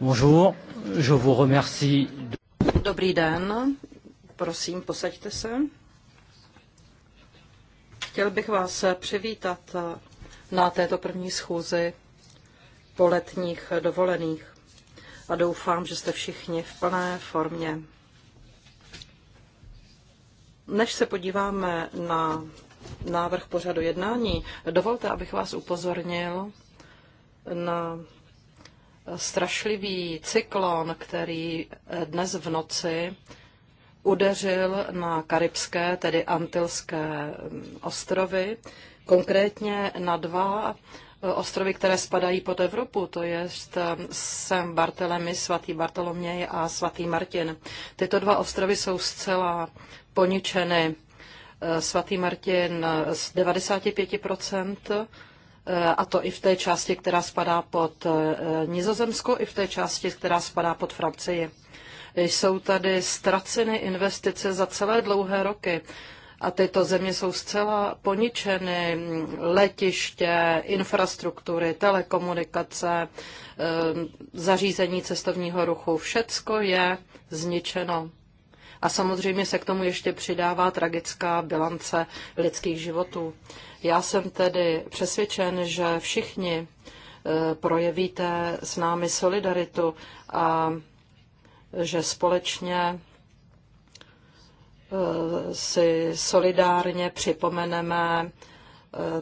Bonjour, je vous remercie. Dobrý den, prosím, posaďte se. Chtěl bych vás přivítat na této první schůzi po letních dovolených a doufám, že jste všichni v plné formě. Než se podíváme na návrh pořadu jednání, dovolte, abych vás upozornil na strašlivý cyklon, který eh, dnes v noci udeřil na karibské, tedy antilské mm, ostrovy, konkrétně na dva eh, ostrovy, které spadají pod Evropu, to je eh, Sem Bartelemy, svatý Bartoloměj a svatý Martin. Tyto dva ostrovy jsou zcela poničeny. Svatý Martin z 95 Eh, a to i v té části, která spadá pod eh, Nizozemsko, i v té části, která spadá pod Francii. Jsou tady ztraceny investice za celé dlouhé roky a tyto země jsou zcela poničeny. Letiště, infrastruktury, telekomunikace, eh, zařízení cestovního ruchu, všecko je zničeno. A samozřejmě se k tomu ještě přidává tragická bilance lidských životů. Já jsem tedy přesvědčen, že všichni eh, projevíte s námi solidaritu a že společně eh, si solidárně připomeneme eh,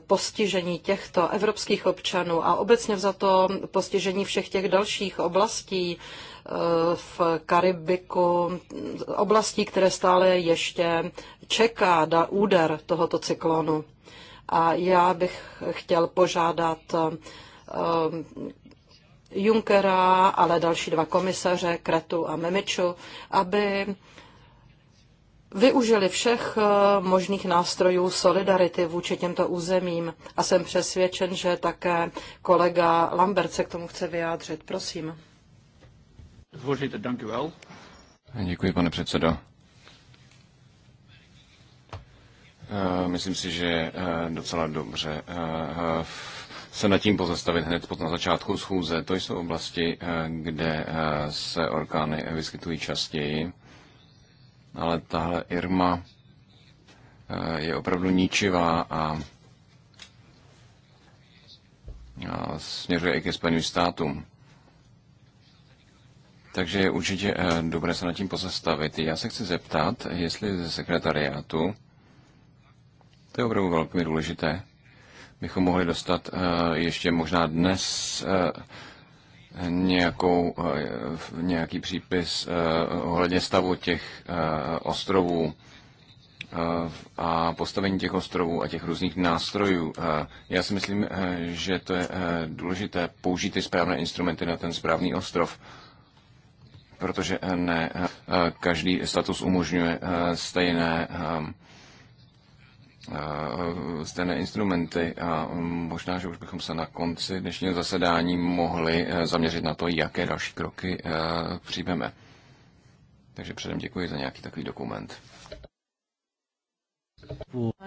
postižení těchto evropských občanů a obecně za to postižení všech těch dalších oblastí Eh, v Karibiku, oblastí, které stále ještě čeká na úder tohoto cyklonu. A já bych chtěl požádat eh, Junckera, ale další dva komisaře, Kretu a Memiču, aby využili všech eh, možných nástrojů solidarity vůči těmto územím. A jsem přesvědčen, že také kolega Lambert se k tomu chce vyjádřit. Prosím. Voorzitter, dank u wel. Děkuji, pane předsedo. Eh, myslím si, že eh, docela dobře eh, se nad tím pozastavit hned na začátku schůze. To jsou oblasti, kde se orkány vyskytují častěji, ale tahle Irma je opravdu ničivá a směřuje i ke Spojeným státům. Takže je určitě eh, dobré se nad tím pozastavit. Já se chci zeptat, jestli ze sekretariátu, to je opravdu velmi důležité, bychom mohli dostat eh, ještě možná dnes eh, nějakou, nějaký přípis ohledně stavu těch ostrovů a postavení těch ostrovů a těch různých nástrojů. Já si myslím, že to je důležité použít ty správné instrumenty na ten správný ostrov protože eh, ne eh, každý status umožňuje eh, stejné stejné instrumenty a mm, možná, že už bychom se na konci dnešního zasedání mohli zaměřit na to, jaké další kroky přijmeme. Takže předem děkuji za nějaký takový dokument.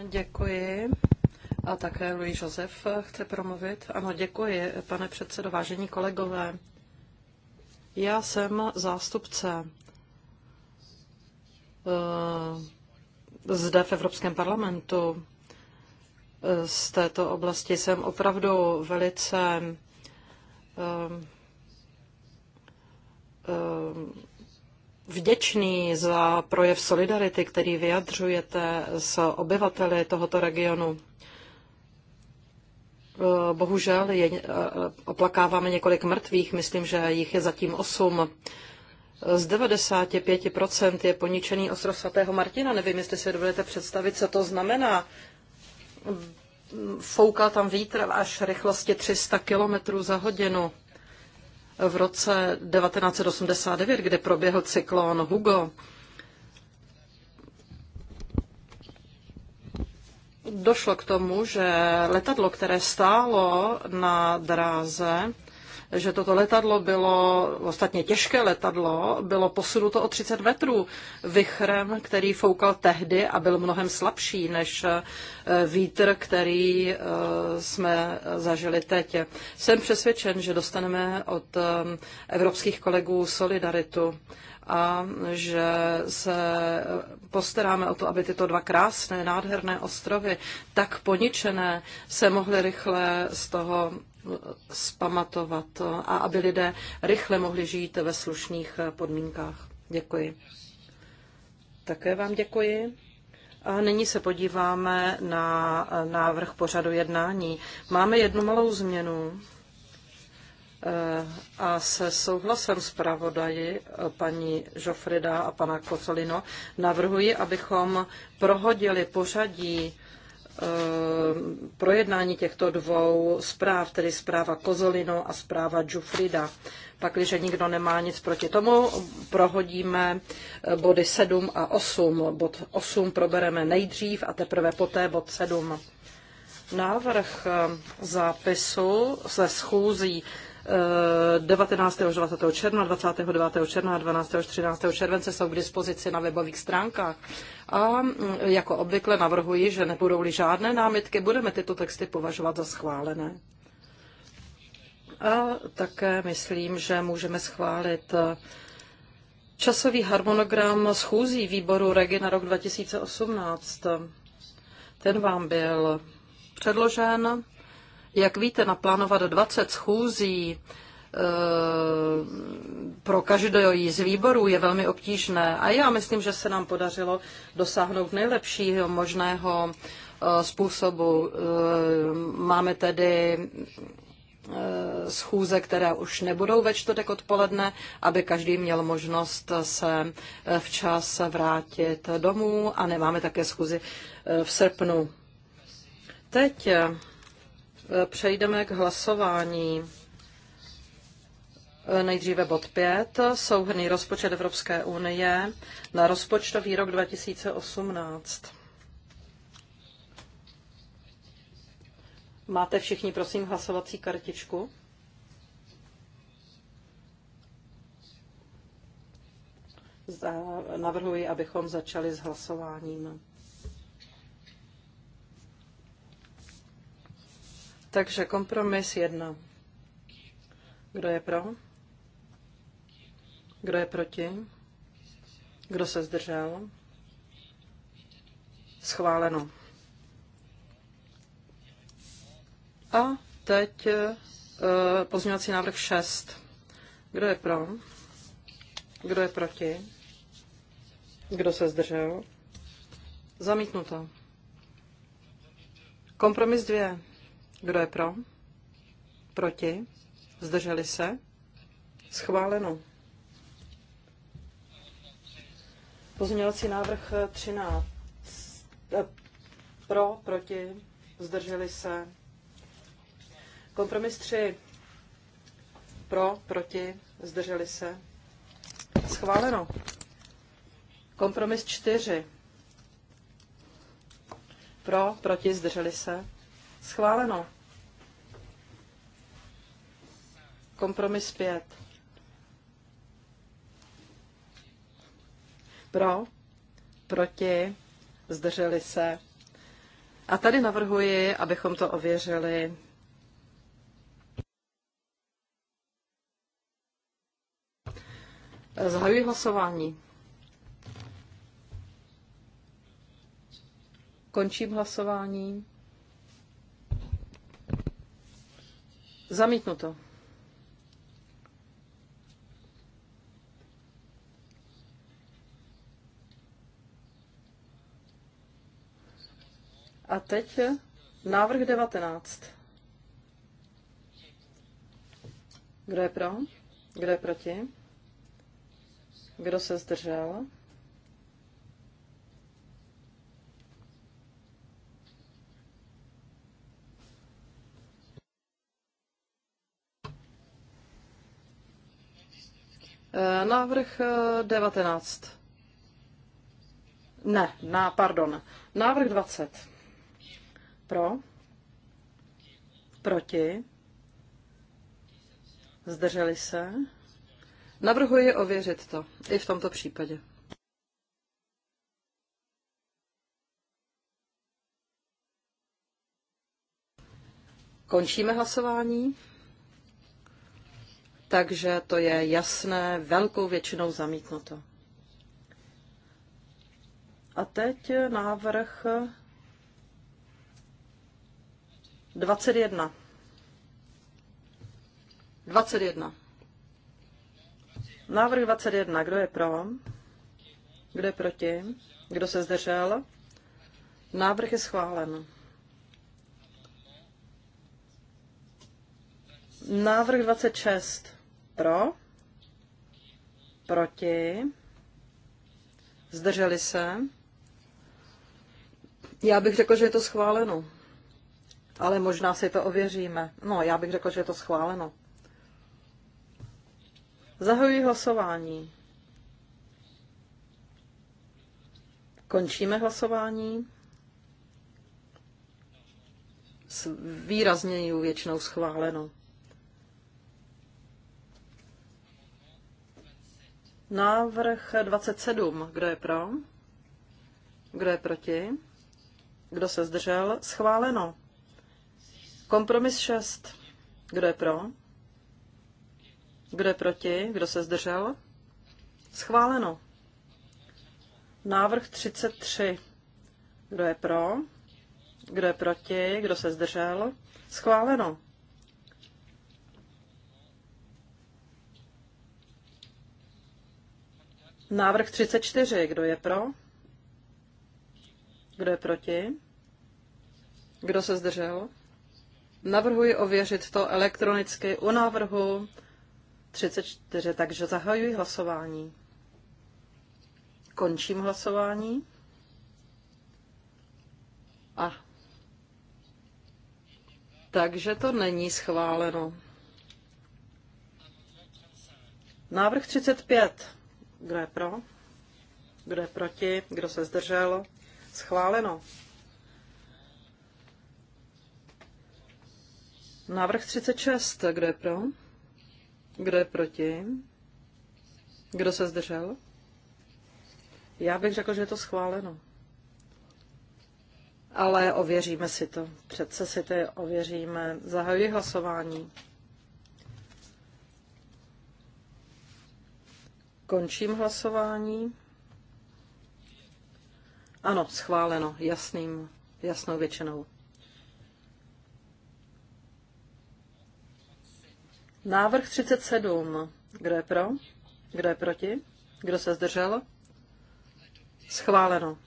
Děkuji. A také Louis Josef chce promluvit. Ano, děkuji, pane předsedo, vážení kolegové. Já jsem zástupce eh, zde v Evropském parlamentu eh, z této oblasti. Jsem opravdu velice eh, vděčný za projev solidarity, který vyjadřujete s obyvateli tohoto regionu. Eh, bohužel je, eh, oplakáváme několik mrtvých, myslím, že jich je zatím osm. Z 95% je poničený ostrov svatého Martina. Nevím, jestli si dovedete představit, co to znamená. Fouká tam vítr až rychlosti 300 km za hodinu. V roce 1989, kdy proběhl cyklon Hugo, došlo k tomu, že letadlo, které stálo na dráze, že toto letadlo bylo, ostatně těžké letadlo, bylo posunuto o 30 metrů vychrem, který foukal tehdy a byl mnohem slabší než eh, vítr, který eh, jsme zažili teď. Jsem přesvědčen, že dostaneme od eh, evropských kolegů solidaritu a že se postaráme o to, aby tyto dva krásné, nádherné ostrovy, tak poničené, se mohly rychle z toho spamatovat a aby lidé rychle mohli žít ve slušných podmínkách. Děkuji. Také vám děkuji. A nyní se podíváme na návrh pořadu jednání. Máme jednu malou změnu. Eh, a se souhlasem zpravodaji eh, paní Žofrida a pana Kocolino navrhuji, abychom prohodili pořadí eh, projednání těchto dvou zpráv, tedy zpráva Kozolino a zpráva Jufrida. Pakliže nikdo nemá nic proti tomu, prohodíme body 7 a 8. Bod 8 probereme nejdřív a teprve poté bod 7. Návrh zápisu ze schůzí 19. až 20. června, 29. června a 12. až 13. července jsou k dispozici na webových stránkách. A jako obvykle navrhuji, že nebudou-li žádné námitky, budeme tyto texty považovat za schválené. A také myslím, že můžeme schválit časový harmonogram schůzí výboru Regi na rok 2018. Ten vám byl předložen. Jak víte, naplánovat 20 schůzí eh, pro každý z výborů je velmi obtížné a já myslím, že se nám podařilo dosáhnout nejlepšího možného eh, způsobu. Eh, máme tedy schůze, které už nebudou ve čtvrtek odpoledne, aby každý měl možnost se včas vrátit domů a nemáme také schůzi v srpnu. Teď Eh, přejdeme k hlasování. Eh, nejdříve bod 5, souhrný rozpočet Evropské unie na rozpočtový rok 2018. Máte všichni, prosím, hlasovací kartičku? Navrhuji, abychom začali s hlasováním. Takže kompromis jedna. Kdo je pro? Kdo je proti? Kdo se zdržel? Schváleno. A teď eh, pozměňovací návrh 6. Kdo je pro? Kdo je proti? Kdo se zdržel? Zamítnuto. Kompromis 2. Kdo je pro? Proti? Zdrželi se? Schváleno. Pozměňovací návrh 13. Eh, pro, proti, zdrželi se. Kompromis 3. Pro, proti, zdrželi se. Schváleno. Kompromis 4. Pro, proti, zdrželi se. Schváleno. Kompromis 5. Pro, proti, zdrželi se. A tady navrhuji, abychom to ověřili Zahajuji hlasování. Končím hlasování. Zamítnuto. A teď návrh 19. Kdo je pro? Kdo je proti? Kdo se zdržel? Eh, návrh 19. Eh, ne, na, pardon. Návrh 20. Pro. Proti. Zdrželi se. Navrhuji ověřit to. I v tomto případě. Končíme hlasování takže to je jasné, velkou většinou zamítnuto. A teď návrh 21. 21. Návrh 21. Kdo je pro? Kdo je proti? Kdo se zdržel? Návrh je schválen. Návrh 26 pro, proti, zdrželi se. Já bych řekl, že je to schváleno. Ale možná si to ověříme. No, já bych řekl, že je to schváleno. Zahajuji hlasování. Končíme hlasování. S výrazněji většinou schváleno. Návrh 27. Kdo je pro? Kdo je proti? Kdo se zdržel? Schváleno. Kompromis 6. Kdo je pro? Kdo je proti? Kdo se zdržel? Schváleno. Návrh 33. Kdo je pro? Kdo je proti? Kdo se zdržel? Schváleno. Návrh 34. Kdo je pro? Kdo je proti? Kdo se zdržel? Navrhuji ověřit to elektronicky u návrhu 34, takže zahajuji hlasování. Končím hlasování. A. Takže to není schváleno. Návrh 35. Kdo je pro? Kdo je proti? Kdo se zdržel? Schváleno. Návrh 36. Kdo je pro? Kdo je proti? Kdo se zdržel? Já bych řekl, že je to schváleno. Ale ověříme si to. Přece si to ověříme. Zahajuji hlasování. Končím hlasování. Ano, schváleno jasným, jasnou většinou. Návrh 37. Kdo je pro? Kdo je proti? Kdo se zdržel? Schváleno.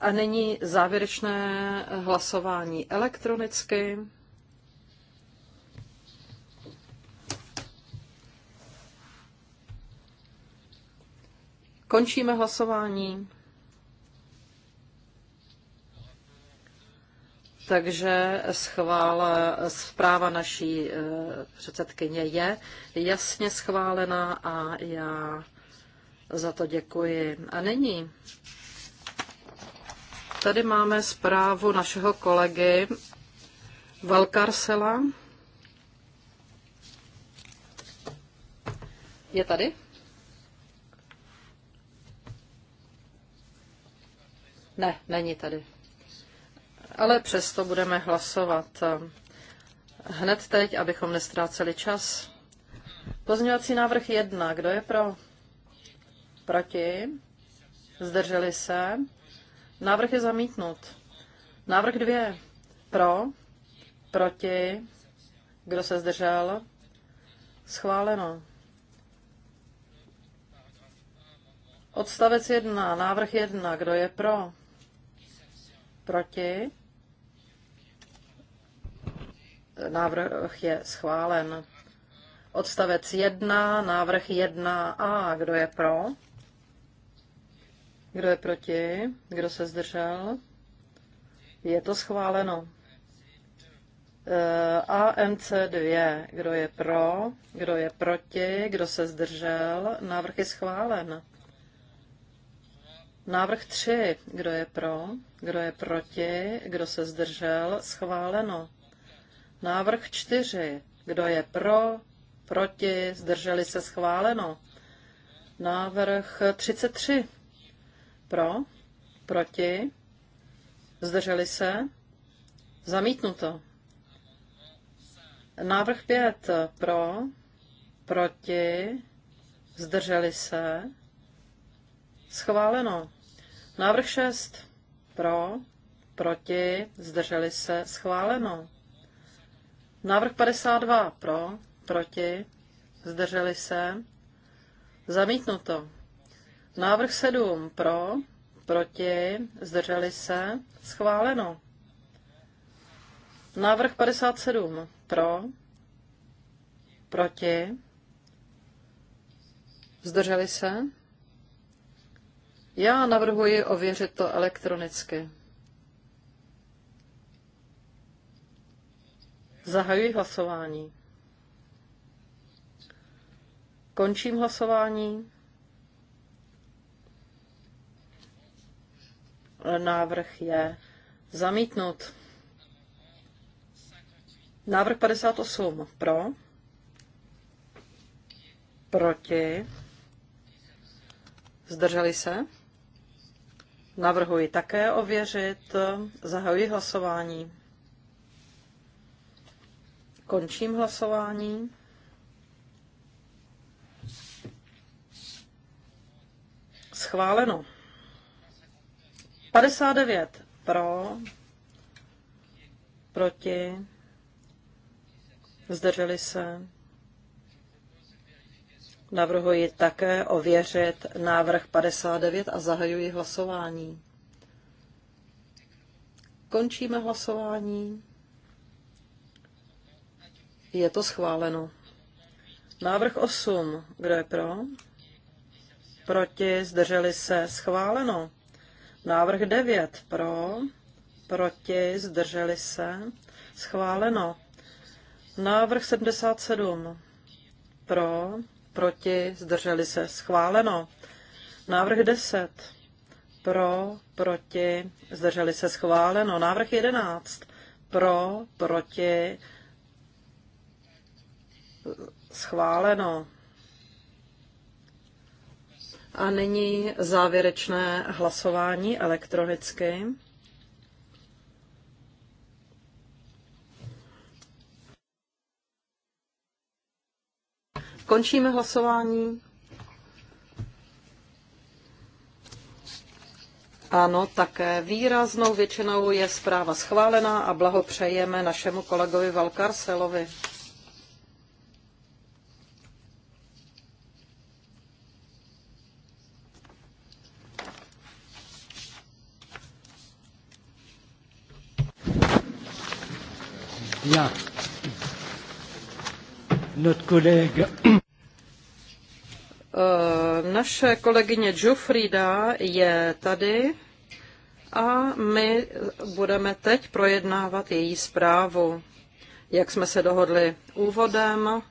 A nyní závěrečné hlasování elektronicky. Končíme hlasování. Takže schvála, zpráva naší eh, předsedkyně je jasně schválená a já za to děkuji. A není. Tady máme zprávu našeho kolegy Valkarsela. Je tady? Ne, není tady. Ale přesto budeme hlasovat ehm, hned teď, abychom nestráceli čas. Pozměňovací návrh 1. Kdo je pro? Proti? Zdrželi se? Návrh je zamítnut. Návrh 2. Pro? Proti? Kdo se zdržel? Schváleno. Odstavec 1. Návrh 1. Kdo je pro? Proti? Návrh je schválen. Odstavec 1, návrh 1a. Kdo je pro? Kdo je proti? Kdo se zdržel? Je to schváleno. E, AMC2. Kdo je pro? Kdo je proti? Kdo se zdržel? Návrh je schválen. Návrh 3. Kdo je pro? Kdo je proti? Kdo se zdržel? Schváleno. Návrh 4. Kdo je pro? Proti? Zdrželi se? Schváleno. Návrh 33. Pro? Proti? Zdrželi se? Zamítnuto. Návrh 5. Pro? Proti? Zdrželi se? Schváleno. Návrh 6. Pro, proti, zdrželi se, schváleno. Návrh 52. Pro, proti, zdrželi se, zamítnuto. Návrh 7. Pro, proti, zdrželi se, schváleno. Návrh 57. Pro, proti, zdrželi se, já navrhuji ověřit to elektronicky. Zahajuji hlasování. Končím hlasování. Návrh je zamítnut. Návrh 58 pro, proti, zdrželi se. Navrhuji také ověřit. Zahajuji hlasování. Končím hlasování. Schváleno. 59 pro, proti, zdrželi se. Navrhuji také ověřit návrh 59 a zahajuji hlasování. Končíme hlasování. Je to schváleno. Návrh 8. Kdo je pro? Proti? Zdrželi se? Schváleno. Návrh 9. Pro? Proti? Zdrželi se? Schváleno. Návrh 77. Pro? proti, zdrželi se, schváleno. Návrh 10, pro, proti, zdrželi se, schváleno. Návrh 11, pro, proti, schváleno. A nyní závěrečné hlasování elektronicky. Končíme hlasování. Ano, tak výraznou většinou je zpráva schválená a blahopřejeme našemu kolegovi Valkarselovi. Yeah. Notre collègue. Eh, naše kolegyně Jufrida je tady a my budeme teď projednávat její zprávu. Jak jsme se dohodli úvodem,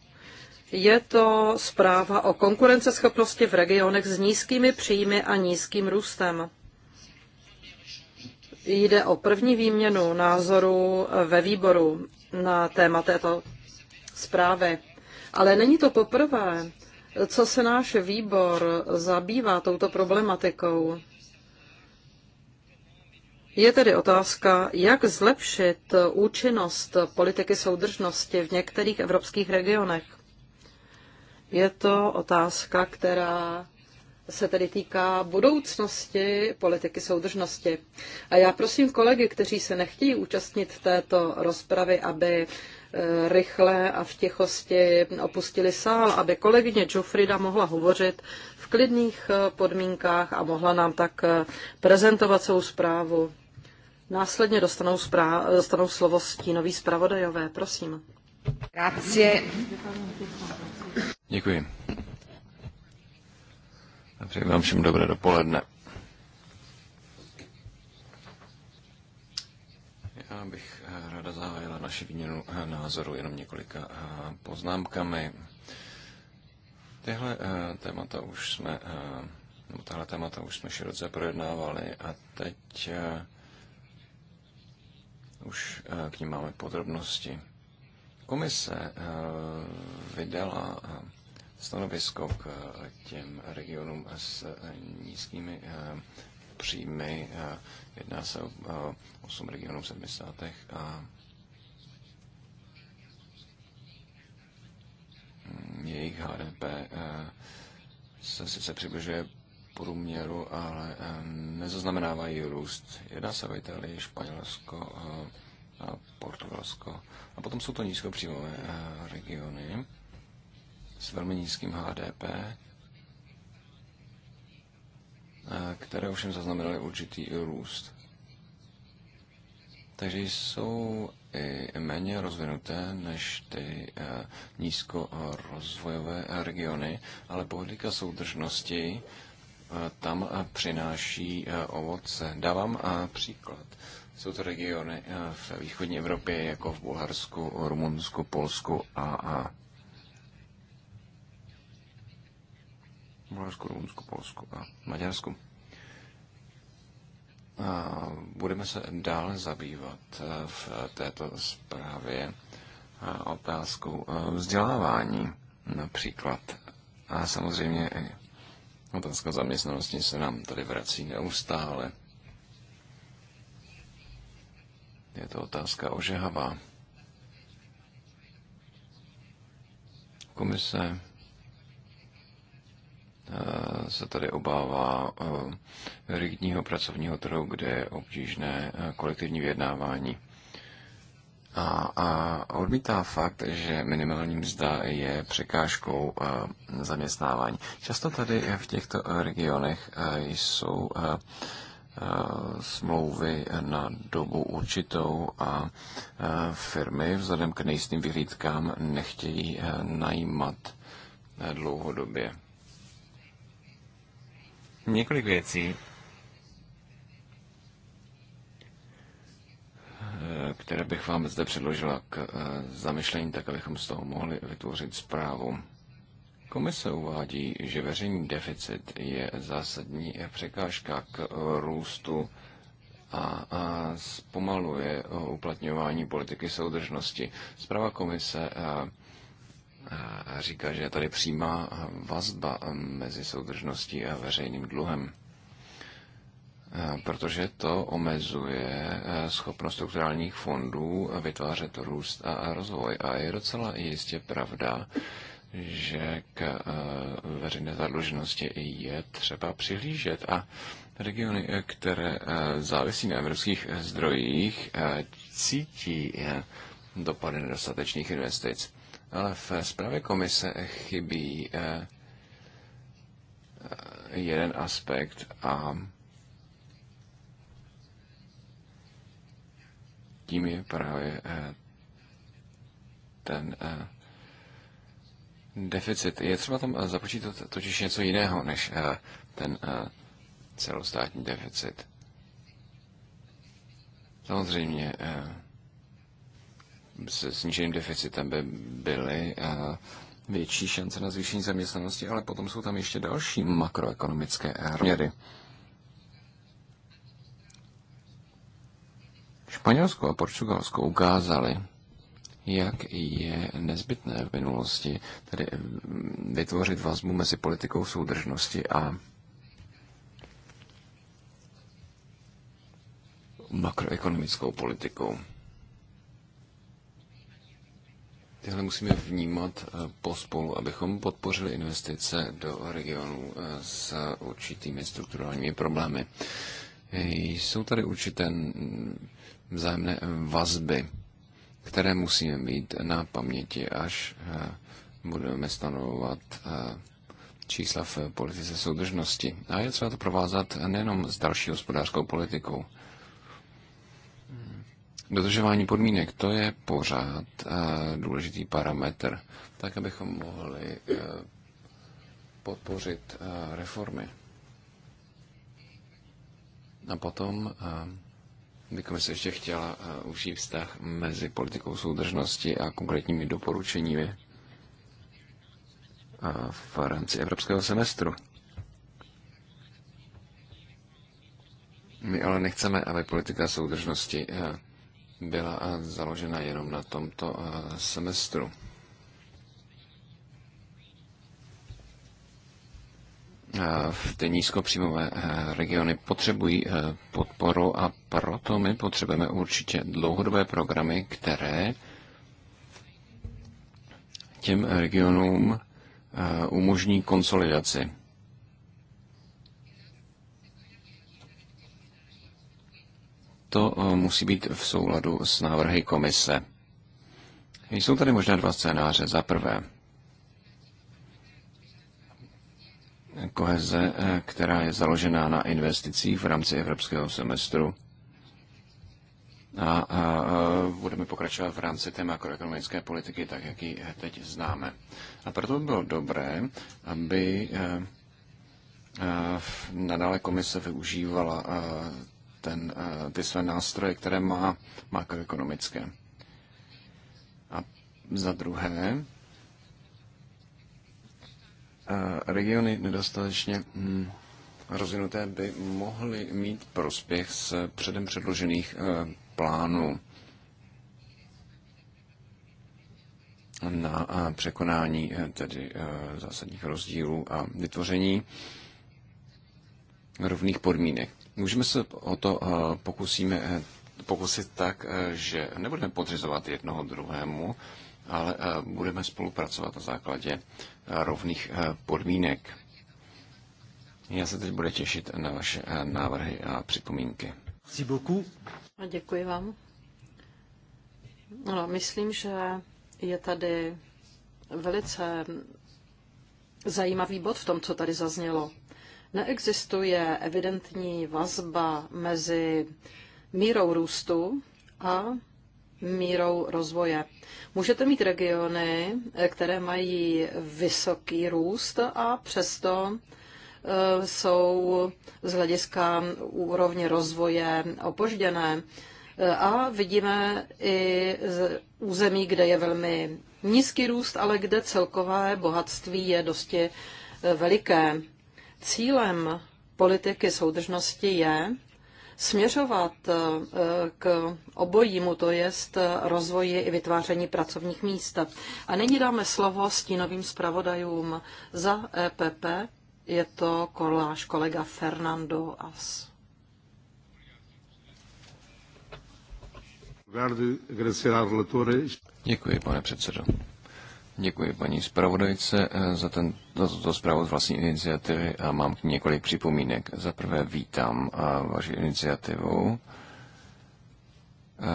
je to zpráva o konkurenceschopnosti v regionech s nízkými příjmy a nízkým růstem. Jde o první výměnu názorů ve výboru na téma této zprávy. Ale není to poprvé, co se náš výbor zabývá touto problematikou. Je tedy otázka, jak zlepšit účinnost politiky soudržnosti v některých evropských regionech. Je to otázka, která se tedy týká budoucnosti politiky soudržnosti. A já prosím kolegy, kteří se nechtějí účastnit této rozpravy, aby Eh, rychle a v tichosti opustili sál, aby kolegyně Jofrida mohla hovořit v klidných eh, podmínkách a mohla nám tak eh, prezentovat svou zprávu. Následně dostanou, zpráv, dostanou slovo stínový zpravodajové. Prosím. Grazie. Děkuji. A přeji vám všem dobré dopoledne. Já bych ráda zahájila naši výměnu eh, názoru jenom několika eh, poznámkami. Tyhle eh, témata už jsme, nebo tahle témata už jsme široce projednávali a teď už k ním máme podrobnosti. Komise vydala stanovisko k těm regionům s nízkými příjmy. Jedná se o 8 regionů v 7 státech a jejich HDP eh, se sice přibližuje průměru, ale eh, nezaznamenávají růst. Jedná se o Itálii, Španělsko eh, a Portugalsko. A potom jsou to nízkopříjmové regiony s velmi nízkým HDP, které ovšem zaznamenaly určitý růst takže jsou i méně rozvinuté než ty eh, nízkorozvojové regiony, ale politika soudržnosti eh, tam eh, přináší ovoce. Dávám příklad. Jsou to regiony v východní Evropě, jako v Bulharsku, Rumunsku, Polsku a, a Bulharsku, Rumunsku, Polsku a Maďarsku. Budeme se dále zabývat eh, v této zprávě eh, otázkou eh, vzdělávání například. A samozřejmě otázka zaměstnanosti se nám tady vrací neustále. Je to otázka ožehavá. Komise se tady obává eh, rigidního pracovního trhu, kde je obtížné eh, kolektivní vyjednávání. A, a odmítá fakt, že minimální mzda je překážkou eh, zaměstnávání. Často tady v těchto regionech jsou smlouvy na dobu určitou a firmy vzhledem k nejistým vyhlídkám nechtějí najímat dlouhodobě. Několik věcí, které bych vám zde předložila k eh, zamyšlení, tak abychom z toho mohli vytvořit zprávu. Komise uvádí, že veřejný deficit je zásadní překážka k růstu a, zpomaluje uplatňování politiky soudržnosti. Zpráva komise a, eh, říká, že je tady přímá vazba mezi soudržností a veřejným dluhem protože to omezuje schopnost strukturálních fondů vytvářet růst a rozvoj. A je docela jistě pravda, že k veřejné zadluženosti je třeba přihlížet a regiony, které závisí na evropských zdrojích, cítí dopady nedostatečných investic ale v zprávě komise chybí eh, eh, jeden aspekt a tím je právě eh, ten deficit. Je třeba tam započítat totiž něco jiného než ten celostátní deficit. Samozřejmě se sníženým deficitem by byly eh, větší šance na zvýšení zaměstnanosti, ale potom jsou tam ještě další makroekonomické rozměry. Španělsko a Portugalsko ukázali, jak je nezbytné v minulosti tedy eh, vytvořit vazbu mezi politikou soudržnosti a makroekonomickou politikou. Tyhle musíme vnímat eh, pospolu, abychom podpořili investice do regionů eh, s určitými strukturálními problémy. Jsou tady určité vzájemné vazby, které musíme mít na paměti, až eh, budeme stanovovat čísla v politice soudržnosti. A je třeba to provázat nejenom s další hospodářskou politikou, Dodržování podmínek, to je pořád eh, důležitý parametr, tak abychom mohli eh, podpořit eh, reformy. A potom bychom se ještě chtěla užít vztah mezi politikou soudržnosti a konkrétními doporučeními v rámci evropského semestru. My ale nechceme, aby politika soudržnosti byla eh, založena jenom na tomto eh, semestru. Eh, v ty nízkopříjmové regiony potřebují podporu a proto my potřebujeme určitě dlouhodobé programy, které těm regionům umožní konsolidaci. to eh, musí být v souladu s návrhy komise. Jsou tady možná dva scénáře. Za prvé, koheze, eh, která je založená na investicích v rámci evropského semestru. A, a, a budeme pokračovat v rámci té makroekonomické politiky, tak jak ji eh, teď známe. A proto by bylo dobré, aby a, nadále komise využívala ten, eh, ty své nástroje, které má makroekonomické. A za druhé, eh, regiony nedostatečně hm, rozvinuté by mohly mít prospěch z předem předložených eh, plánů na překonání tedy zásadních rozdílů a vytvoření rovných podmínek. Můžeme se o to eh, pokusíme, eh, pokusit tak, eh, že nebudeme podřizovat jednoho druhému, ale budeme spolupracovat na základě rovných podmínek. Já se teď bude těšit na vaše návrhy a připomínky. A děkuji vám. No, myslím, že je tady velice zajímavý bod v tom, co tady zaznělo. Neexistuje evidentní vazba mezi mírou růstu a mírou rozvoje. Můžete mít regiony, které mají vysoký růst a přesto eh, jsou z hlediska úrovně rozvoje opožděné. Eh, a vidíme i z území, kde je velmi nízký růst, ale kde celkové bohatství je dosti eh, veliké. Cílem politiky soudržnosti je směřovat eh, k obojímu, to jest rozvoji i vytváření pracovních míst. A nyní dáme slovo stínovým zpravodajům za EPP. Je to koláš kolega Fernando As. Děkuji, pane předsedo. Děkuji paní zpravodajce eh, za, tento tuto zprávu z vlastní iniciativy a mám k ní několik připomínek. Za prvé vítám eh, vaši iniciativu. Eh,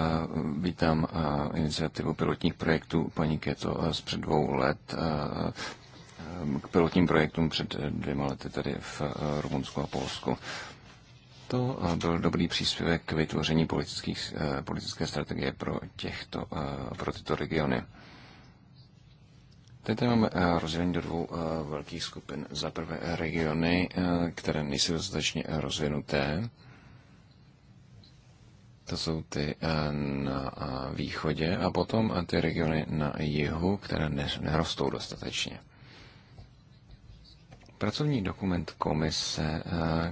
vítám iniciativu pilotních projektů paní Keto z před dvou let k pilotním projektům před dvěma lety tady v Rumunsku a Polsku. To byl dobrý příspěvek k vytvoření politických, politické strategie pro, těchto, pro tyto regiony. Teď tady máme eh, rozdělení do dvou eh, velkých skupin. Za prvé eh, regiony, které nejsou dostatečně rozvinuté. To jsou ty na východě a potom ty regiony na jihu, které nerostou dostatečně. Pracovní dokument komise,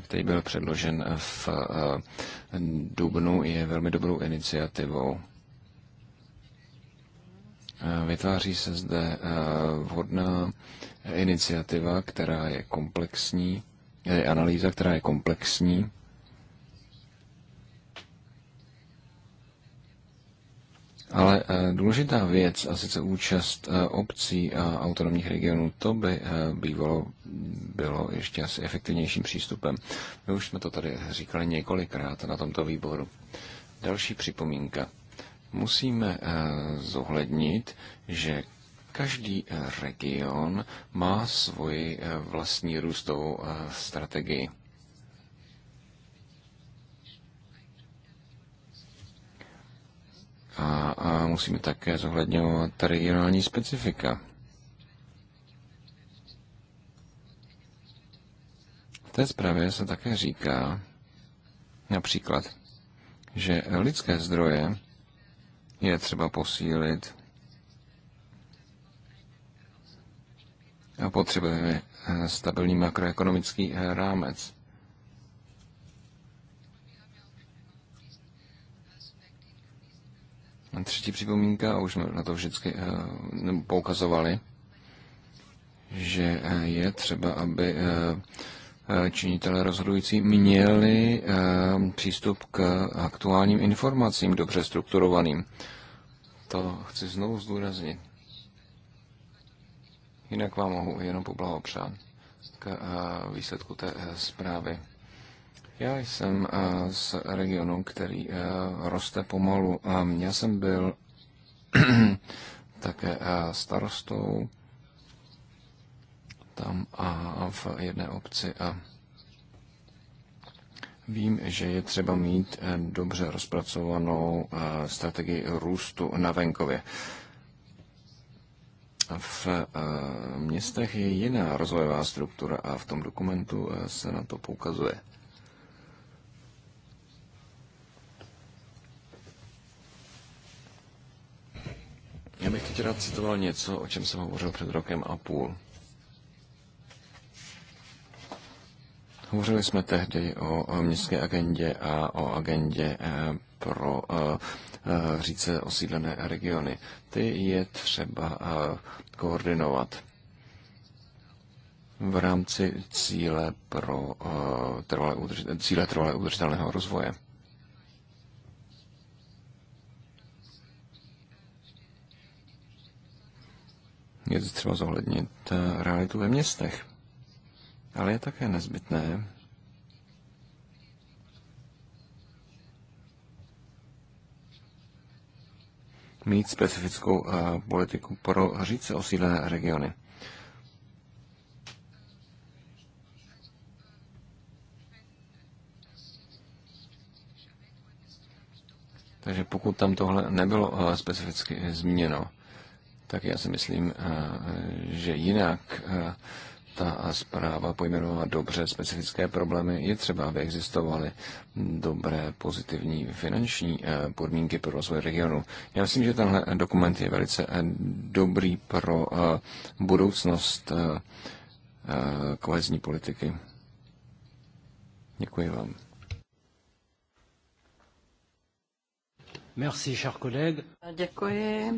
který byl předložen v Dubnu, je velmi dobrou iniciativou Eh, vytváří se zde eh, vhodná iniciativa, která je komplexní, je eh, analýza, která je komplexní. Ale důležitá věc, a sice účast obcí a autonomních regionů, to by bývalo bylo ještě asi efektivnějším přístupem. My už jsme to tady říkali několikrát na tomto výboru. Další připomínka musíme eh, zohlednit, že každý eh, region má svoji eh, vlastní růstovou strategii. A, musíme také zohledňovat regionální specifika. V té zprávě se také říká například, že lidské zdroje je třeba posílit a potřebujeme eh, stabilní makroekonomický eh, rámec. A třetí připomínka, a už jsme na to vždycky eh, poukazovali, že je třeba, aby Eh, činitelé rozhodující měli eh, přístup k aktuálním informacím dobře strukturovaným. To chci znovu zdůraznit. Jinak vám mohu jenom poblahopřát k eh, výsledku té zprávy. Já jsem z regionu, který roste pomalu. Já jsem byl také starostou tam a v jedné obci a Vím, že je třeba mít eh, dobře rozpracovanou eh, strategii růstu na venkově. V eh, městech je jiná rozvojová struktura a v tom dokumentu se na to poukazuje. Já bych teď rád citoval něco, o čem jsem hovořil před rokem a půl. Hovořili jsme tehdy o městské agendě a o agendě eh, pro eh, eh, říce osídlené regiony. Ty je třeba koordinovat v rámci cíle pro trvalé, cíle trvalé udržitelného rozvoje. Je třeba zohlednit realitu ve městech. Ale je také nezbytné, mít specifickou eh, politiku pro říce osídlené regiony. Takže pokud tam tohle nebylo eh, specificky zmíněno, tak já si myslím, eh, že jinak ta zpráva pojmenovala dobře specifické problémy, je třeba, aby existovaly dobré pozitivní finanční eh, podmínky pro rozvoj regionu. Já myslím, že tenhle dokument je velice eh, dobrý pro eh, budoucnost kohezní politiky. Děkuji vám. Merci, cher Děkuji,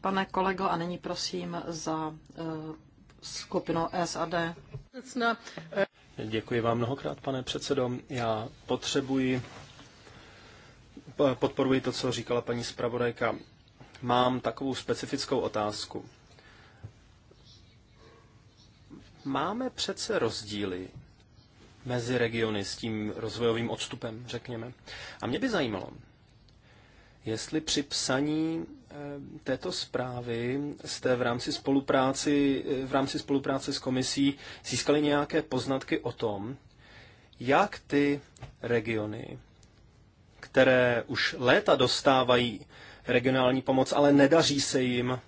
pane kolego, a nyní prosím za skupinou SAD. Děkuji vám mnohokrát, pane předsedo. Já potřebuji, podporuji to, co říkala paní zpravodajka. Mám takovou specifickou otázku. Máme přece rozdíly mezi regiony s tím rozvojovým odstupem, řekněme. A mě by zajímalo, jestli při psaní této zprávy jste v rámci, spolupráci, v rámci spolupráce s komisí získali nějaké poznatky o tom, jak ty regiony, které už léta dostávají regionální pomoc, ale nedaří se jim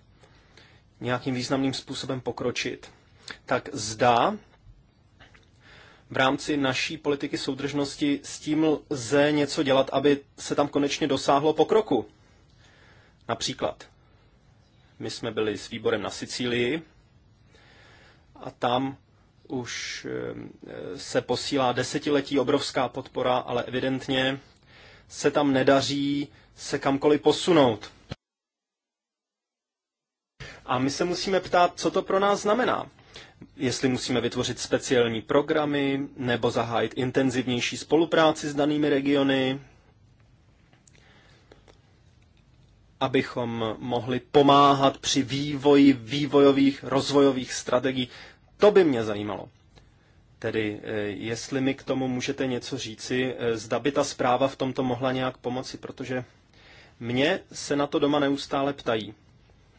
nějakým významným způsobem pokročit, tak zda v rámci naší politiky soudržnosti s tím lze něco dělat, aby se tam konečně dosáhlo pokroku. Například, my jsme byli s výborem na Sicílii a tam už eh, se posílá desetiletí obrovská podpora, ale evidentně se tam nedaří se kamkoliv posunout. A my se musíme ptát, co to pro nás znamená. Jestli musíme vytvořit speciální programy nebo zahájit intenzivnější spolupráci s danými regiony, abychom mohli pomáhat při vývoji vývojových, rozvojových strategií. To by mě zajímalo. Tedy, eh, jestli mi k tomu můžete něco říci, eh, zda by ta zpráva v tomto mohla nějak pomoci, protože mě se na to doma neustále ptají.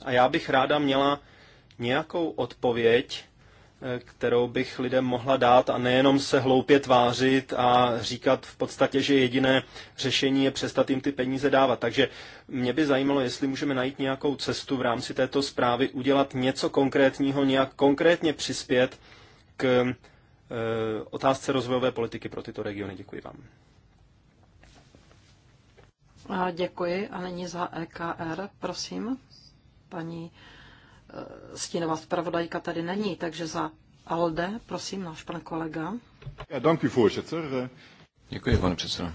A já bych ráda měla nějakou odpověď kterou bych lidem mohla dát a nejenom se hloupě tvářit a říkat v podstatě, že jediné řešení je přestat jim ty peníze dávat. Takže mě by zajímalo, jestli můžeme najít nějakou cestu v rámci této zprávy, udělat něco konkrétního, nějak konkrétně přispět k e, otázce rozvojové politiky pro tyto regiony. Děkuji vám. děkuji a není za EKR, prosím, paní stínová zpravodajka tady není, takže za ALDE, prosím, náš pan kolega. Eh, Děkuji, pane předsedo.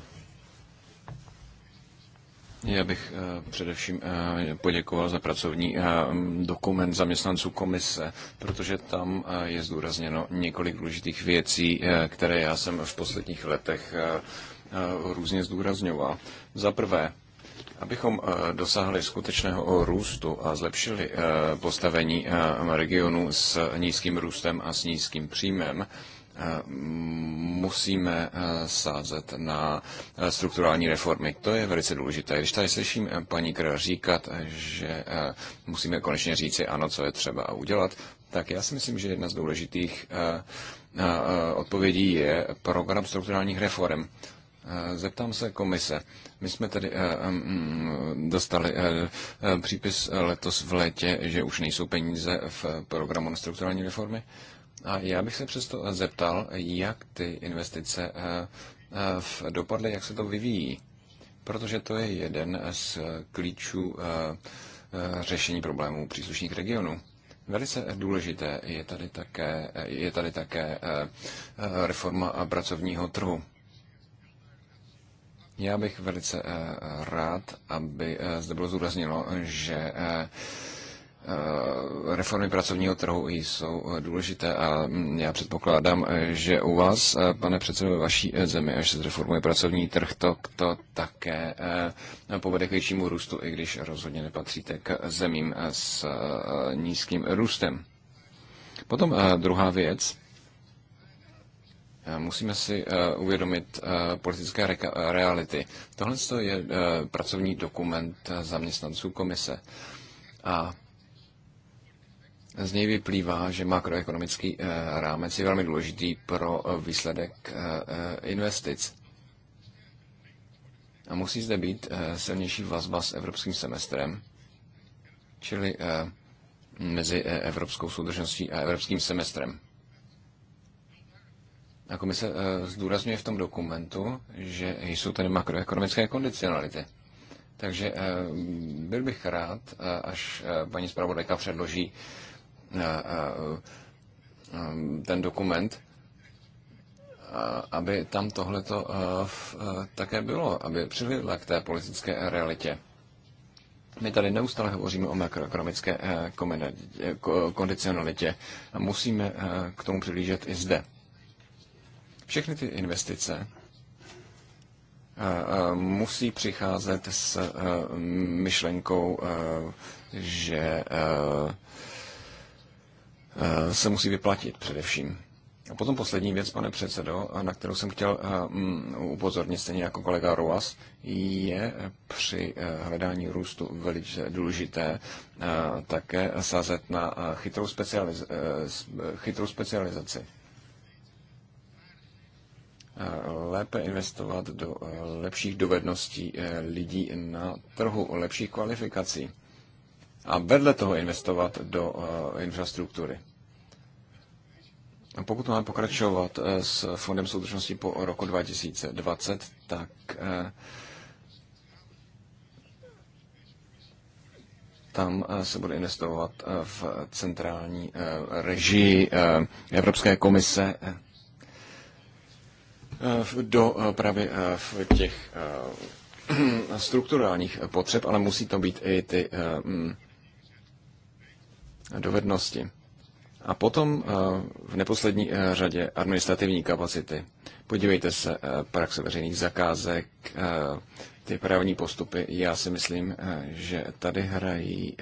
Já bych eh, především eh, poděkoval za pracovní dokument zaměstnanců komise, protože tam je zdůrazněno několik důležitých věcí, které já jsem v posledních letech různě zdůrazňoval. Za prvé, Abychom eh, dosáhli skutečného růstu a zlepšili eh, postavení eh, regionu s nízkým růstem a s nízkým příjmem, musíme sázet na strukturální reformy. To je velice důležité. Když tady slyším paní Kr říkat, že musíme konečně říci ano, co je třeba udělat, tak já si myslím, že jedna z důležitých odpovědí je program strukturálních reform. Eh, zeptám se komise. My jsme tedy eh, mm, dostali eh, přípis letos v létě, že už nejsou peníze v programu na strukturální reformy. A já bych se přesto zeptal, jak ty investice dopadly, jak se to vyvíjí. Protože to je jeden z klíčů řešení problémů příslušných regionů. Velice důležité je tady také, je tady také reforma pracovního trhu. Já bych velice eh, rád, aby eh, zde bylo zúraznilo, že eh, reformy pracovního trhu jsou důležité a mm, já předpokládám, že u vás, pane předsedo, ve vaší zemi, až se zreformuje pracovní trh, to, to také povede k většímu růstu, i když rozhodně nepatříte k zemím s nízkým růstem. Potom druhá věc, Eh, musíme si eh, uvědomit eh, politické reality. Tohle je pracovní dokument zaměstnanců komise. A z něj vyplývá, že makroekonomický rámec je velmi důležitý pro výsledek investic. A musí zde být silnější vazba s evropským semestrem, čili mezi evropskou soudržností a evropským semestrem. A komise eh, zdůrazňuje v tom dokumentu, že jsou tady makroekonomické kondicionality. Takže eh, byl bych rád, eh, až paní zpravodajka předloží ten dokument, aby tam tohleto také bylo, aby přivedla k té politické realitě. My tady neustále hovoříme o makroekonomické kondicionalitě a musíme k tomu přilížet i zde. Všechny ty investice eh, eh, musí přicházet s eh, myšlenkou, že se musí vyplatit především. A potom poslední věc, pane předsedo, na kterou jsem chtěl mm, upozornit, stejně jako kolega Roas, je při hledání růstu velice důležité také sázet na chytrou, specializ- chytrou specializaci lépe investovat do eh, lepších dovedností eh, lidí na trhu, lepších kvalifikací a vedle toho investovat do eh, infrastruktury. Pokud máme pokračovat s Fondem soudržnosti po roku 2020, tak tam se bude investovat v centrální režii Evropské komise do eh, právě eh, v těch eh, strukturálních potřeb, ale musí to být i ty mm, dovednosti. A potom v neposlední řadě administrativní kapacity. Podívejte se, praxe veřejných zakázek, ty právní postupy. Já si myslím, že tady hrají,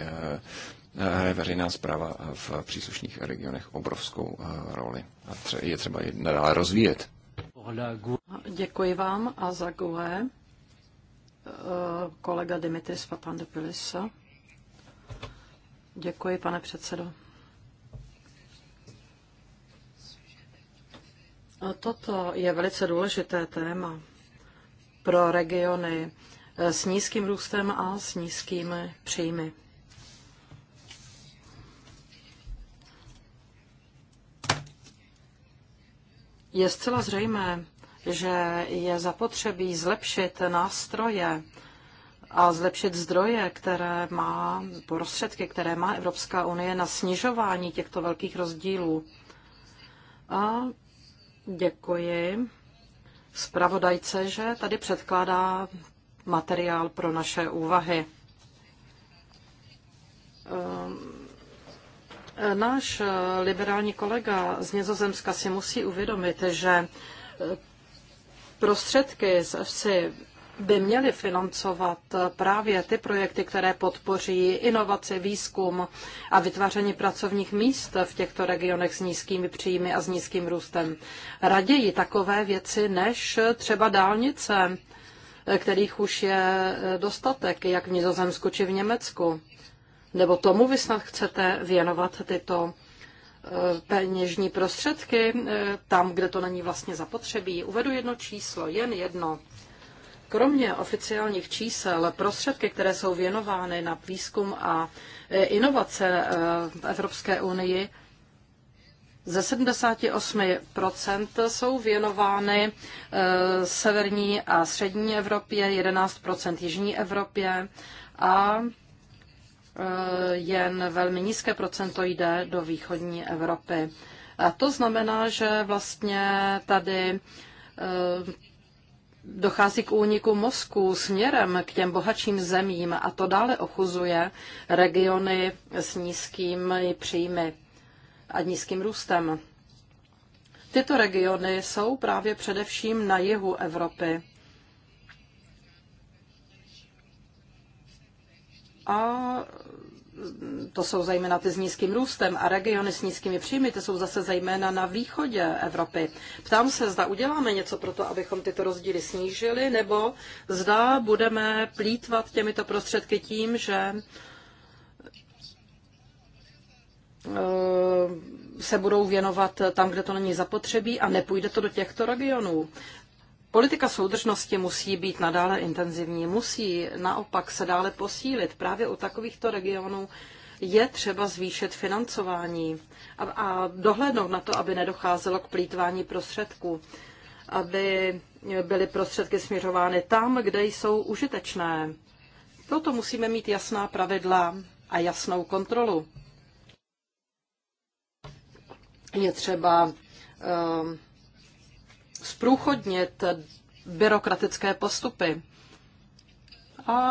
hraje veřejná zpráva v příslušných regionech obrovskou roli a je třeba ji nadále rozvíjet. Děkuji vám a za Gué. Eh, kolega Dimitris Papandopoulos. Děkuji, pane předsedo. Toto je velice důležité téma pro regiony eh, s nízkým růstem a s nízkými příjmy. Je zcela zřejmé, že je zapotřebí zlepšit nástroje a zlepšit zdroje, které má, prostředky, které má Evropská unie na snižování těchto velkých rozdílů. A děkuji zpravodajce, že tady předkládá materiál pro naše úvahy. Um, Náš eh, liberální kolega z Nizozemska si musí uvědomit, že eh, prostředky z EFSI by měly financovat eh, právě ty projekty, které podpoří inovaci, výzkum a vytváření pracovních míst v těchto regionech s nízkými příjmy a s nízkým růstem. Raději takové věci než třeba dálnice, kterých už je dostatek, jak v Nizozemsku či v Německu nebo tomu vy snad chcete věnovat tyto eh, peněžní prostředky eh, tam, kde to není vlastně zapotřebí. Uvedu jedno číslo, jen jedno. Kromě oficiálních čísel, prostředky, které jsou věnovány na výzkum a eh, inovace v Evropské unii, ze 78% jsou věnovány severní a střední Evropě, 11% jižní Evropě a Eh, jen velmi nízké procento jde do východní Evropy. A to znamená, že vlastně tady eh, dochází k úniku mozku směrem k těm bohatším zemím a to dále ochuzuje regiony s nízkými příjmy a nízkým růstem. Tyto regiony jsou právě především na jihu Evropy. A to jsou zejména ty s nízkým růstem a regiony s nízkými příjmy, ty jsou zase zejména na východě Evropy. Ptám se, zda uděláme něco pro to, abychom tyto rozdíly snížili, nebo zda budeme plítvat těmito prostředky tím, že eh, se budou věnovat tam, kde to není zapotřebí a nepůjde to do těchto regionů. Politika soudržnosti musí být nadále intenzivní, musí naopak se dále posílit. Právě u takovýchto regionů je třeba zvýšit financování a, a dohlednout na to, aby nedocházelo k plítvání prostředků, aby byly prostředky směřovány tam, kde jsou užitečné. Proto musíme mít jasná pravidla a jasnou kontrolu. Je třeba uh, zprůchodnit byrokratické postupy. A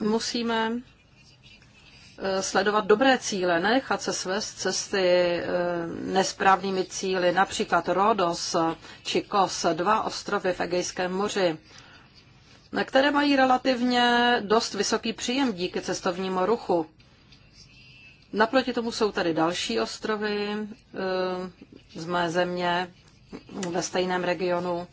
musíme eh, sledovat dobré cíle, nechat se svést cesty eh, nesprávnými cíly, například Rodos či Kos, dva ostrovy v Egejském moři, které mají relativně dost vysoký příjem díky cestovnímu ruchu. Naproti tomu jsou tady další ostrovy eh, z mé země ve stejném regionu,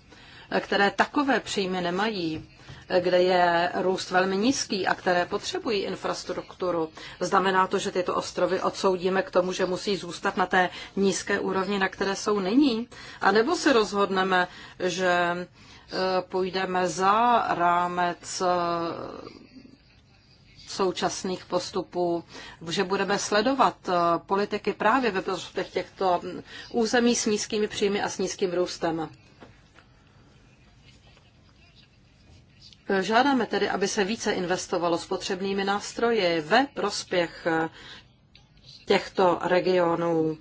eh, které takové příjmy nemají eh, kde je růst velmi nízký a které potřebují infrastrukturu. Znamená to, že tyto ostrovy odsoudíme k tomu, že musí zůstat na té nízké úrovni, na které jsou nyní? A nebo se rozhodneme, že půjdeme za rámec současných postupů, že budeme sledovat eh, politiky právě ve prospěch těchto území s nízkými příjmy a s nízkým růstem. Eh, žádáme tedy, aby se více investovalo s potřebnými nástroji ve prospěch eh, těchto regionů.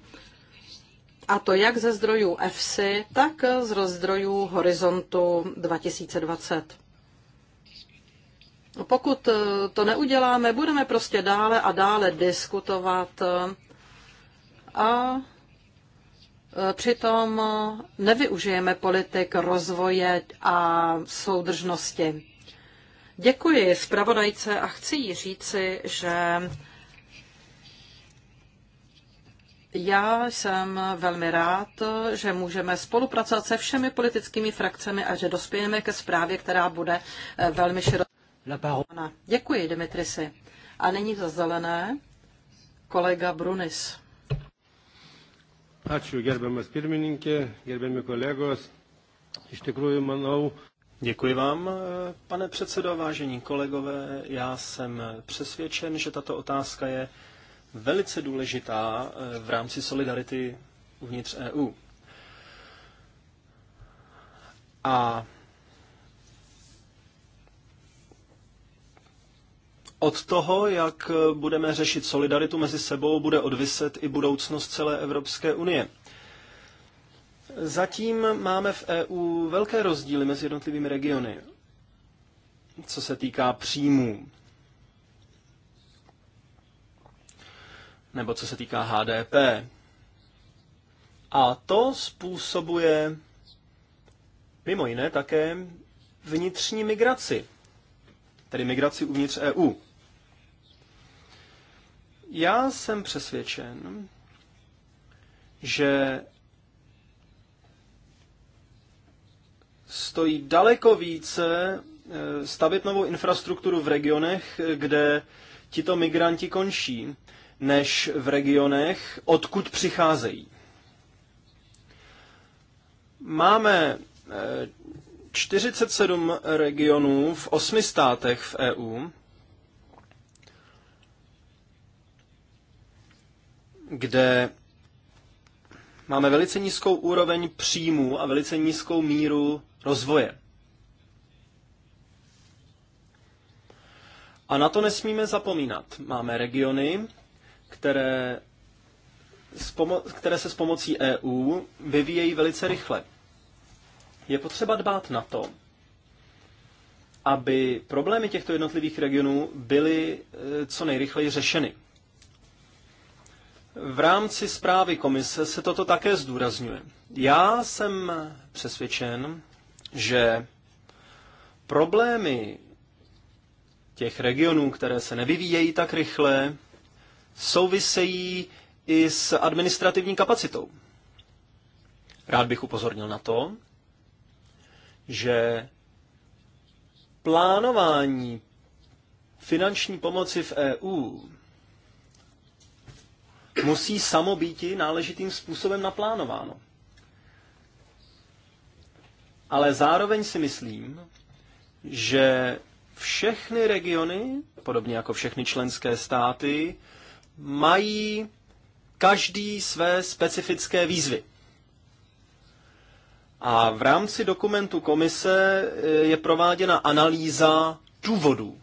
A to jak ze zdrojů EFSI, tak z rozdrojů Horizontu 2020. Pokud eh, to neuděláme, budeme prostě dále a dále diskutovat eh, a eh, přitom nevyužijeme politik rozvoje a soudržnosti. Děkuji zpravodajce a chci jí říci, že já jsem velmi rád, že můžeme spolupracovat se všemi politickými frakcemi a že dospějeme ke zprávě, která bude velmi široká. Děkuji, Dimitrisi. A nyní za zelené kolega Brunis. Ačiū, gerbiamas pirmininkė, gerbiami kolegos. Iš tikrųjų, manau, Děkuji vám, pane předsedo, vážení kolegové. Já jsem přesvědčen, že tato otázka je velice důležitá eh, v rámci solidarity uvnitř EU. A Od toho, jak budeme řešit solidaritu mezi sebou, bude odviset i budoucnost celé Evropské unie. Zatím máme v EU velké rozdíly mezi jednotlivými regiony, co se týká příjmů. Nebo co se týká HDP. A to způsobuje mimo jiné také vnitřní migraci, tedy migraci uvnitř EU. Já jsem přesvědčen, že stojí daleko více eh, stavit novou infrastrukturu v regionech, kde tito migranti končí, než v regionech, odkud přicházejí. Máme 47 eh, regionů v osmi státech v EU kde máme velice nízkou úroveň příjmů a velice nízkou míru rozvoje. A na to nesmíme zapomínat. Máme regiony, které, které se s pomocí EU vyvíjejí velice rychle. Je potřeba dbát na to, aby problémy těchto jednotlivých regionů byly eh, co nejrychleji řešeny. V rámci zprávy komise se toto také zdůrazňuje. Já jsem přesvědčen, že problémy těch regionů, které se nevyvíjejí tak rychle, souvisejí i s administrativní kapacitou. Rád bych upozornil na to, že plánování finanční pomoci v EU musí samo býti náležitým způsobem naplánováno. Ale zároveň si myslím, že všechny regiony, podobně jako všechny členské státy, mají každý své specifické výzvy. A v rámci dokumentu komise eh, je prováděna analýza důvodů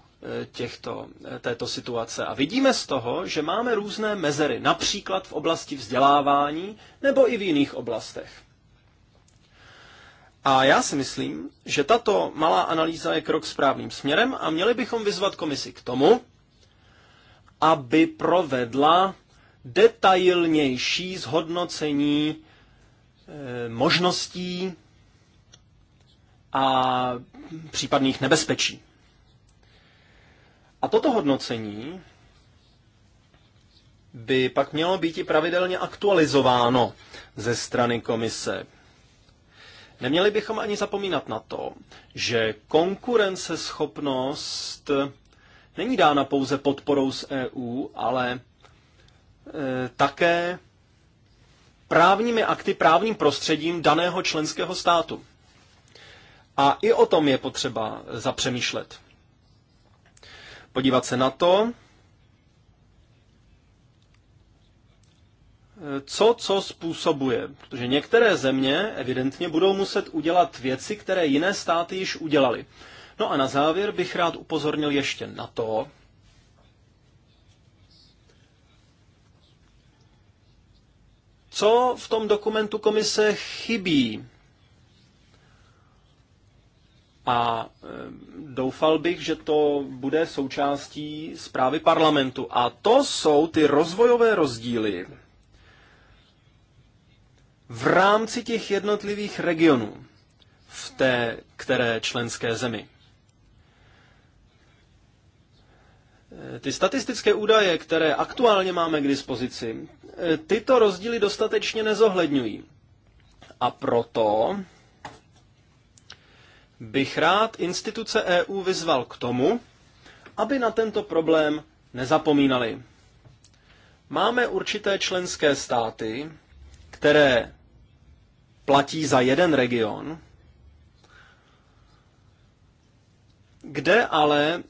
těchto, této situace. A vidíme z toho, že máme různé mezery, například v oblasti vzdělávání nebo i v jiných oblastech. A já si myslím, že tato malá analýza je krok správným směrem a měli bychom vyzvat komisi k tomu, aby provedla detailnější zhodnocení eh, možností a případných nebezpečí. A toto hodnocení by pak mělo být i pravidelně aktualizováno ze strany komise. Neměli bychom ani zapomínat na to, že konkurenceschopnost není dána pouze podporou z EU, ale e, také právními akty, právním prostředím daného členského státu. A i o tom je potřeba zapřemýšlet podívat se na to, co co způsobuje. Protože některé země evidentně budou muset udělat věci, které jiné státy již udělali. No a na závěr bych rád upozornil ještě na to, co v tom dokumentu komise chybí a eh, doufal bych, že to bude součástí zprávy parlamentu. A to jsou ty rozvojové rozdíly v rámci těch jednotlivých regionů v té které členské zemi. Eh, ty statistické údaje, které aktuálně máme k dispozici, eh, tyto rozdíly dostatečně nezohledňují. A proto bych rád instituce EU vyzval k tomu, aby na tento problém nezapomínali. Máme určité členské státy, které platí za jeden region, kde ale e,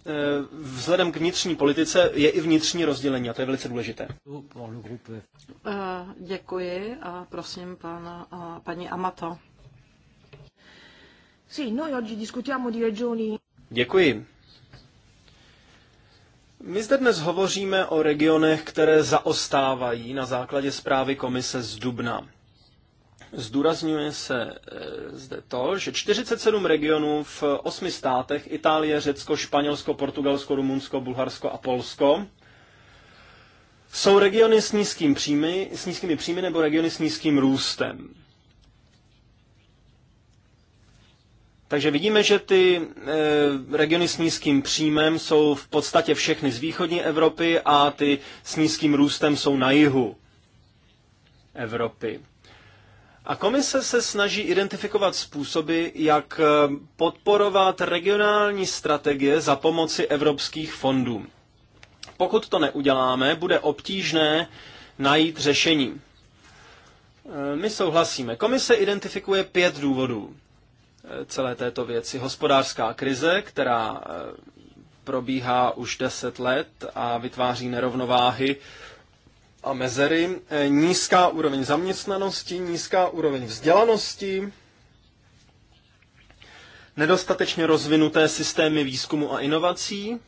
vzhledem k vnitřní politice je i vnitřní rozdělení a to je velice důležité. Děkuji a prosím pana, paní Amato. Sì, noi oggi discutiamo di regioni. Děkuji. My zde dnes hovoříme o regionech, které zaostávají na základě zprávy komise z Dubna. Zdůrazňuje se eh, zde to, že 47 regionů v osmi státech Itálie, Řecko, Španělsko, Portugalsko, Rumunsko, Bulharsko a Polsko jsou regiony s, nízkým příjmy, s nízkými příjmy nebo regiony s nízkým růstem. Takže vidíme, že ty eh, regiony s nízkým příjmem jsou v podstatě všechny z východní Evropy a ty s nízkým růstem jsou na jihu Evropy. A komise se snaží identifikovat způsoby, jak eh, podporovat regionální strategie za pomoci evropských fondů. Pokud to neuděláme, bude obtížné najít řešení. Eh, my souhlasíme. Komise identifikuje pět důvodů celé této věci. Hospodářská krize, která eh, probíhá už deset let a vytváří nerovnováhy a mezery, eh, nízká úroveň zaměstnanosti, nízká úroveň vzdělanosti, nedostatečně rozvinuté systémy výzkumu a inovací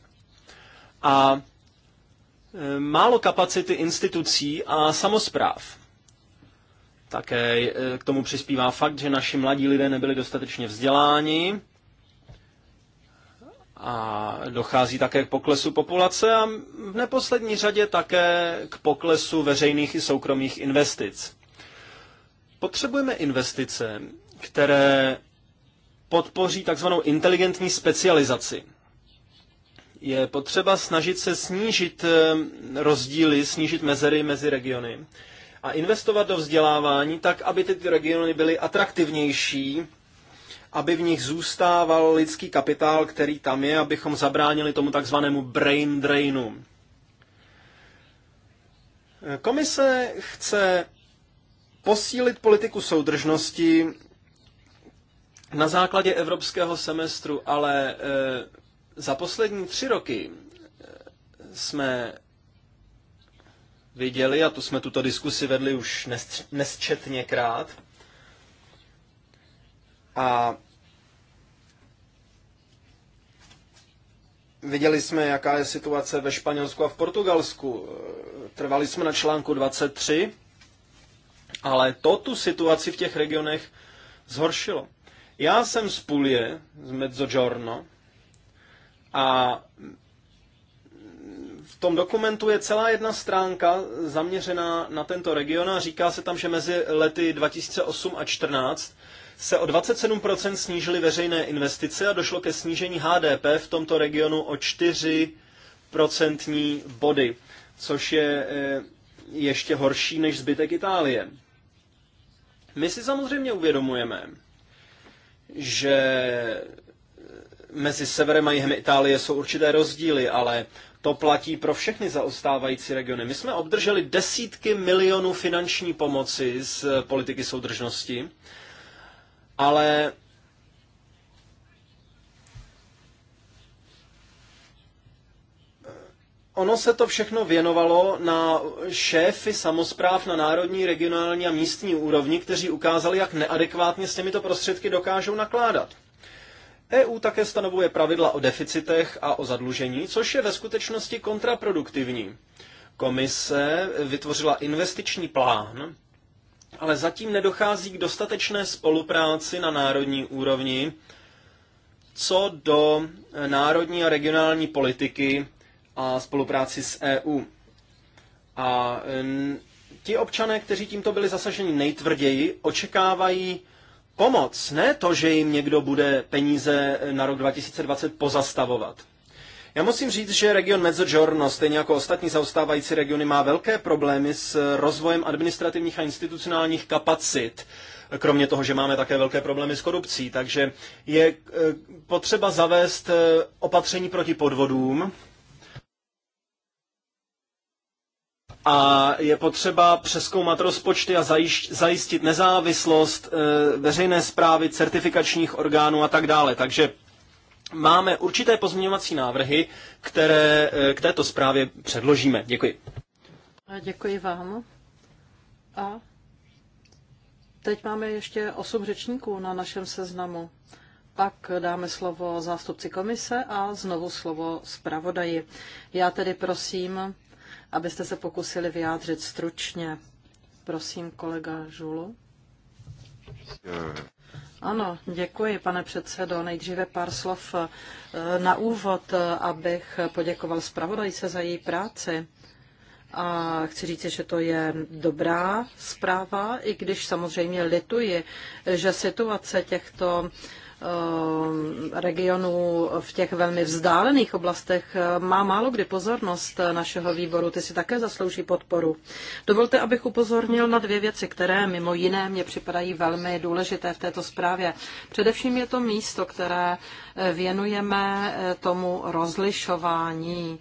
a eh, málo kapacity institucí a samozpráv. Také eh, k tomu přispívá fakt, že naši mladí lidé nebyli dostatečně vzděláni a dochází také k poklesu populace a v neposlední řadě také k poklesu veřejných i soukromých investic. Potřebujeme investice, které podpoří takzvanou inteligentní specializaci. Je potřeba snažit se snížit eh, rozdíly, snížit mezery mezi regiony a investovat do vzdělávání tak, aby ty regiony byly atraktivnější, aby v nich zůstával lidský kapitál, který tam je, abychom zabránili tomu takzvanému brain drainu. Komise chce posílit politiku soudržnosti na základě evropského semestru, ale eh, za poslední tři roky eh, jsme viděli, a to jsme tuto diskusi vedli už nesčetněkrát. A viděli jsme, jaká je situace ve Španělsku a v Portugalsku. Trvali jsme na článku 23, ale to tu situaci v těch regionech zhoršilo. Já jsem z Pulie, z Mezzogiorno, a tom dokumentu je celá jedna stránka zaměřená na tento region a říká se tam, že mezi lety 2008 a 2014 se o 27% snížily veřejné investice a došlo ke snížení HDP v tomto regionu o 4% body, což je eh, ještě horší než zbytek Itálie. My si samozřejmě uvědomujeme, že mezi severem a jihem Itálie jsou určité rozdíly, ale to platí pro všechny zaostávající regiony. My jsme obdrželi desítky milionů finanční pomoci z politiky soudržnosti, ale Ono se to všechno věnovalo na šéfy samozpráv na národní, regionální a místní úrovni, kteří ukázali, jak neadekvátně s těmito prostředky dokážou nakládat. EU také stanovuje pravidla o deficitech a o zadlužení, což je ve skutečnosti kontraproduktivní. Komise vytvořila investiční plán, ale zatím nedochází k dostatečné spolupráci na národní úrovni co do národní a regionální politiky a spolupráci s EU. A ti občané, kteří tímto byli zasaženi nejtvrději, očekávají pomoc, ne to, že jim někdo bude peníze na rok 2020 pozastavovat. Já musím říct, že region Mezzogiorno, stejně jako ostatní zaostávající regiony, má velké problémy s rozvojem administrativních a institucionálních kapacit, kromě toho, že máme také velké problémy s korupcí. Takže je eh, potřeba zavést eh, opatření proti podvodům, a je potřeba přeskoumat rozpočty a zajistit nezávislost eh, veřejné zprávy, certifikačních orgánů a tak dále. Takže máme určité pozměňovací návrhy, které eh, k této zprávě předložíme. Děkuji. A děkuji vám. A teď máme ještě osm řečníků na našem seznamu. Pak dáme slovo zástupci komise a znovu slovo zpravodaji. Já tedy prosím abyste se pokusili vyjádřit stručně. Prosím, kolega Žulu. Ano, děkuji, pane předsedo. Nejdříve pár slov eh, na úvod, eh, abych poděkoval zpravodajce za její práci. A chci říct, že to je dobrá zpráva, i když samozřejmě lituji, že situace těchto Eh, regionů v těch velmi vzdálených oblastech má málo kdy pozornost našeho výboru. Ty si také zaslouží podporu. Dovolte, abych upozornil na dvě věci, které mimo jiné mě připadají velmi důležité v této zprávě. Především je to místo, které eh, věnujeme eh, tomu rozlišování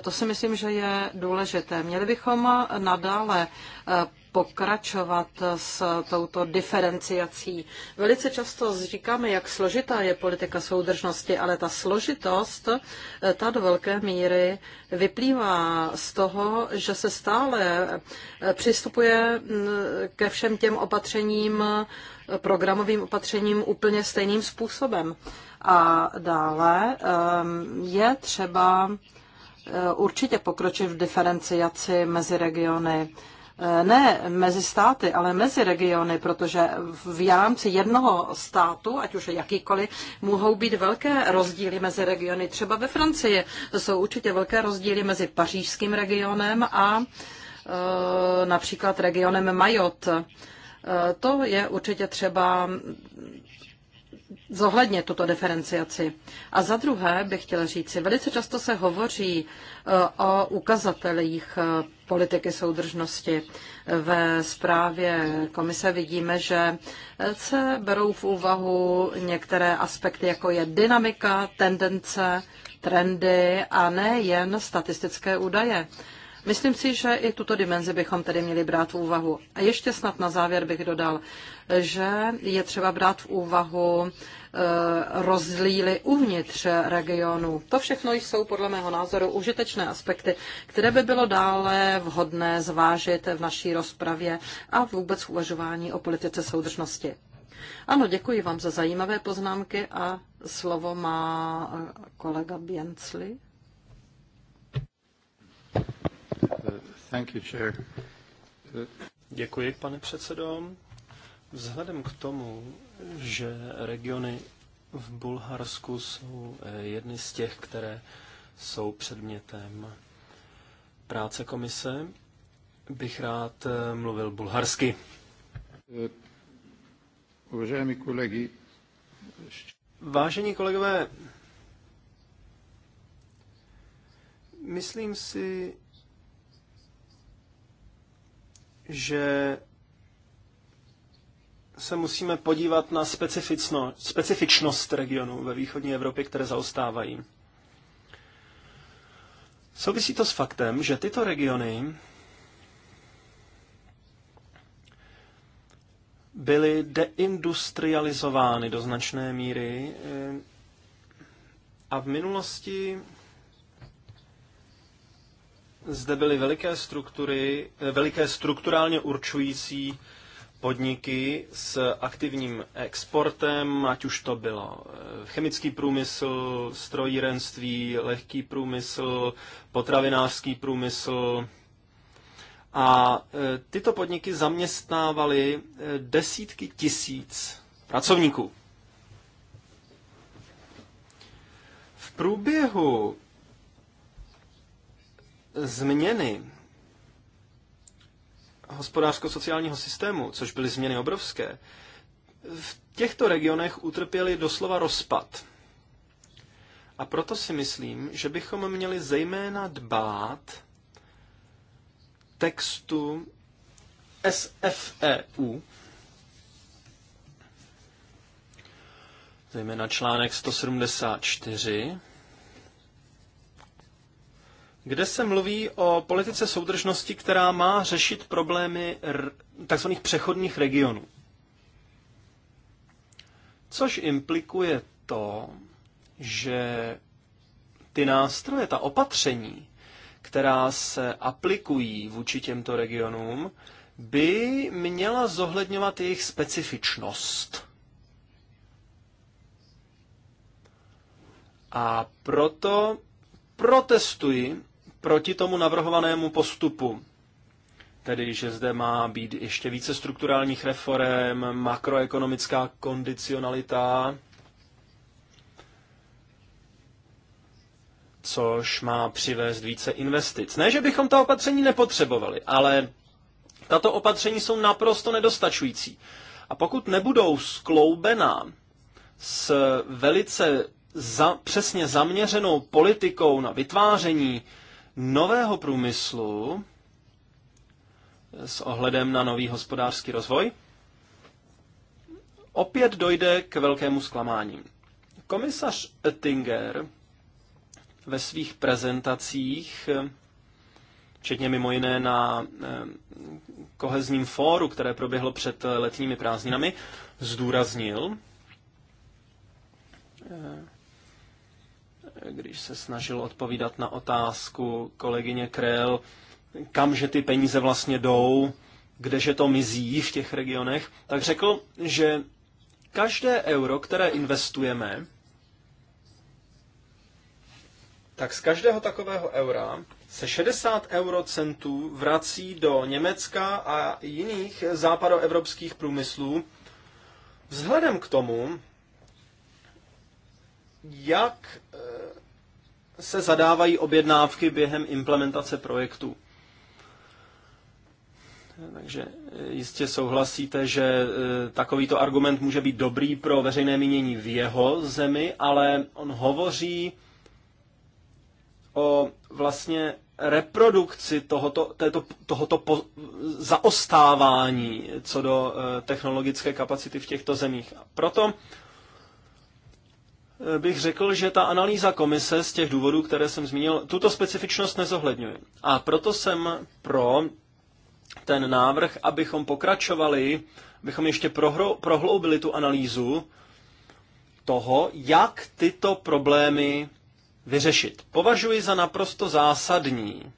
to si myslím, že je důležité. Měli bychom nadále pokračovat s touto diferenciací. Velice často říkáme, jak složitá je politika soudržnosti, ale ta složitost, eh, ta do velké míry vyplývá z toho, že se stále eh, přistupuje mm, ke všem těm opatřením, eh, programovým opatřením úplně stejným způsobem. A dále je třeba určitě pokročit v diferenciaci mezi regiony. Eh, ne mezi státy, ale mezi regiony, protože v rámci jednoho státu, ať už jakýkoliv, mohou být velké rozdíly mezi regiony. Třeba ve Francii jsou určitě velké rozdíly mezi pařížským regionem a eh, například regionem Majot. Eh, to je určitě třeba zohledně tuto diferenciaci. A za druhé bych chtěla říci, velice často se hovoří o ukazatelích politiky soudržnosti. Ve zprávě komise vidíme, že se berou v úvahu některé aspekty, jako je dynamika, tendence, trendy a ne jen statistické údaje. Myslím si, že i tuto dimenzi bychom tedy měli brát v úvahu. A ještě snad na závěr bych dodal, že je třeba brát v úvahu Eh, rozlíly uvnitř regionu. To všechno jsou podle mého názoru užitečné aspekty, které by bylo dále vhodné zvážit v naší rozpravě a vůbec v uvažování o politice soudržnosti. Ano, děkuji vám za zajímavé poznámky a slovo má eh, kolega Běncli. Děkuji, pane předsedo. Vzhledem k tomu, že regiony v Bulharsku jsou eh, jedny z těch, které jsou předmětem práce komise, bych rád eh, mluvil bulharsky. Eh, Uvažení kolegy. Vážení kolegové, myslím si, že se musíme podívat na specifičnost regionů ve východní Evropě, které zaostávají. Souvisí to s faktem, že tyto regiony byly deindustrializovány do značné míry eh, a v minulosti zde byly veliké struktury, eh, veliké strukturálně určující podniky s aktivním exportem, ať už to bylo eh, chemický průmysl, strojírenství, lehký průmysl, potravinářský průmysl. A eh, tyto podniky zaměstnávaly eh, desítky tisíc pracovníků. V průběhu změny hospodářsko-sociálního systému, což byly změny obrovské, v těchto regionech utrpěli doslova rozpad. A proto si myslím, že bychom měli zejména dbát textu SFEU, zejména článek 174, kde se mluví o politice soudržnosti, která má řešit problémy tzv. přechodných regionů. Což implikuje to, že ty nástroje, ta opatření, která se aplikují vůči těmto regionům, by měla zohledňovat jejich specifičnost. A proto protestuji proti tomu navrhovanému postupu. Tedy, že zde má být ještě více strukturálních reform, makroekonomická kondicionalita, což má přivést více investic. Ne, že bychom ta opatření nepotřebovali, ale tato opatření jsou naprosto nedostačující. A pokud nebudou skloubená s velice za, přesně zaměřenou politikou na vytváření nového průmyslu s ohledem na nový hospodářský rozvoj, opět dojde k velkému zklamání. Komisař Oettinger ve svých prezentacích, včetně mimo jiné na eh, kohezním fóru, které proběhlo před letními prázdninami, zdůraznil, eh, když se snažil odpovídat na otázku kolegyně Krell, kamže ty peníze vlastně jdou, kdeže to mizí v těch regionech, tak řekl, že každé euro, které investujeme, tak z každého takového eura se 60 eurocentů vrací do Německa a jiných západoevropských průmyslů, vzhledem k tomu, jak se zadávají objednávky během implementace projektu. Takže eh, jistě souhlasíte, že eh, takovýto argument může být dobrý pro veřejné mínění v jeho zemi, ale on hovoří o vlastně reprodukci tohoto, této, tohoto po, zaostávání co do eh, technologické kapacity v těchto zemích. A proto bych řekl, že ta analýza komise z těch důvodů, které jsem zmínil, tuto specifičnost nezohledňuje. A proto jsem pro ten návrh, abychom pokračovali, abychom ještě prohro, prohloubili tu analýzu toho, jak tyto problémy vyřešit. Považuji za naprosto zásadní,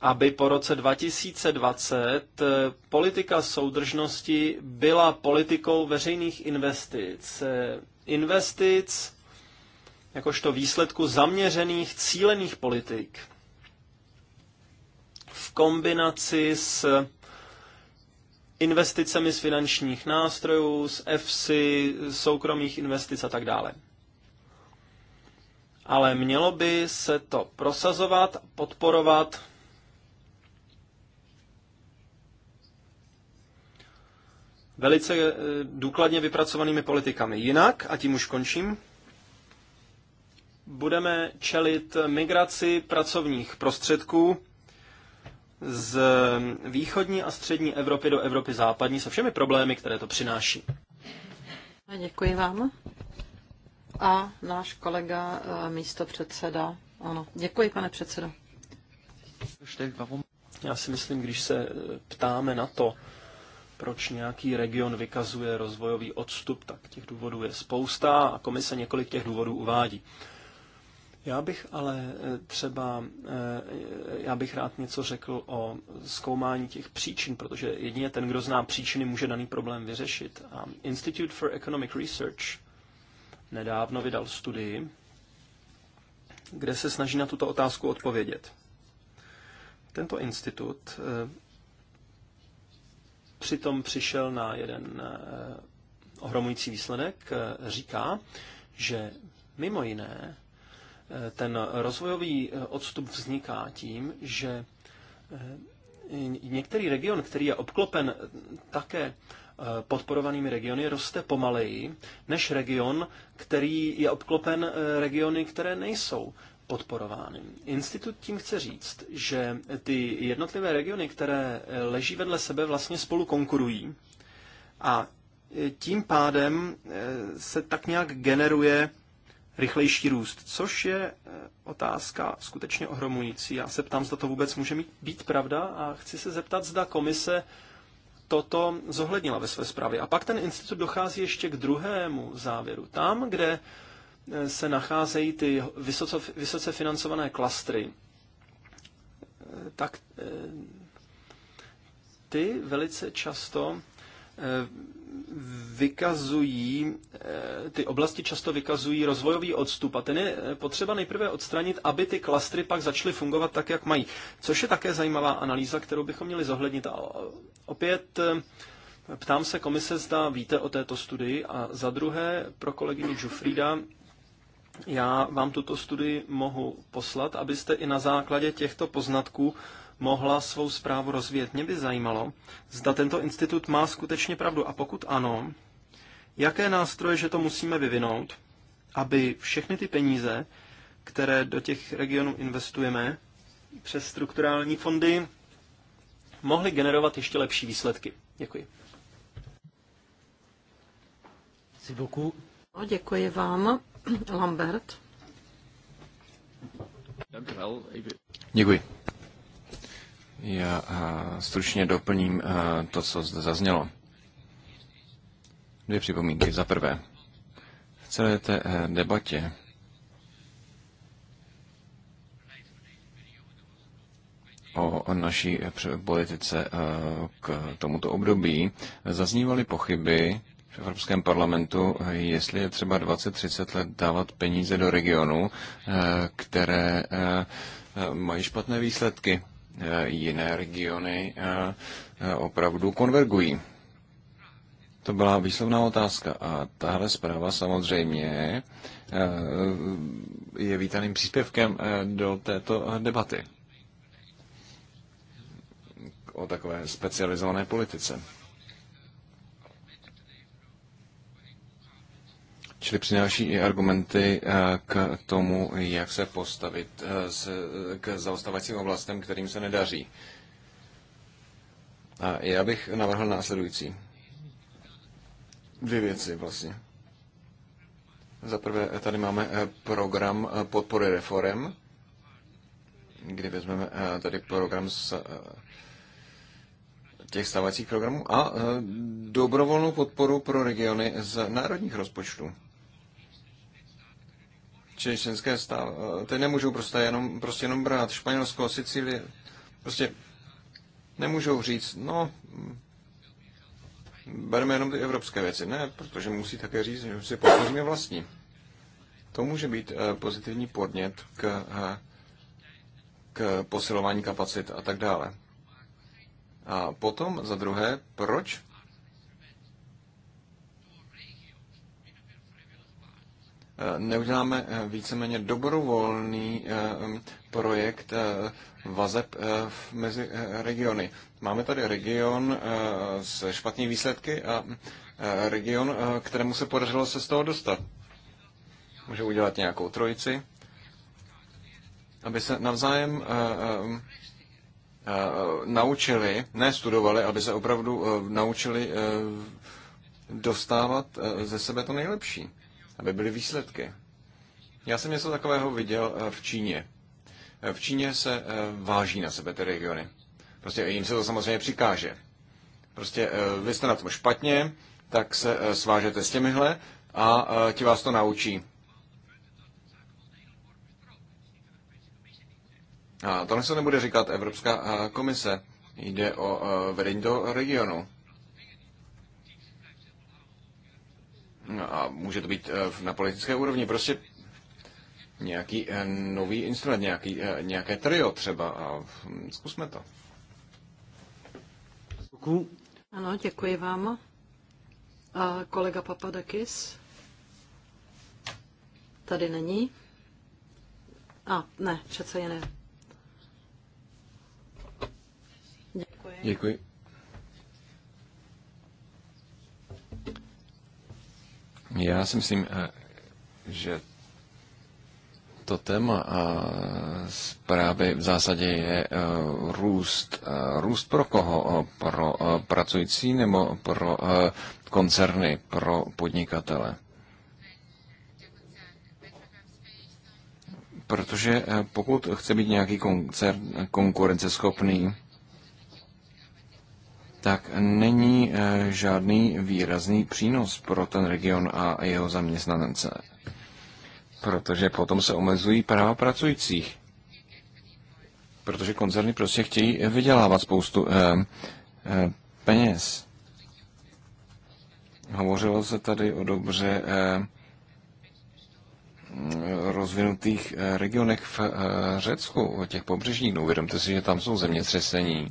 aby po roce 2020 eh, politika soudržnosti byla politikou veřejných investic, eh, investic jakožto výsledku zaměřených cílených politik v kombinaci s investicemi z finančních nástrojů, z EFSI, soukromých investic a tak dále. Ale mělo by se to prosazovat, podporovat velice eh, důkladně vypracovanými politikami. Jinak, a tím už končím, budeme čelit migraci pracovních prostředků z východní a střední Evropy do Evropy západní se všemi problémy, které to přináší. Děkuji vám. A náš kolega eh, místo předseda. Ano, děkuji, pane předsedo. Já si myslím, když se eh, ptáme na to, proč nějaký region vykazuje rozvojový odstup, tak těch důvodů je spousta a komise několik těch důvodů uvádí. Já bych ale eh, třeba, eh, já bych rád něco řekl o zkoumání těch příčin, protože jedině ten, kdo zná příčiny, může daný problém vyřešit. A Institute for Economic Research nedávno vydal studii, kde se snaží na tuto otázku odpovědět. Tento institut eh, přitom přišel na jeden eh, ohromující výsledek. Eh, říká, že mimo jiné eh, ten rozvojový odstup vzniká tím, že některý region, který je obklopen také podporovanými regiony, roste pomaleji než region, který je obklopen regiony, které nejsou podporovány. Institut tím chce říct, že ty jednotlivé regiony, které leží vedle sebe, vlastně spolu konkurují a e, tím pádem e, se tak nějak generuje rychlejší růst, což je e, otázka skutečně ohromující. Já se ptám, zda to vůbec může mít být pravda a chci se zeptat, zda komise toto zohlednila ve své zprávě. A pak ten institut dochází ještě k druhému závěru. Tam, kde se nacházejí ty vysoce, vysoce financované klastry, tak eh, ty velice často eh, vykazují, eh, ty oblasti často vykazují rozvojový odstup a ten je potřeba nejprve odstranit, aby ty klastry pak začaly fungovat tak, jak mají. Což je také zajímavá analýza, kterou bychom měli zohlednit. A opět ptám se komise, zda víte o této studii a za druhé pro kolegyni Jufrida já vám tuto studii mohu poslat, abyste i na základě těchto poznatků mohla svou zprávu rozvíjet. Mě by zajímalo, zda tento institut má skutečně pravdu a pokud ano, jaké nástroje, že to musíme vyvinout, aby všechny ty peníze, které do těch regionů investujeme přes strukturální fondy, mohly generovat ještě lepší výsledky. Děkuji. No, děkuji vám. Lambert. Děkuji. Já eh, stručně doplním eh, to, co zde zaznělo. Dvě připomínky. Za prvé, v celé té eh, debatě o naší politice k tomuto období zaznívaly pochyby v Evropském parlamentu, jestli je třeba 20-30 let dávat peníze do regionu, eh, které eh, mají špatné výsledky. Eh, jiné regiony opravdu konvergují. To byla výslovná otázka a tahle zpráva samozřejmě je vítaným příspěvkem do této debaty o takové specializované politice. Čili přináší i argumenty eh, k tomu, jak se postavit eh, k zaostávacím oblastem, kterým se nedaří. A já bych navrhl následující. Dvě věci vlastně. Za prvé, eh, tady máme program podpory reform, kdy vezmeme tady program z těch stávajících programů a dobrovolnou podporu pro regiony z národních rozpočtů. Čili členské státy eh, nemůžou prostě jenom, prostě jenom brát Španělsko, Sicílie. Prostě nemůžou říct, no, bereme jenom ty evropské věci. Ne, protože musí také říct, že si podpoříme vlastní. To může být eh, pozitivní podnět k, eh, k posilování kapacit a tak dále. A potom za druhé, proč neuděláme eh, víceméně dobrovolný eh, projekt eh, vazeb mezi regiony. Máme tady region s špatnými výsledky a region, kterému se podařilo se z toho dostat. Může udělat nějakou trojici, aby se navzájem naučili, ne studovali, aby se opravdu naučili dostávat ze sebe to nejlepší aby byly výsledky. Já jsem něco takového viděl eh, v Číně. Eh, v Číně se eh, váží na sebe ty regiony. Prostě jim se to samozřejmě přikáže. Prostě vy jste na tom špatně, tak se svážete s těmihle a ti vás to naučí. A to se nebude říkat Evropská komise. Jde o vedení do regionu. No a může to být eh, na politické úrovni, prostě nějaký eh, nový instrument, nějaký, eh, nějaké trio třeba a zkusme to. Ano, děkuji vám. A kolega Papadakis? Tady není. A ne, přece je ne. Děkuji. Děkuji. Já si myslím, eh, že to téma eh, zprávy v zásadě je eh, růst. Růst pro koho? Pro pracující nebo pro koncerny, pro podnikatele? Protože pokud chce být nějaký koncern konkurenceschopný, tak není eh, žádný výrazný přínos pro ten region a jeho zaměstnance. Protože potom se omezují práva pracujících. Protože koncerny prostě chtějí vydělávat spoustu eh, eh, peněz. Hovořilo se tady o dobře eh, rozvinutých eh, regionech v eh, Řecku, o těch pobřežních. No, uvědomte si, že tam jsou zemětřesení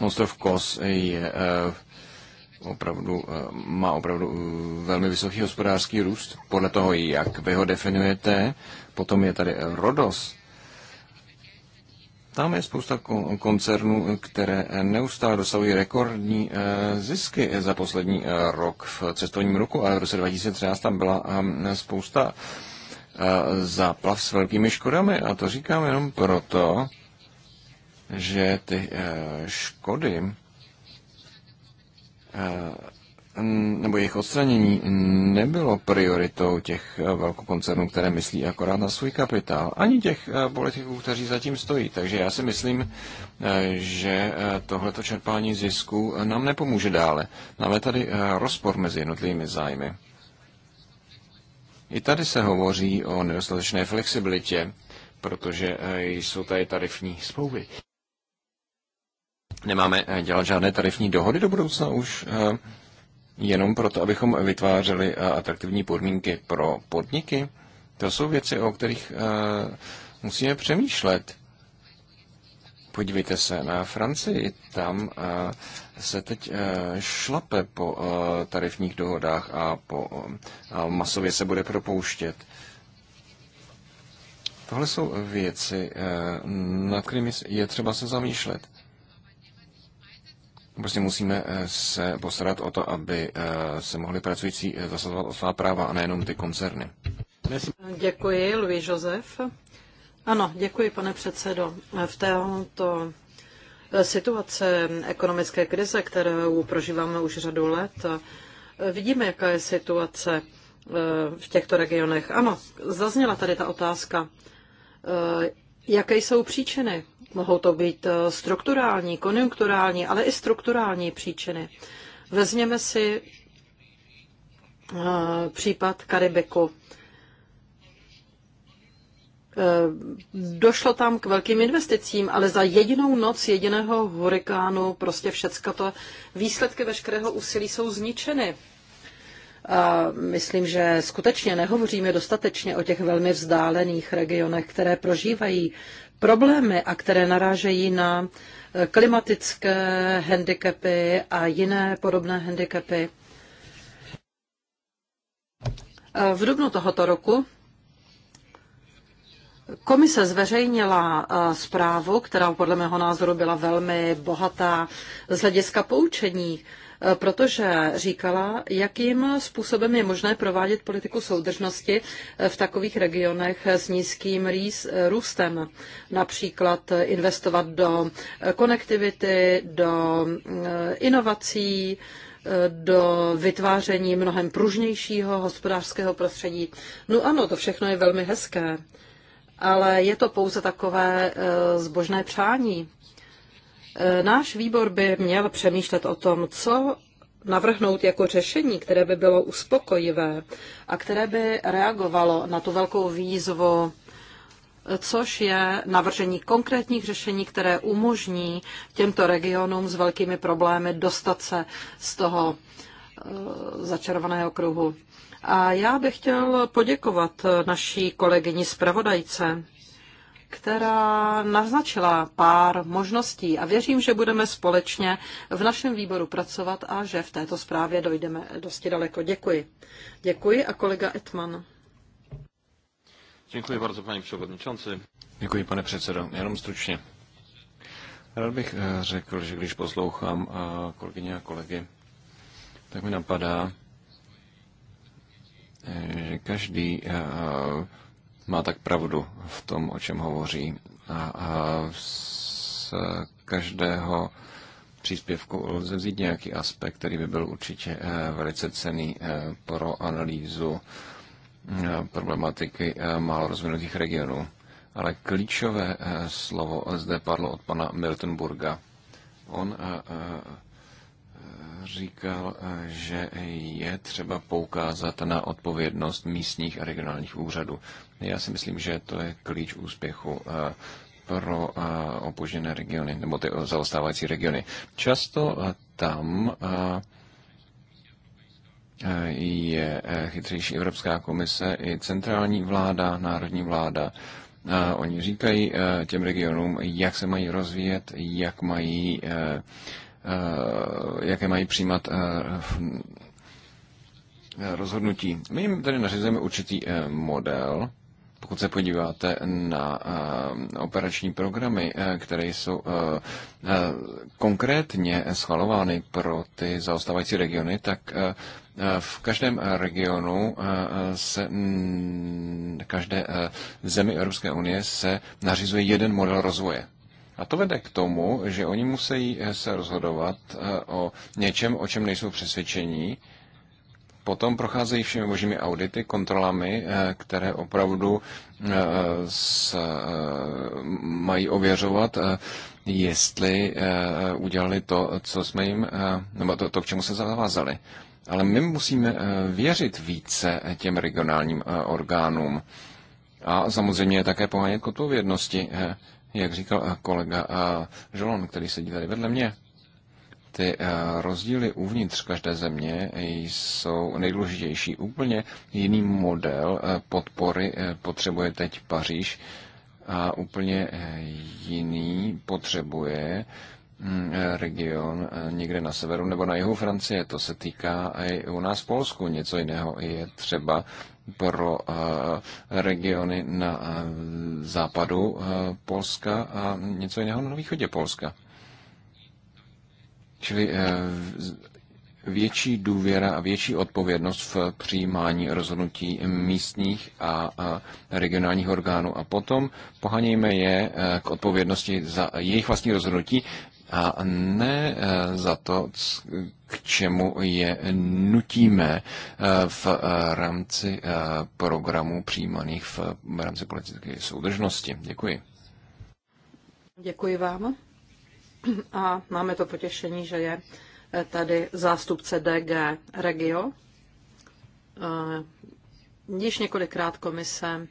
Ostrov Kos je eh, opravdu, eh, má opravdu eh, velmi vysoký hospodářský růst, podle toho, jak vy ho definujete. Potom je tady Rodos. Tam je spousta koncernů, které neustále dosahují rekordní zisky za poslední rok v cestovním roku, ale v roce 2013 tam byla spousta záplav s velkými škodami. A to říkám jenom proto, že ty eh, škody eh, nebo jejich odstranění nebylo prioritou těch eh, velkokoncernů, které myslí akorát na svůj kapitál, ani těch politiků, kteří zatím stojí. Takže já si myslím, že tohleto čerpání zisku nám nepomůže dále. Máme tady rozpor mezi jednotlivými zájmy. I tady se hovoří o nedostatečné flexibilitě, protože jsou tady tarifní smlouvy. Nemáme eh, dělat žádné tarifní dohody do budoucna už eh, jenom proto, abychom vytvářeli eh, atraktivní podmínky pro podniky. To jsou věci, o kterých musíme přemýšlet. Podívejte se na Francii, tam se teď šlape po tarifních dohodách a, po, a masově se bude propouštět. Tohle jsou věci, nad kterými je třeba se zamýšlet. Prostě musíme eh, se postarat o to, aby eh, se mohli pracující eh, zasazovat o svá práva a nejenom ty koncerny. Děkuji, Louis Josef. Ano, děkuji, pane předsedo. V této situace ekonomické krize, kterou prožíváme už řadu let, vidíme, jaká je situace v těchto regionech. Ano, zazněla tady ta otázka Jaké jsou příčiny? Mohou to být eh, strukturální, konjunkturální, ale i strukturální příčiny. Vezměme si eh, případ Karibiku. Eh, došlo tam k velkým investicím, ale za jedinou noc jediného hurikánu prostě všecko to výsledky veškerého úsilí jsou zničeny. A myslím, že skutečně nehovoříme dostatečně o těch velmi vzdálených regionech, které prožívají problémy a které narážejí na eh, klimatické handicapy a jiné podobné handicapy. V dubnu tohoto roku Komise zveřejnila eh, zprávu, která podle mého názoru byla velmi bohatá z hlediska poučení Eh, protože říkala, jakým způsobem je možné provádět politiku soudržnosti eh, v takových regionech eh, s nízkým růstem. Například investovat do konektivity, do inovací, do vytváření mnohem pružnějšího hospodářského prostředí. No ano, to všechno je velmi hezké, ale je to pouze takové zbožné přání. Eh, náš výbor by měl přemýšlet o tom, co navrhnout jako řešení, které by bylo uspokojivé a které by reagovalo na tu velkou výzvu, což je navržení konkrétních řešení, které umožní těmto regionům s velkými problémy dostat se z toho eh, začarovaného kruhu. A já bych chtěl poděkovat naší kolegyni zpravodajce která naznačila pár možností a věřím, že budeme společně v našem výboru pracovat a že v této zprávě dojdeme dosti daleko. Děkuji. Děkuji a kolega Etman. Děkuji bardzo, paní předsedající. Děkuji, pane předsedo. Jenom stručně. Rád bych eh, řekl, že když poslouchám eh, kolegyně a kolegy, tak mi napadá, eh, že každý má tak pravdu v tom, o čem hovoří. A, a z každého příspěvku lze vzít nějaký aspekt, který by byl určitě eh, velice cený eh, pro analýzu eh, problematiky málo rozvinutých regionů. Ale klíčové slovo zde padlo od pana Miltonburga. On říkal, že je třeba poukázat na odpovědnost místních a regionálních úřadů. Já si myslím, že to je klíč úspěchu eh, pro eh, opožděné regiony, nebo ty zaostávající regiony. Často eh, tam je chytřejší Evropská komise i centrální vláda, národní vláda. oni říkají těm regionům, jak se mají rozvíjet, jak mají, jaké mají přijímat rozhodnutí. My jim tady nařizujeme určitý model, pokud se podíváte na eh, operační programy, eh, které jsou eh, konkrétně schvalovány pro ty zaostávající regiony, tak v každém regionu se každé zemi Evropské unie se nařizuje jeden model rozvoje. A to vede k tomu, že oni musí se rozhodovat o něčem, o čem nejsou přesvědčení, potom procházejí všemi možnými audity, kontrolami, eh, které opravdu eh, s, eh, mají ověřovat, jestli udělali to, co jsme jim, nebo to, to k čemu se zavázali. Ale my musíme věřit více těm regionálním orgánům. A samozřejmě je také pohánět k odpovědnosti, jak říkal kolega Žolon, který sedí tady vedle mě ty eh, rozdíly uvnitř každé země jsou nejdůležitější. Úplně jiný model eh, podpory eh, potřebuje teď Paříž a úplně jiný potřebuje mm, region někde na severu nebo na jihu Francie. To se týká i u nás v Polsku. Něco jiného je třeba pro regiony na západu Polska a něco jiného na východě Polska. Čili eh, větší důvěra a větší odpovědnost v přijímání rozhodnutí místních a regionálních orgánů. A potom pohanějme je eh, k odpovědnosti za jejich vlastní rozhodnutí a ne eh, za to, k čemu je nutíme v rámci programů přijímaných v rámci politické soudržnosti. Děkuji. Děkuji vám a máme to potěšení, že je eh, tady zástupce DG Regio. Eh, již několikrát komise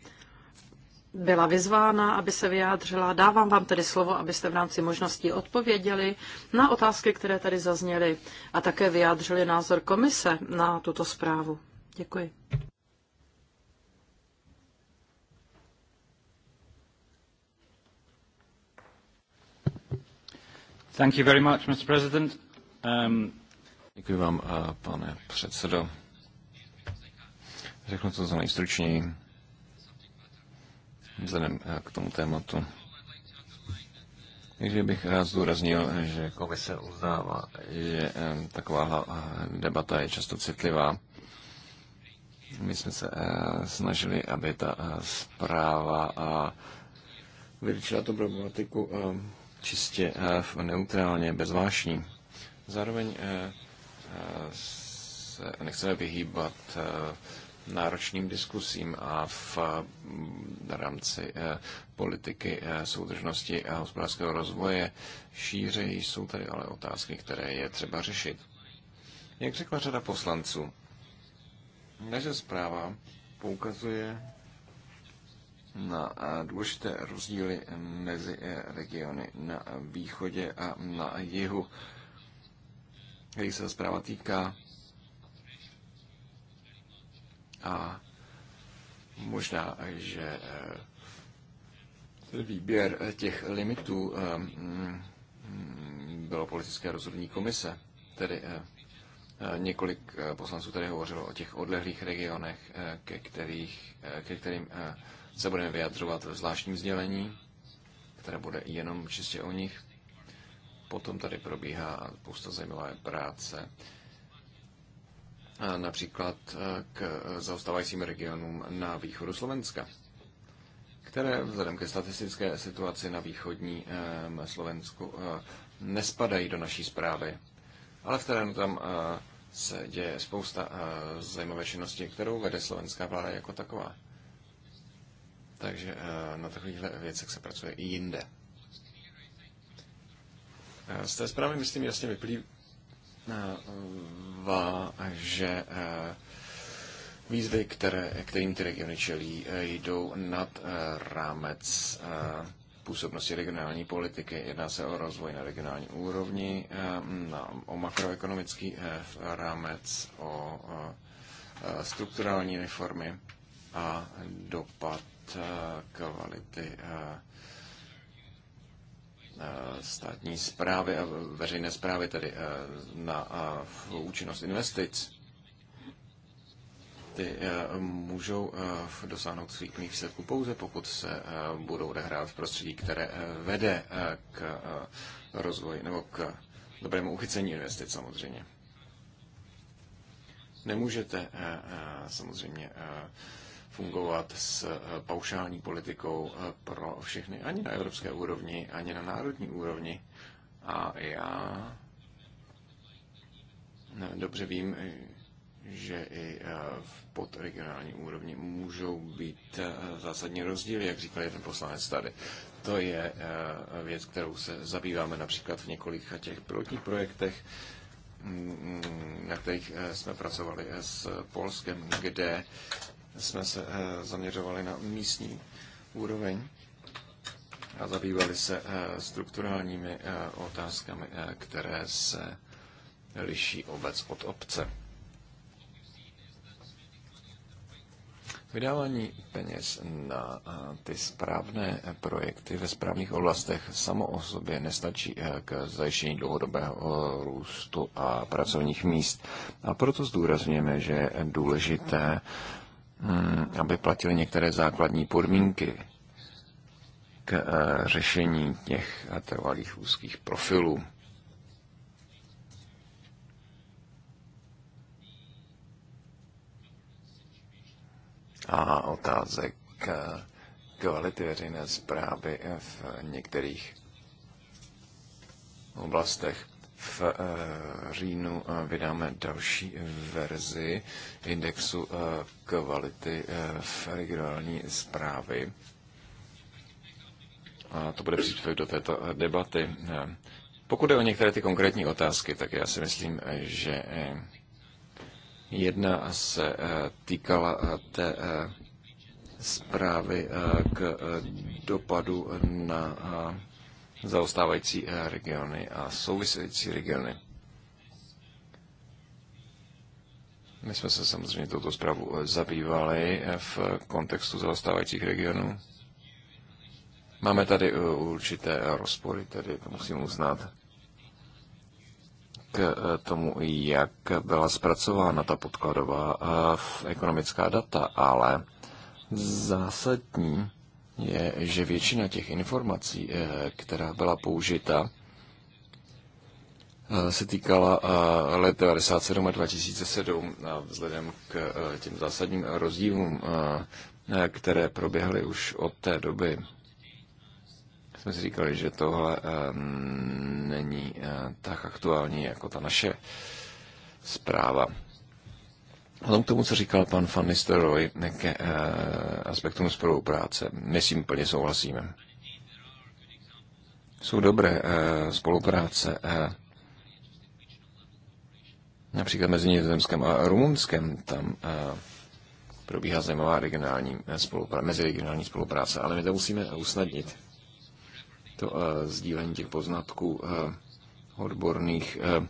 byla vyzvána, aby se vyjádřila. Dávám vám tedy slovo, abyste v rámci možností odpověděli na otázky, které tady zazněly a také vyjádřili názor komise na tuto zprávu. Děkuji. Thank you very much, Mr. President. Um... Děkuji vám, eh, pane předsedo. Řeknu to za nejstručněji vzhledem eh, k tomu tématu. Takže bych rád eh, zdůraznil, že komise uznává, že taková debata je často citlivá. My jsme se snažili, aby ta zpráva vyřešila tu problematiku čistě eh, neutrálně, bez vášní. Zároveň eh, eh, se nechceme vyhýbat náročným diskusím a v rámci politiky soudržnosti a hospodářského rozvoje šířejí jsou tady ale otázky, které je třeba řešit. Jak řekla řada poslanců, naše zpráva poukazuje na no důležité rozdíly mezi eh, regiony na východě a na jihu, když se zpráva týká. A možná, že eh, výběr těch limitů eh, mm, bylo politické rozhodní komise, tedy Několik poslanců tady hovořilo o těch odlehlých regionech, ke, kterých, ke kterým se budeme vyjadřovat ve zvláštním sdělení, které bude jenom čistě o nich. Potom tady probíhá spousta zajímavé práce, například e, k zaostávajícím regionům na východu Slovenska, které vzhledem ke statistické situaci na východní e, Slovensku e, nespadají do naší zprávy. Ale v terénu tam se děje spousta zajímavé činnosti, kterou vede slovenská vláda jako taková. Takže eh, na takovýchhle věcech se pracuje i jinde. Eh, z té zprávy, myslím, jasně vyplývá, že eh, výzvy, které, kterým ty regiony čelí, jdou nad rámec působnosti regionální politiky. Jedná se o rozvoj na regionální úrovni, na, o makroekonomický rámec, o strukturální reformy a dopad Eh, kvality eh, eh, státní zprávy a veřejné zprávy, tedy na účinnost investic, ty můžou dosáhnout svých výsledků pouze, pokud se budou odehrávat v prostředí, které vede k rozvoji nebo k dobrému uchycení investic samozřejmě. Nemůžete samozřejmě fungovat s eh, paušální politikou eh, pro všechny, ani na evropské úrovni, ani na národní úrovni. A já eh, dobře vím, že i v podregionální úrovni můžou být zásadní rozdíly, jak říkal jeden poslanec tady. To je věc, kterou se zabýváme například v několika těch pilotních projektech, mm, mm, na kterých jsme pracovali s Polskem, kde jsme se eh, zaměřovali na místní úroveň a zabývali se eh, strukturálními eh, otázkami, které se liší obec od obce. Vydávání peněz na ty správné projekty ve správných oblastech samo o sobě nestačí k zajištění dlouhodobého růstu a pracovních míst. A proto zdůrazněme, že je důležité Eh, aby platili některé základní podmínky k eh, řešení těch trvalých úzkých profilů. A otázek eh, kvality veřejné zprávy v některých oblastech v eh, říjnu eh, vydáme další verzi indexu eh, kvality v regionální zprávy. A to bude příspěvek do této debaty. Pokud jde o některé ty konkrétní otázky, tak já si myslím, že jedna se týkala té zprávy k dopadu na zaostávající eh, regiony a související regiony. My jsme se samozřejmě touto zprávu eh, zabývali eh, v kontextu zaostávajících regionů. Máme tady určité rozpory, tedy to musím uznat, k tomu, jak byla zpracována ta podkladová ekonomická data, ale zásadní je, že většina těch informací, eh, která byla použita, eh, se týkala eh, let 97 a 2007 a vzhledem k těm zásadním rozdílům, které proběhly už od té doby. Jsme si říkali, že tohle není tak aktuální jako ta naše zpráva. Potom k tomu, co říkal pan Van Nistelrooy k eh, aspektům spolupráce. My s tím plně souhlasíme. Jsou dobré eh, spolupráce eh, například mezi Nizozemskem a Rumunskem. Tam eh, probíhá zajímavá regionální eh, spolupráce, meziregionální spolupráce, ale my to musíme usnadnit. To eh, sdílení těch poznatků eh, odborných eh,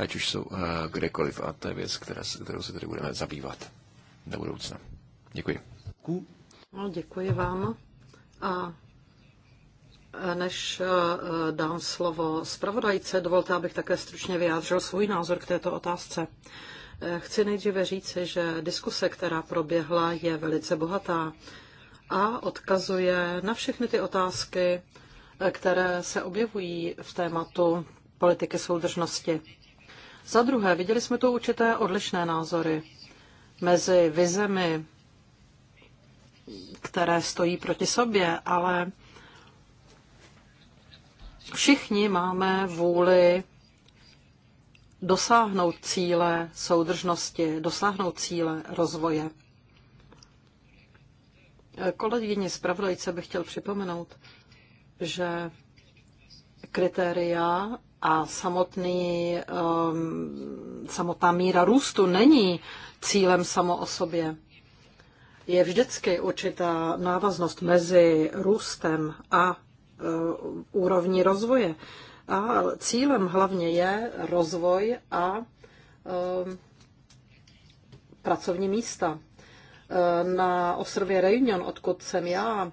ať už jsou eh, kdekoliv. A to je věc, která, kterou se tedy budeme zabývat do budoucna. Děkuji. No, děkuji vám. A než eh, eh, dám slovo zpravodajce, dovolte, abych také stručně vyjádřil svůj názor k této otázce. Chci nejdříve říci, že diskuse, která proběhla, je velice bohatá a odkazuje na všechny ty otázky, které se objevují v tématu politiky soudržnosti. Za druhé, viděli jsme tu určité odlišné názory mezi vizemi, které stojí proti sobě, ale všichni máme vůli dosáhnout cíle soudržnosti, dosáhnout cíle rozvoje. Kolegyni zpravodajce bych chtěl připomenout, že kritéria a samotný, um, samotná míra růstu není cílem samo o sobě. Je vždycky určitá návaznost mezi růstem a uh, úrovní rozvoje. A cílem hlavně je rozvoj a um, pracovní místa. Uh, na ostrově Reunion, odkud jsem já,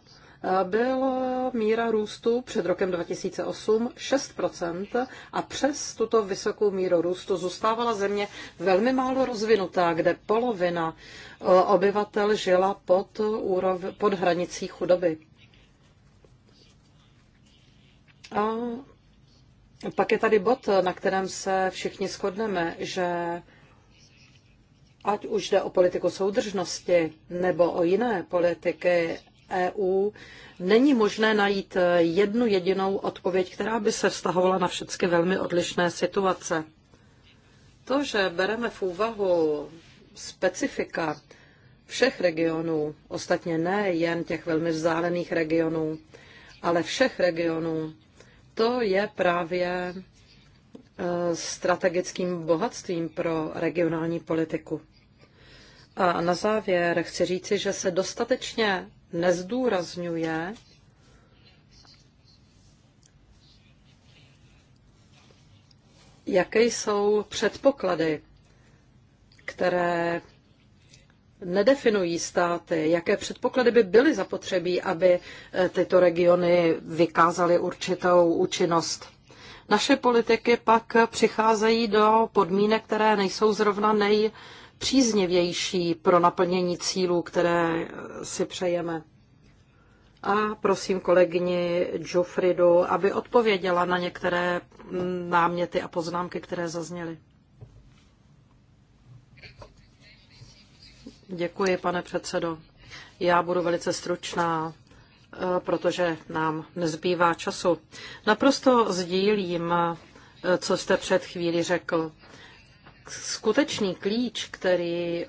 byla míra růstu před rokem 2008 6% a přes tuto vysokou míru růstu zůstávala země velmi málo rozvinutá, kde polovina e, obyvatel žila pod, úrov, pod hranicí chudoby. A pak je tady bod, na kterém se všichni shodneme, že ať už jde o politiku soudržnosti nebo o jiné politiky EU není možné najít jednu jedinou odpověď, která by se vztahovala na všechny velmi odlišné situace. To, že bereme v úvahu specifika všech regionů, ostatně ne jen těch velmi vzdálených regionů, ale všech regionů, to je právě e, strategickým bohatstvím pro regionální politiku. A na závěr chci říci, že se dostatečně nezdůrazňuje jaké jsou předpoklady, které nedefinují státy, jaké předpoklady by byly zapotřebí, aby eh, tyto regiony vykázaly určitou účinnost. Naše politiky pak přicházejí do podmínek, které nejsou zrovna nej, uh, příznivější pro naplnění cílů, které si přejeme. A prosím kolegyni Jofridu, aby odpověděla na některé náměty a poznámky, které zazněly. Děkuji, pane předsedo. Já budu velice stručná, eh, protože nám nezbývá času. Naprosto sdílím, eh, co jste před chvílí řekl skutečný klíč, který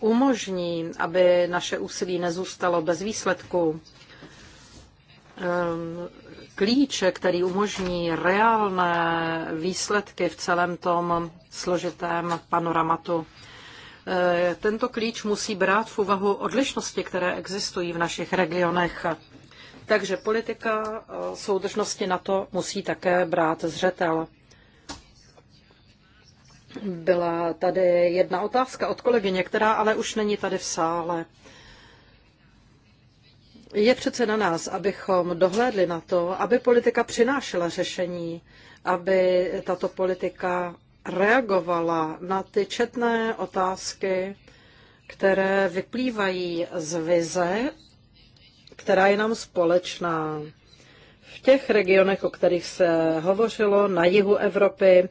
umožní, aby naše úsilí nezůstalo bez výsledku. Ehm, klíč, který umožní reálné výsledky v celém tom složitém panoramatu. Ehm, tento klíč musí brát v úvahu odlišnosti, které existují v našich regionech. Takže politika eh, soudržnosti na to musí také brát zřetel. Byla tady jedna otázka od kolegyně, která ale už není tady v sále. Je přece na nás, abychom dohlédli na to, aby politika přinášela řešení, aby tato politika reagovala na ty četné otázky, které vyplývají z vize, která je nám společná. V těch regionech, o kterých se hovořilo, na jihu Evropy,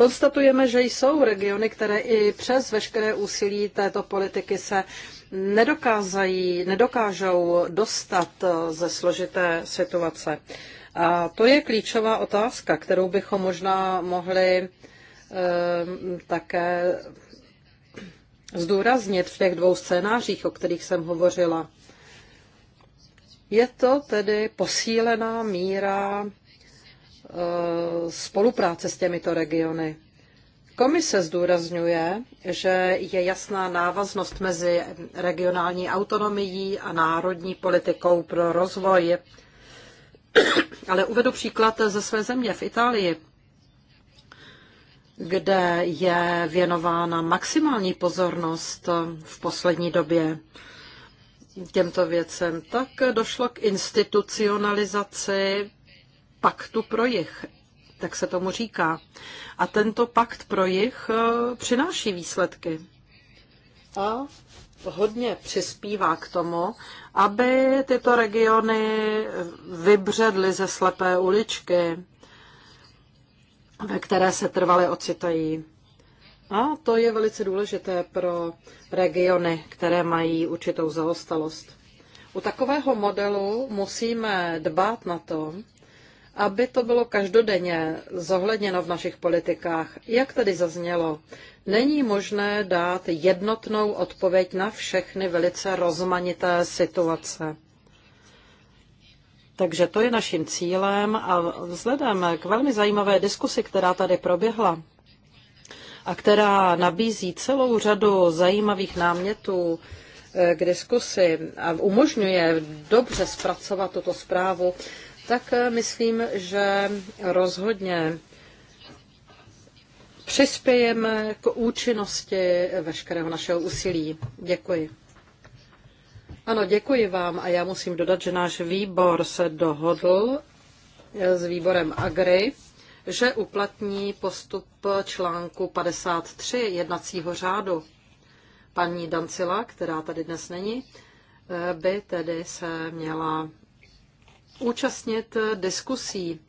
Konstatujeme, že jsou regiony, které i přes veškeré úsilí této politiky se nedokázají, nedokážou dostat eh, ze složité situace. A to je klíčová otázka, kterou bychom možná mohli ehm, také zdůraznit v těch dvou scénářích, o kterých jsem hovořila. Je to tedy posílená míra Eh, spolupráce s těmito regiony. Komise zdůrazňuje, že je jasná návaznost mezi regionální autonomií a národní politikou pro rozvoj. Ale uvedu příklad ze své země v Itálii, kde je věnována maximální pozornost v poslední době těmto věcem, tak došlo k institucionalizaci paktu pro jich, tak se tomu říká. A tento pakt pro jich eh, přináší výsledky. A hodně přispívá k tomu, aby tyto regiony vybředly ze slepé uličky, ve které se trvale ocitají. A to je velice důležité pro regiony, které mají určitou zaostalost. U takového modelu musíme dbát na to, aby to bylo každodenně zohledněno v našich politikách. Jak tady zaznělo, není možné dát jednotnou odpověď na všechny velice rozmanité situace. Takže to je naším cílem a vzhledem k velmi zajímavé diskusi, která tady proběhla a která nabízí celou řadu zajímavých námětů, eh, k diskusi a umožňuje dobře zpracovat tuto zprávu, tak eh, myslím, že rozhodně přispějeme k účinnosti veškerého našeho úsilí. Děkuji. Ano, děkuji vám a já musím dodat, že náš výbor se dohodl eh, s výborem Agri, že uplatní postup článku 53 jednacího řádu. Paní Dancila, která tady dnes není, eh, by tedy se měla účastnit eh, diskusí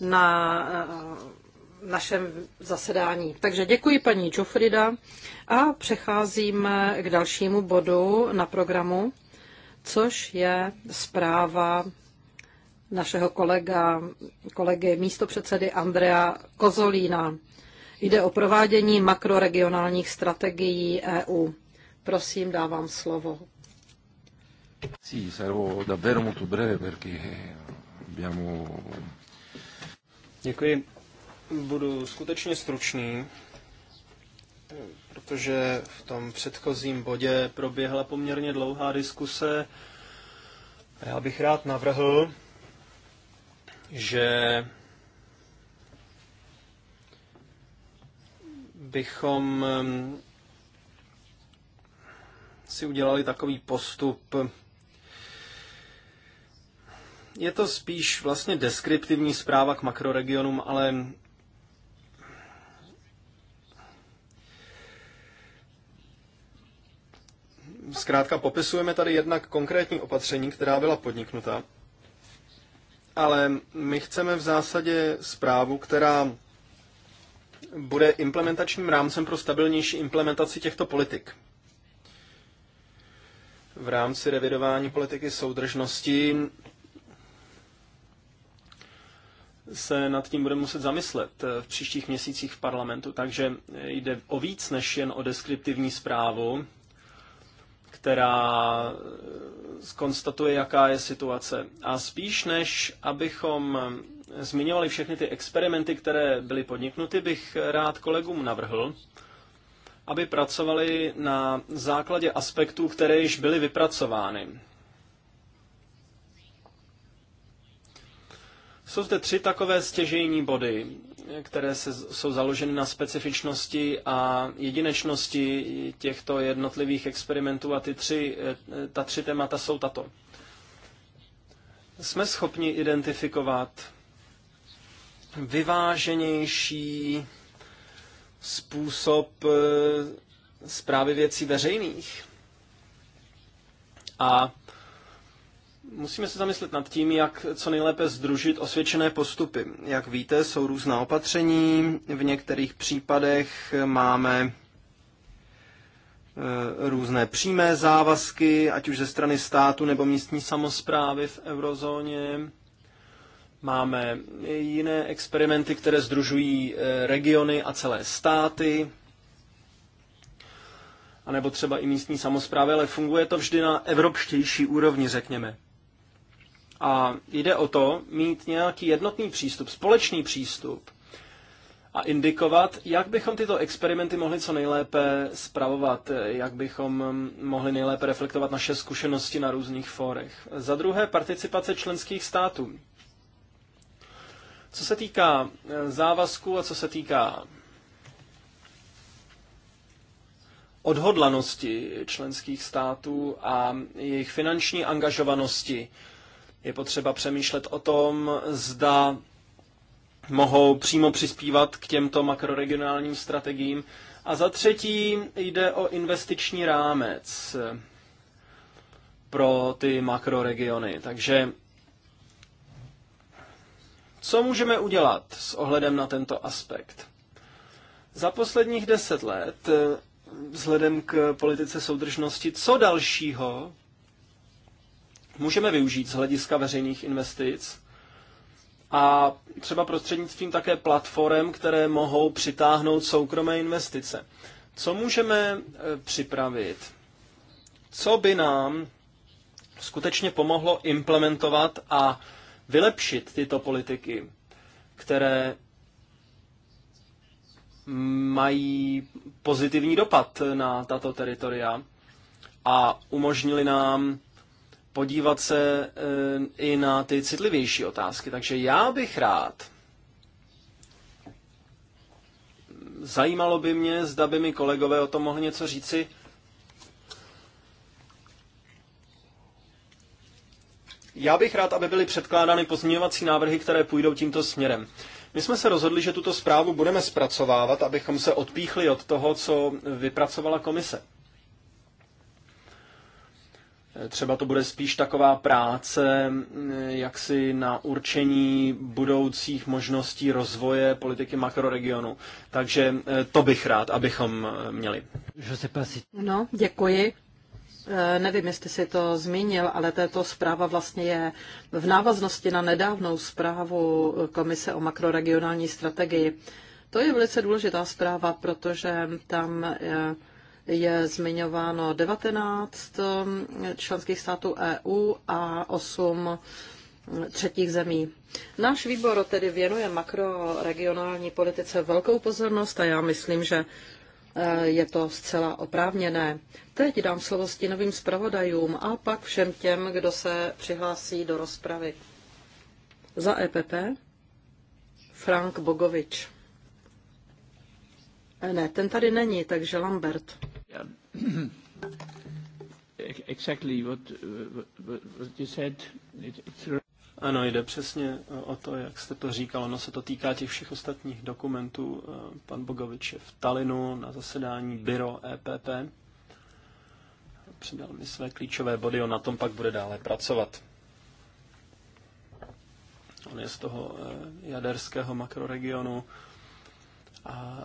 na eh, našem zasedání. Takže děkuji paní Jofrida a přecházíme k dalšímu bodu na programu, což je zpráva našeho kolega, kolegy místopředsedy Andrea Kozolína. Jde o provádění makroregionálních strategií EU. Prosím, dávám slovo Sì, sarò davvero molto breve perché abbiamo... Děkuji. Budu skutečně stručný, protože v tom předchozím bodě proběhla poměrně dlouhá diskuse. Já bych rád navrhl, že bychom um, si udělali takový postup je to spíš vlastně deskriptivní zpráva k makroregionům, ale zkrátka popisujeme tady jednak konkrétní opatření, která byla podniknuta, ale my chceme v zásadě zprávu, která bude implementačním rámcem pro stabilnější implementaci těchto politik. V rámci revidování politiky soudržnosti se nad tím budeme muset zamyslet eh, v příštích měsících v parlamentu. Takže eh, jde o víc než jen o deskriptivní zprávu, která skonstatuje, eh, jaká je situace. A spíš než abychom zmiňovali všechny ty experimenty, které byly podniknuty, bych rád kolegům navrhl, aby pracovali na základě aspektů, které již byly vypracovány. Jsou zde tři takové stěžejní body, které se, jsou založeny na specifičnosti a jedinečnosti těchto jednotlivých experimentů a ty tři, eh, ta tři témata jsou tato. Jsme schopni identifikovat vyváženější způsob eh, zprávy věcí veřejných. A Musíme se zamyslet nad tím, jak co nejlépe združit osvědčené postupy. Jak víte, jsou různá opatření, v některých případech máme e, různé přímé závazky, ať už ze strany státu nebo místní samozprávy v eurozóně. Máme jiné experimenty, které združují e, regiony a celé státy, nebo třeba i místní samozprávy, ale funguje to vždy na evropštější úrovni, řekněme. A jde o to mít nějaký jednotný přístup, společný přístup a indikovat, jak bychom tyto experimenty mohli co nejlépe spravovat, jak bychom mohli nejlépe reflektovat naše zkušenosti na různých fórech. Za druhé, participace členských států. Co se týká eh, závazku a co se týká odhodlanosti členských států a jejich finanční angažovanosti je potřeba přemýšlet o tom, zda mohou přímo přispívat k těmto makroregionálním strategiím. A za třetí jde o investiční rámec pro ty makroregiony. Takže co můžeme udělat s ohledem na tento aspekt? Za posledních deset let, vzhledem k politice soudržnosti, co dalšího můžeme využít z hlediska veřejných investic a třeba prostřednictvím také platform, které mohou přitáhnout soukromé investice. Co můžeme e, připravit? Co by nám skutečně pomohlo implementovat a vylepšit tyto politiky, které mají pozitivní dopad na tato teritoria a umožnili nám podívat se eh, i na ty citlivější otázky. Takže já bych rád, zajímalo by mě, zda by mi kolegové o tom mohli něco říci, Já bych rád, aby byly předkládány pozměňovací návrhy, které půjdou tímto směrem. My jsme se rozhodli, že tuto zprávu budeme zpracovávat, abychom se odpíchli od toho, co vypracovala komise. Třeba to bude spíš taková práce, mm, jak si na určení budoucích možností rozvoje politiky makroregionu. Takže eh, to bych rád, abychom eh, měli. No, děkuji. Eh, nevím, jestli si to zmínil, ale tato zpráva vlastně je v návaznosti na nedávnou zprávu Komise o makroregionální strategii. To je velice důležitá zpráva, protože tam je je zmiňováno 19 um, členských států EU a 8 třetích zemí. Náš výbor tedy věnuje makroregionální politice velkou pozornost a já myslím, že eh, je to zcela oprávněné. Teď dám slovo stínovým zpravodajům a pak všem těm, kdo se přihlásí do rozpravy. Za EPP Frank Bogovič. Eh, ne, ten tady není, takže Lambert. Ano, jde přesně o to, jak jste to říkal. Ono se to týká těch všech ostatních dokumentů. Pan Bogovič je v Talinu na zasedání Byro EPP. Přidal mi své klíčové body, on na tom pak bude dále pracovat. On je z toho eh, jaderského makroregionu a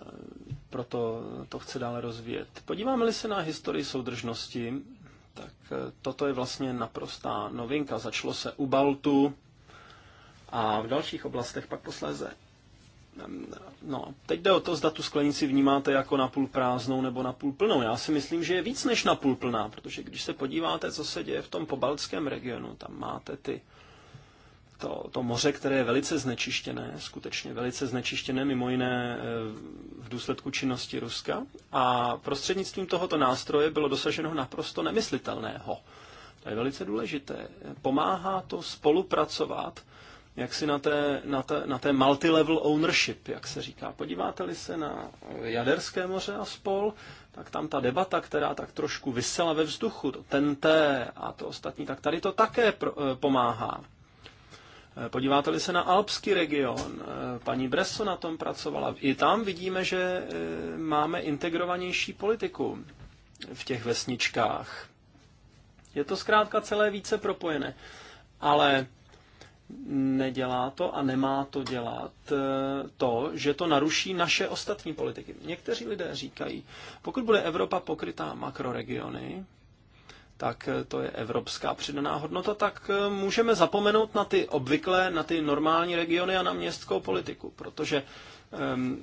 proto to chce dále rozvíjet. Podíváme-li se na historii soudržnosti, tak eh, toto je vlastně naprostá novinka. Začalo se u Baltu a v dalších oblastech pak posléze. No, teď jde o to, zda tu sklenici vnímáte jako napůl prázdnou nebo napůl plnou. Já si myslím, že je víc než napůl plná, protože když se podíváte, co se děje v tom pobaltském regionu, tam máte ty to, to moře, které je velice znečištěné, skutečně velice znečištěné, mimo jiné e, v důsledku činnosti Ruska. A prostřednictvím tohoto nástroje bylo dosaženo naprosto nemyslitelného. To je velice důležité. Pomáhá to spolupracovat jak si na té, na, té, na té multilevel ownership, jak se říká. Podíváte-li se na Jaderské moře a spol, tak tam ta debata, která tak trošku vysela ve vzduchu, ten T a to ostatní, tak tady to také pro, e, pomáhá. Eh, podíváte-li se na alpský region, eh, paní Bresso na tom pracovala. I tam vidíme, že eh, máme integrovanější politiku v těch vesničkách. Je to zkrátka celé více propojené. Ale nedělá to a nemá to dělat to, že to naruší naše ostatní politiky. Někteří lidé říkají, pokud bude Evropa pokrytá makroregiony, tak eh, to je evropská přidaná hodnota, tak eh, můžeme zapomenout na ty obvyklé, na ty normální regiony a na městskou politiku, protože ehm,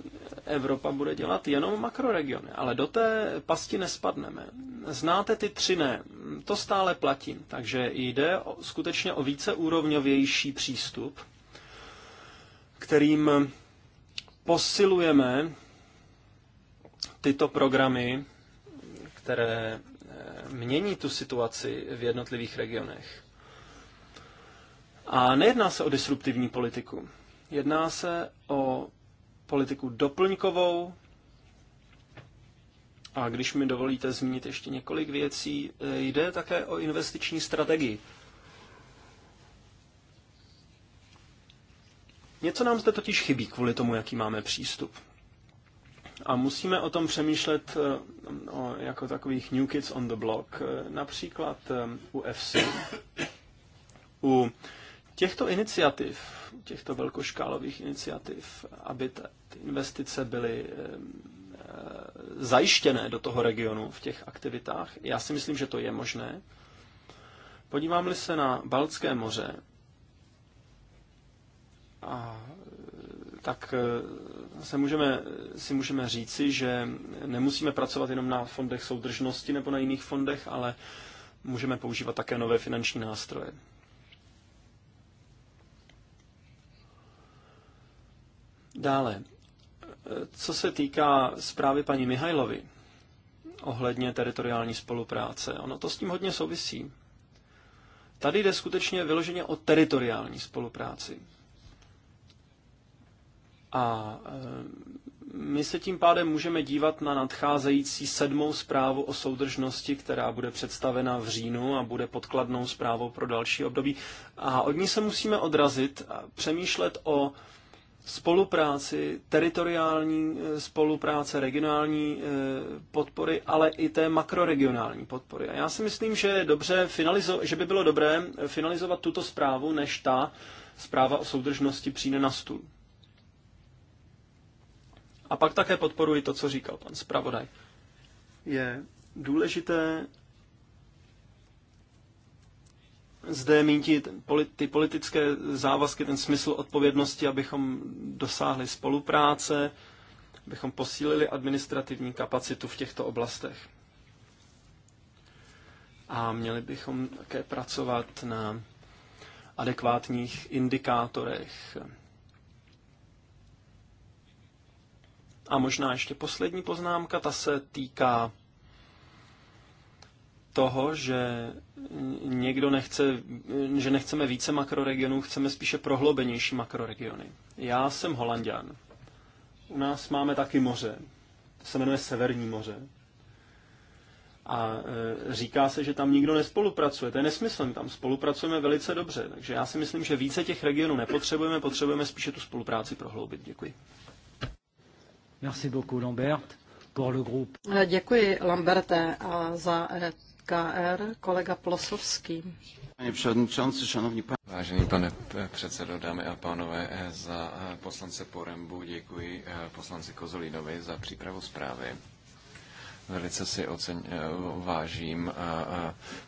Evropa bude dělat jenom makroregiony, ale do té pasti nespadneme. Znáte ty tři ne, to stále platí, takže jde skutečně o víceúrovňovější přístup, kterým posilujeme tyto programy, které mění tu situaci v jednotlivých regionech. A nejedná se o disruptivní politiku. Jedná se o politiku doplňkovou. A když mi dovolíte zmínit ještě několik věcí, eh, jde také o investiční strategii. Něco nám zde totiž chybí kvůli tomu, jaký máme přístup. A musíme o tom přemýšlet eh, o, jako takových New Kids on the Block, eh, například eh, u FC. U těchto iniciativ, těchto velkoškálových iniciativ, aby ty investice byly zajištěné do toho regionu v těch aktivitách, já si myslím, že to je možné. Podívám-li se na Baltské moře, a tak se můžeme, si můžeme říci, že nemusíme pracovat jenom na fondech soudržnosti nebo na jiných fondech, ale můžeme používat také nové finanční nástroje. Dále, co se týká zprávy paní Mihajlovy ohledně teritoriální spolupráce, ono to s tím hodně souvisí. Tady jde skutečně vyloženě o teritoriální spolupráci. A e, my se tím pádem můžeme dívat na nadcházející sedmou zprávu o soudržnosti, která bude představena v říjnu a bude podkladnou zprávou pro další období. A od ní se musíme odrazit a přemýšlet o spolupráci, teritoriální e, spolupráce, regionální e, podpory, ale i té makroregionální podpory. A já si myslím, že, dobře finalizo- že by bylo dobré finalizovat tuto zprávu, než ta zpráva o soudržnosti přijde na stůl. A pak také podporuji to, co říkal pan zpravodaj. Je důležité zde mít ty politické závazky, ten smysl odpovědnosti, abychom dosáhli spolupráce, abychom posílili administrativní kapacitu v těchto oblastech. A měli bychom také pracovat na adekvátních indikátorech A možná ještě poslední poznámka, ta se týká toho, že někdo nechce, že nechceme více makroregionů, chceme spíše prohlobenější makroregiony. Já jsem holandian. U nás máme taky moře. To se jmenuje Severní moře. A e, říká se, že tam nikdo nespolupracuje. To je nesmysl. My tam spolupracujeme velice dobře. Takže já si myslím, že více těch regionů nepotřebujeme, potřebujeme spíše tu spolupráci prohloubit. Děkuji. Merci beaucoup, Lambert, pour le groupe. Eh, děkuji, Lamberte, a za e KR kolega Plosovský. Pane předsedající, šanovní pan... Vážený pane předsedo, dámy a pánové, eh, za eh, poslance Porembu děkuji poslanci Kozolínovi za přípravu zprávy. Velice si oceň, vážím,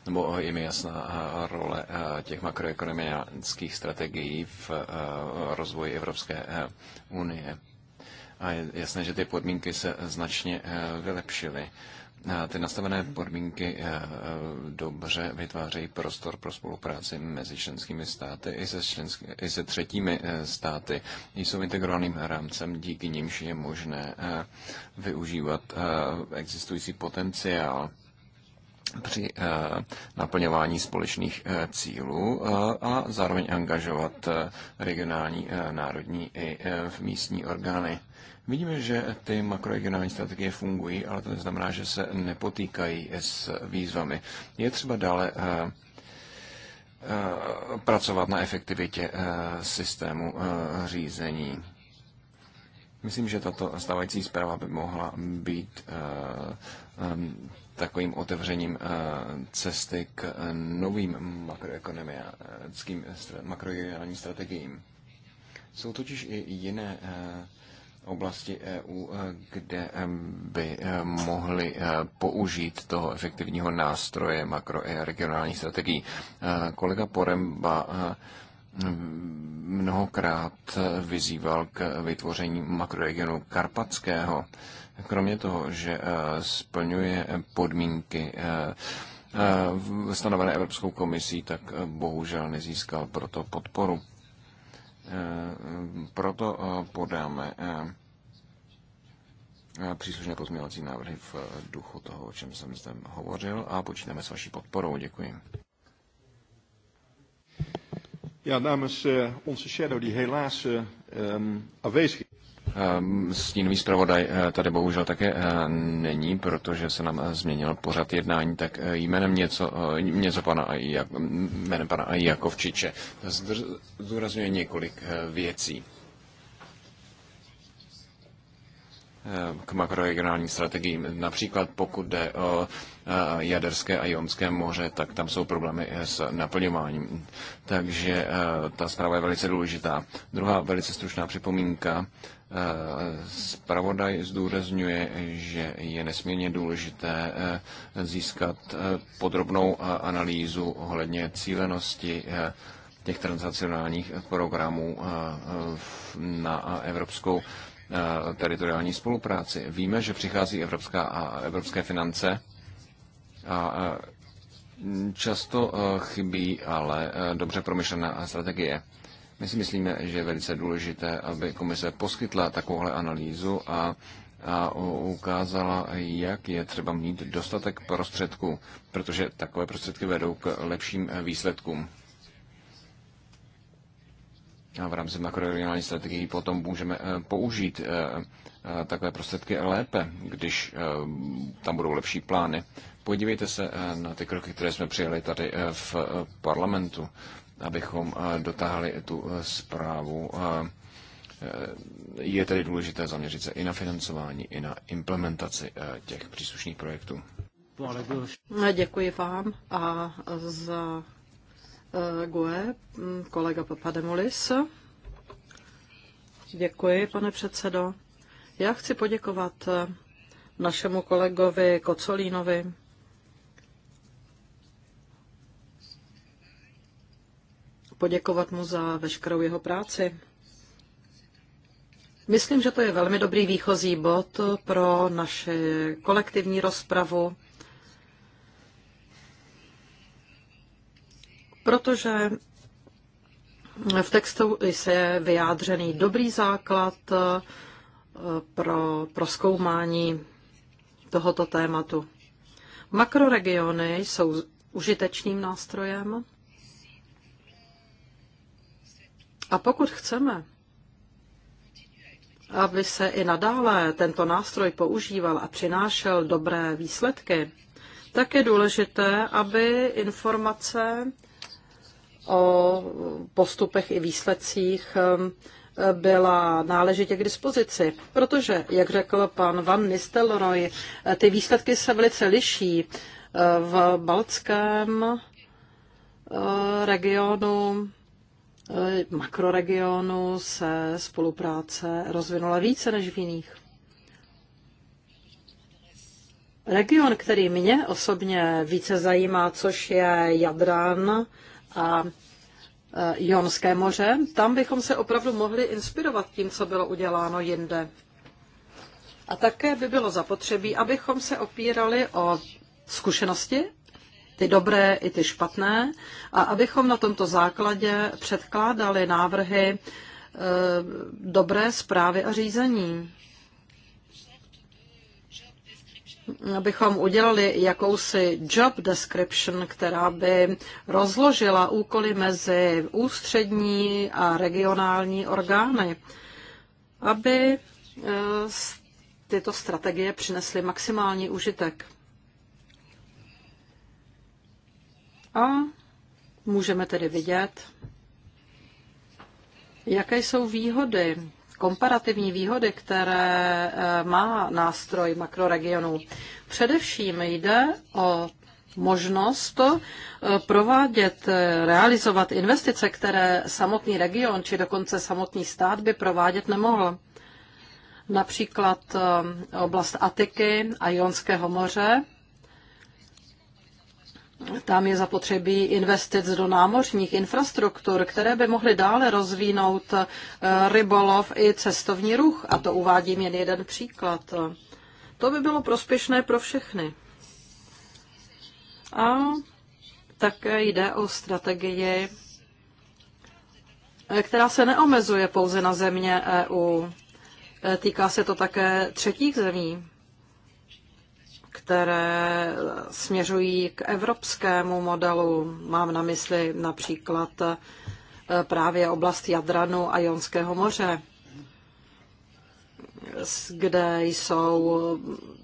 nebo je mi jasná role těch makroekonomických strategií v rozvoji Evropské unie. A je jasné, že ty podmínky se značně eh, vylepšily. Ty nastavené podmínky eh, dobře vytvářejí prostor pro spolupráci mezi členskými státy i se, členský, i se třetími eh, státy. Jsou integrovaným rámcem, díky nímž je možné využívat existující potenciál při eh, naplňování společných eh, cílů eh, a zároveň angažovat regionální, národní i v místní orgány. Vidíme, že ty makroregionální strategie fungují, ale to neznamená, že se nepotýkají s výzvami. Je třeba dále pracovat na efektivitě systému řízení. Myslím, že tato stávající zpráva by mohla být takovým otevřením eh, cesty k eh, novým makroekonomickým eh, makroregionálním strategiím. Jsou totiž i jiné oblasti EU, kde by mohli použít toho efektivního nástroje makroregionálních strategií. Kolega Poremba mnohokrát vyzýval k vytvoření makroregionu karpatského. Kromě toho, že eh, splňuje eh, podmínky eh, stanovené Evropskou komisí, tak bohužel nezískal proto podporu. Proto podáme příslušné pozměňovací návrhy v duchu toho, o čem jsem zde hovořil a počítáme s vaší podporou. Děkuji. Ja, namens uh, onze shadow die helaas uh, um, afwezig is. Ehm, stínový zpravodaj eh, tady bohužel také eh, není, protože se nám eh, změnil pořad jednání, tak jménem něco, něco pana, jménem pana Jakovčiče zdůrazňuje několik věcí. k makroregionálním strategiím. Například pokud jde o e, Jaderské a Jonské moře, tak tam jsou problémy e, s naplňováním. Takže e, ta zpráva je velice důležitá. Druhá velice stručná připomínka. Spravodaj zdůrazňuje, že je nesmírně důležité získat podrobnou analýzu ohledně cílenosti těch transnacionálních programů na evropskou Eh, teritoriální spolupráci. Víme, že přichází evropská a evropské finance a eh, často eh, chybí ale dobře promyšlená strategie. My si myslíme, že je velice důležité, aby komise poskytla takovouhle analýzu a a ukázala, jak je třeba mít dostatek prostředků, protože takové prostředky vedou k lepším výsledkům v rámci makroregionální strategie potom můžeme eh, použít eh, eh, takové prostředky lépe, když tam budou lepší plány. Podívejte se na ty kroky, které jsme přijali tady v parlamentu, abychom dotáhli tu zprávu. Je tedy důležité zaměřit se i na financování, i na implementaci těch příslušných projektů. No, no, děkuji vám a za GUE, kolega Papademolis. Děkuji, pane předsedo. Já chci poděkovat eh, našemu kolegovi Kocolínovi. Poděkovat mu za veškerou jeho práci. Myslím, že to je velmi dobrý výchozí bod pro naši kolektivní rozpravu protože v textu je vyjádřený dobrý základ eh, pro proskoumání tohoto tématu. Makroregiony jsou užitečným nástrojem a pokud chceme, aby se i nadále tento nástroj používal a přinášel dobré výsledky, tak je důležité, aby informace o postupech i výsledcích um, byla náležitě k dispozici, protože, jak řekl pan Van Nistelrooy, ty výsledky se velice liší uh, v baltském uh, regionu, uh, makroregionu se spolupráce rozvinula více než v jiných. Region, který mě osobně více zajímá, což je Jadran, a Jonské moře, tam bychom se opravdu mohli inspirovat tím, co bylo uděláno jinde. A také by bylo zapotřebí, abychom se opírali o zkušenosti, ty dobré i ty špatné, a abychom na tomto základě předkládali návrhy e, dobré zprávy a řízení bychom udělali jakousi job description, která by rozložila úkoly mezi ústřední a regionální orgány, aby eh, tyto strategie přinesly maximální užitek. A můžeme tedy vidět, jaké jsou výhody komparativní výhody, které eh, má nástroj makroregionů. Především jde o možnost eh, provádět, eh, realizovat investice, které samotný region či dokonce samotný stát by provádět nemohl. Například oblast Atiky a Jonského moře tam je zapotřebí investic do námořních infrastruktur, které by mohly dále rozvínout eh, rybolov i cestovní ruch. A to uvádím jen jeden příklad. To by bylo prospěšné pro všechny. A také jde o strategii, eh, která se neomezuje pouze na země EU. Eh, Týká se to také třetích zemí které směřují k evropskému modelu. Mám na mysli například eh, právě oblast Jadranu a Jonského moře, kde jsou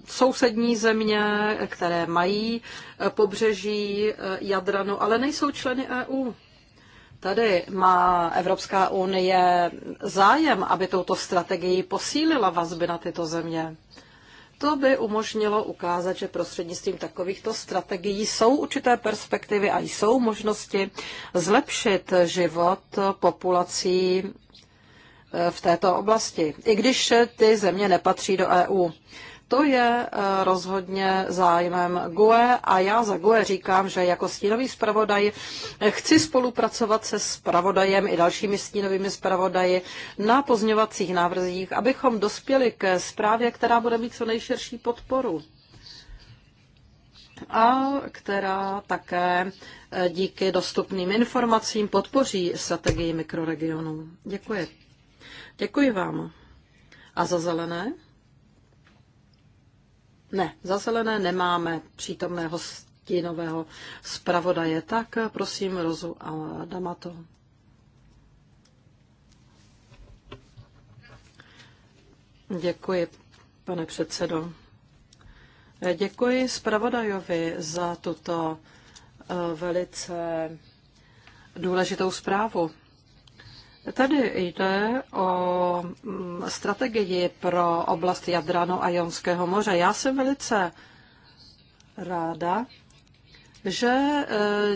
sousední země, které mají eh, pobřeží eh, Jadranu, ale nejsou členy EU. Tady má Evropská unie zájem, aby touto strategii posílila vazby na tyto země. To by umožnilo ukázat, že prostřednictvím takovýchto strategií jsou určité perspektivy a jsou možnosti zlepšit život populací eh, v této oblasti, i když ty země nepatří do EU. To je eh, rozhodně zájmem GUE a já za GUE říkám, že jako stínový zpravodaj chci spolupracovat se zpravodajem i dalšími stínovými zpravodaji na pozňovacích návrzích, abychom dospěli ke zprávě, která bude mít co nejširší podporu a která také eh, díky dostupným informacím podpoří strategii mikroregionů. Děkuji. Děkuji vám. A za zelené? Ne, za zelené nemáme přítomného stínového zpravodaje. Tak prosím Rozu a Damato. Děkuji, pane předsedo. Děkuji zpravodajovi za tuto eh, velice důležitou zprávu. Tady jde o mm, strategii pro oblast Jadranu a Jonského moře. Já jsem velice ráda, že e,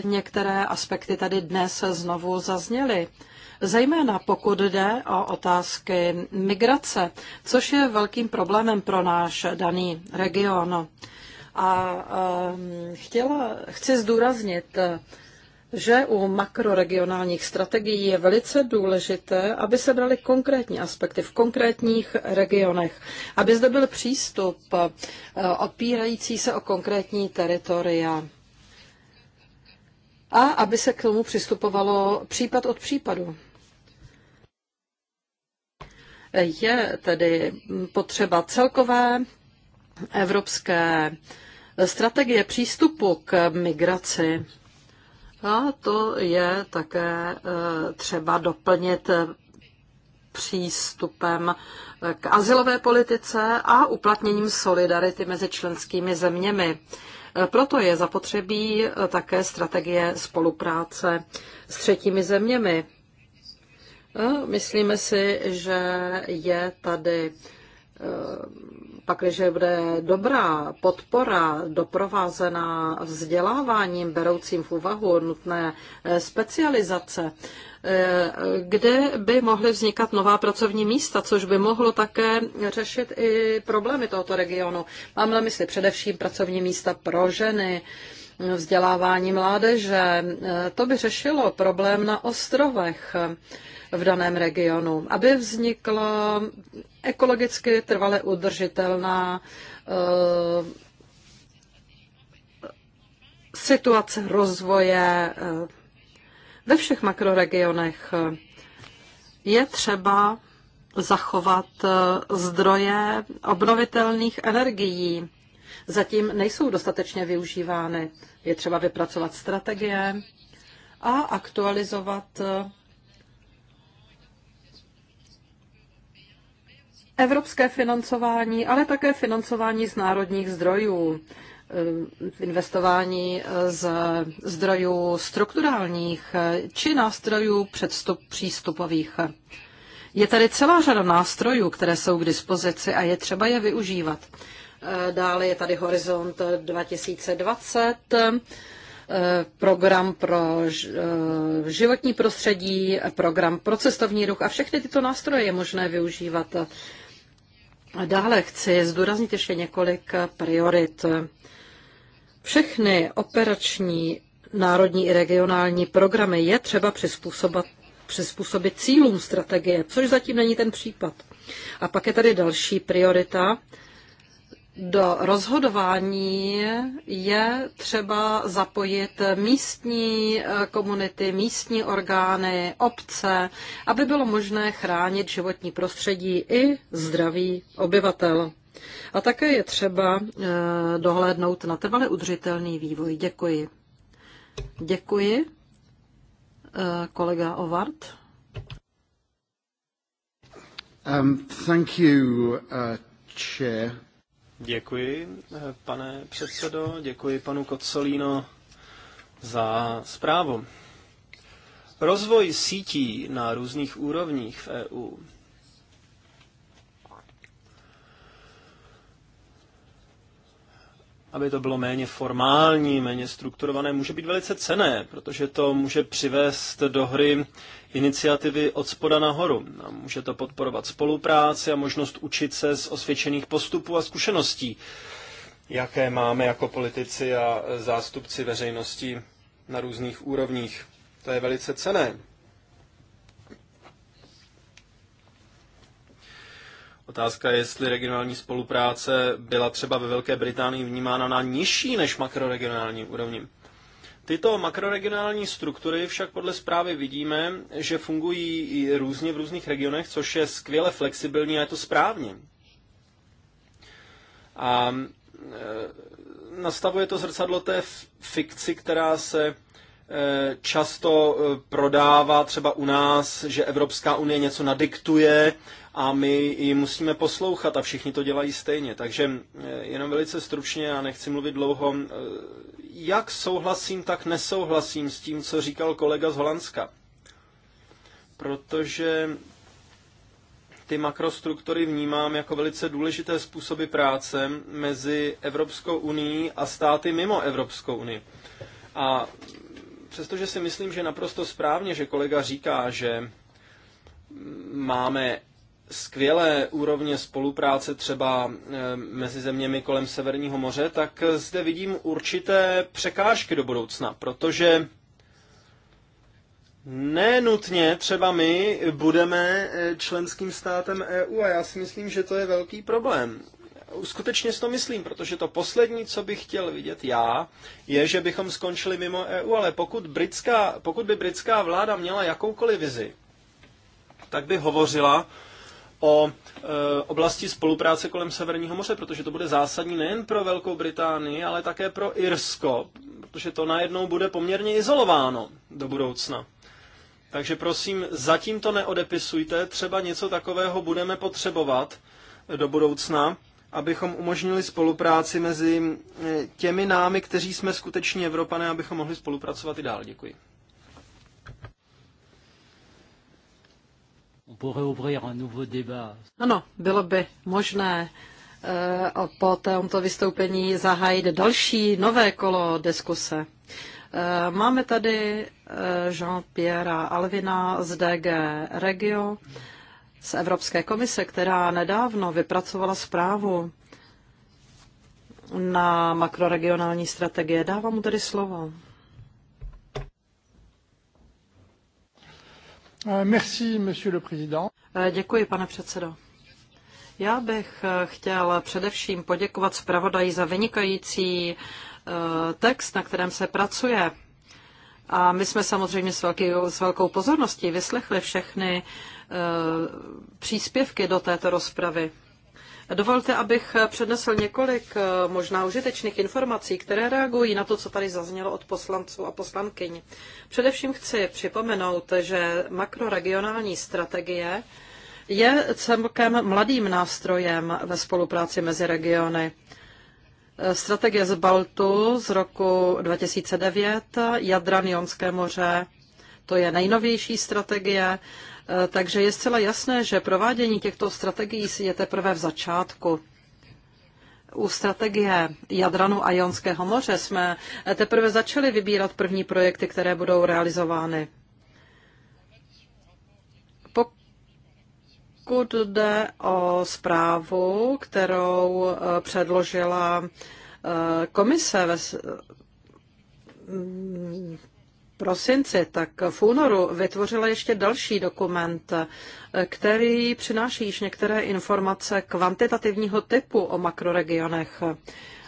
některé aspekty tady dnes znovu zazněly. Zejména pokud jde o otázky migrace, což je velkým problémem pro náš daný region. A e, chtěla, chci zdůraznit, že u makroregionálních strategií je velice důležité, aby se brali konkrétní aspekty v konkrétních regionech, aby zde byl přístup eh, opírající se o konkrétní teritoria a aby se k tomu přistupovalo případ od případu. Je tedy potřeba celkové evropské strategie přístupu k migraci a to je také eh, třeba doplnit eh, přístupem eh, k asilové politice a uplatněním solidarity mezi členskými zeměmi. Proto je zapotřebí také strategie spolupráce s třetími zeměmi. Myslíme si, že je tady pakliže bude dobrá podpora doprovázená vzděláváním, beroucím v úvahu nutné eh, specializace, eh, kde by mohly vznikat nová pracovní místa, což by mohlo také řešit i problémy tohoto regionu. Mám na mysli především pracovní místa pro ženy, vzdělávání mládeže. Eh, to by řešilo problém na ostrovech v daném regionu, aby vzniklo ekologicky trvale udržitelná eh, situace rozvoje eh, ve všech makroregionech. Je třeba zachovat eh, zdroje obnovitelných energií. Zatím nejsou dostatečně využívány. Je třeba vypracovat strategie a aktualizovat Evropské financování, ale také financování z národních zdrojů, eh, investování eh, z zdrojů strukturálních eh, či nástrojů předstup přístupových. Je tady celá řada nástrojů, které jsou k dispozici a je třeba je využívat. Dále je tady Horizont 2020, program pro životní prostředí, program pro cestovní ruch a všechny tyto nástroje je možné využívat. Dále chci zdůraznit ještě několik priorit. Všechny operační národní i regionální programy je třeba přizpůsobit, přizpůsobit cílům strategie, což zatím není ten případ. A pak je tady další priorita, do rozhodování je třeba zapojit místní eh, komunity, místní orgány, obce, aby bylo možné chránit životní prostředí i zdraví obyvatel. A také je třeba eh, dohlédnout na trvale udržitelný vývoj. Děkuji. Děkuji. Eh, kolega Ovart. Um, thank you, uh, chair. Děkuji, eh, pane předsedo, děkuji panu Kocolíno za zprávu. Rozvoj sítí na různých úrovních v EU aby to bylo méně formální, méně strukturované, může být velice cené, protože to může přivést do hry iniciativy od spoda nahoru. A může to podporovat spolupráci a možnost učit se z osvědčených postupů a zkušeností, jaké máme jako politici a zástupci veřejnosti na různých úrovních. To je velice cené. Otázka je, jestli regionální spolupráce byla třeba ve Velké Británii vnímána na nižší než makroregionální úrovni. Tyto makroregionální struktury však podle zprávy vidíme, že fungují i různě v různých regionech, což je skvěle flexibilní a je to správně. A e, nastavuje to zrcadlo té fikci, která se e, často e, prodává třeba u nás, že Evropská unie něco nadiktuje a my ji musíme poslouchat a všichni to dělají stejně. Takže jenom velice stručně, já nechci mluvit dlouho, jak souhlasím, tak nesouhlasím s tím, co říkal kolega z Holandska. Protože ty makrostruktury vnímám jako velice důležité způsoby práce mezi Evropskou unii a státy mimo Evropskou unii. A přestože si myslím, že naprosto správně, že kolega říká, že máme skvělé úrovně spolupráce třeba eh, mezi zeměmi kolem Severního moře, tak zde vidím určité překážky do budoucna, protože nenutně třeba my budeme eh, členským státem EU a já si myslím, že to je velký problém. Skutečně si to myslím, protože to poslední, co bych chtěl vidět já, je, že bychom skončili mimo EU, ale pokud, britská, pokud by britská vláda měla jakoukoliv vizi, tak by hovořila o eh, oblasti spolupráce kolem Severního moře, protože to bude zásadní nejen pro Velkou Británii, ale také pro Irsko, protože to najednou bude poměrně izolováno do budoucna. Takže prosím, zatím to neodepisujte, třeba něco takového budeme potřebovat do budoucna, abychom umožnili spolupráci mezi eh, těmi námi, kteří jsme skutečně Evropané, abychom mohli spolupracovat i dál. Děkuji. Ano, bylo by možné eh, po tomto vystoupení zahájit další nové kolo diskuse. Eh, máme tady eh, Jean-Pierre Alvina z DG Regio z Evropské komise, která nedávno vypracovala zprávu na makroregionální strategie. Dávám mu tedy slovo. Euh, merci, monsieur le président. Eh, děkuji, pane předsedo. Já bych eh, chtěl především poděkovat zpravodaji za vynikající eh, text, na kterém se pracuje. A my jsme samozřejmě s, velký, s velkou pozorností vyslechli všechny příspěvky do této rozpravy. Dovolte, abych přednesl několik eh, možná užitečných informací, které reagují na to, co tady zaznělo od poslanců a poslankyň. Především chci připomenout, že makroregionální strategie je celkem mladým nástrojem ve spolupráci mezi regiony. Eh, strategie z Baltu z roku 2009, Jadran Jonské moře, to je nejnovější strategie Eh, takže je zcela jasné, že provádění těchto strategií je teprve v začátku u strategie Jadranu a Jonského moře jsme eh, teprve začali vybírat první projekty, které budou realizovány. Pokud jde o zprávu, kterou eh, předložila komise ve prosinci, tak v únoru vytvořila ještě další dokument, který přináší již některé informace kvantitativního typu o makroregionech.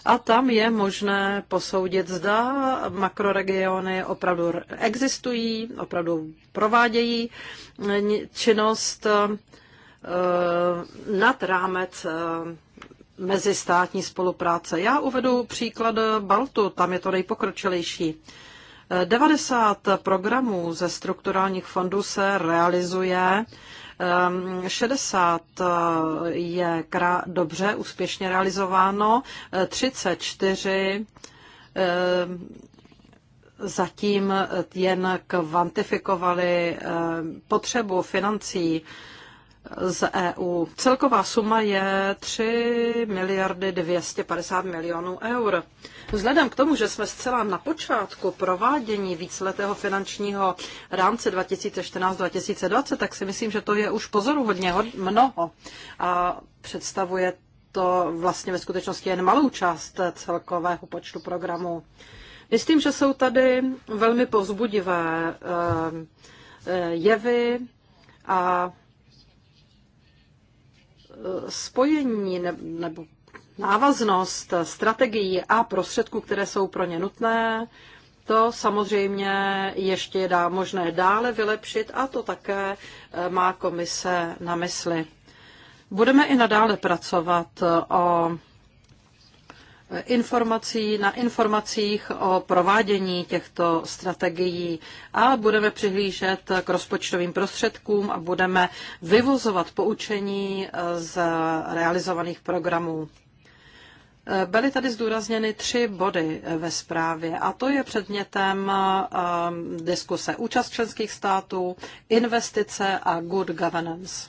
A tam je možné posoudit, zda makroregiony opravdu existují, opravdu provádějí činnost eh, nad rámec eh, mezistátní spolupráce. Já uvedu příklad Baltu, tam je to nejpokročilejší. 90 programů ze strukturálních fondů se realizuje 60 ehm, eh, je dobře, úspěšně realizováno, 34 eh, ehm, zatím jen kvantifikovali ehm, potřebu financí z EU. Celková suma je 3 miliardy 250 milionů eur. Vzhledem k tomu, že jsme zcela na počátku provádění víceletého finančního rámce 2014-2020, tak si myslím, že to je už pozoruhodně mnoho a představuje to vlastně ve skutečnosti jen malou část celkového počtu programů. Myslím, že jsou tady velmi povzbudivé eh, eh, jevy a spojení nebo návaznost strategií a prostředků, které jsou pro ně nutné, to samozřejmě ještě dá možné dále vylepšit a to také eh, má komise na mysli. Budeme i nadále pracovat eh, o informací, na informacích o provádění těchto strategií a budeme přihlížet k rozpočtovým prostředkům a budeme vyvozovat poučení eh, z realizovaných programů. Eh, byly tady zdůrazněny tři body eh, ve zprávě a to je předmětem diskuse účast členských států, investice a good governance.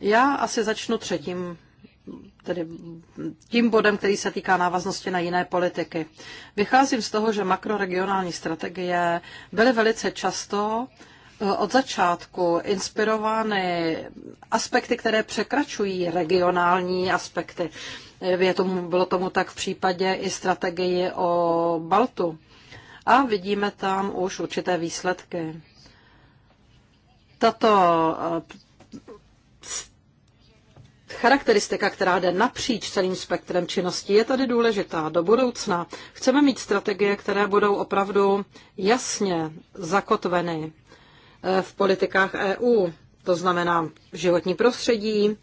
Já asi začnu třetím tedy tím bodem, který se týká návaznosti na jiné politiky. Vycházím z toho, že makroregionální strategie byly velice často eh, od začátku inspirovány aspekty, které překračují regionální aspekty. Eh, je tomu, bylo tomu tak v případě i strategii o Baltu. A vidíme tam už určité výsledky. Tato eh, charakteristika, která jde napříč celým spektrem činností, je tady důležitá. Do budoucna chceme mít strategie, které budou opravdu jasně zakotveny eh, v politikách EU. To znamená životní prostředí,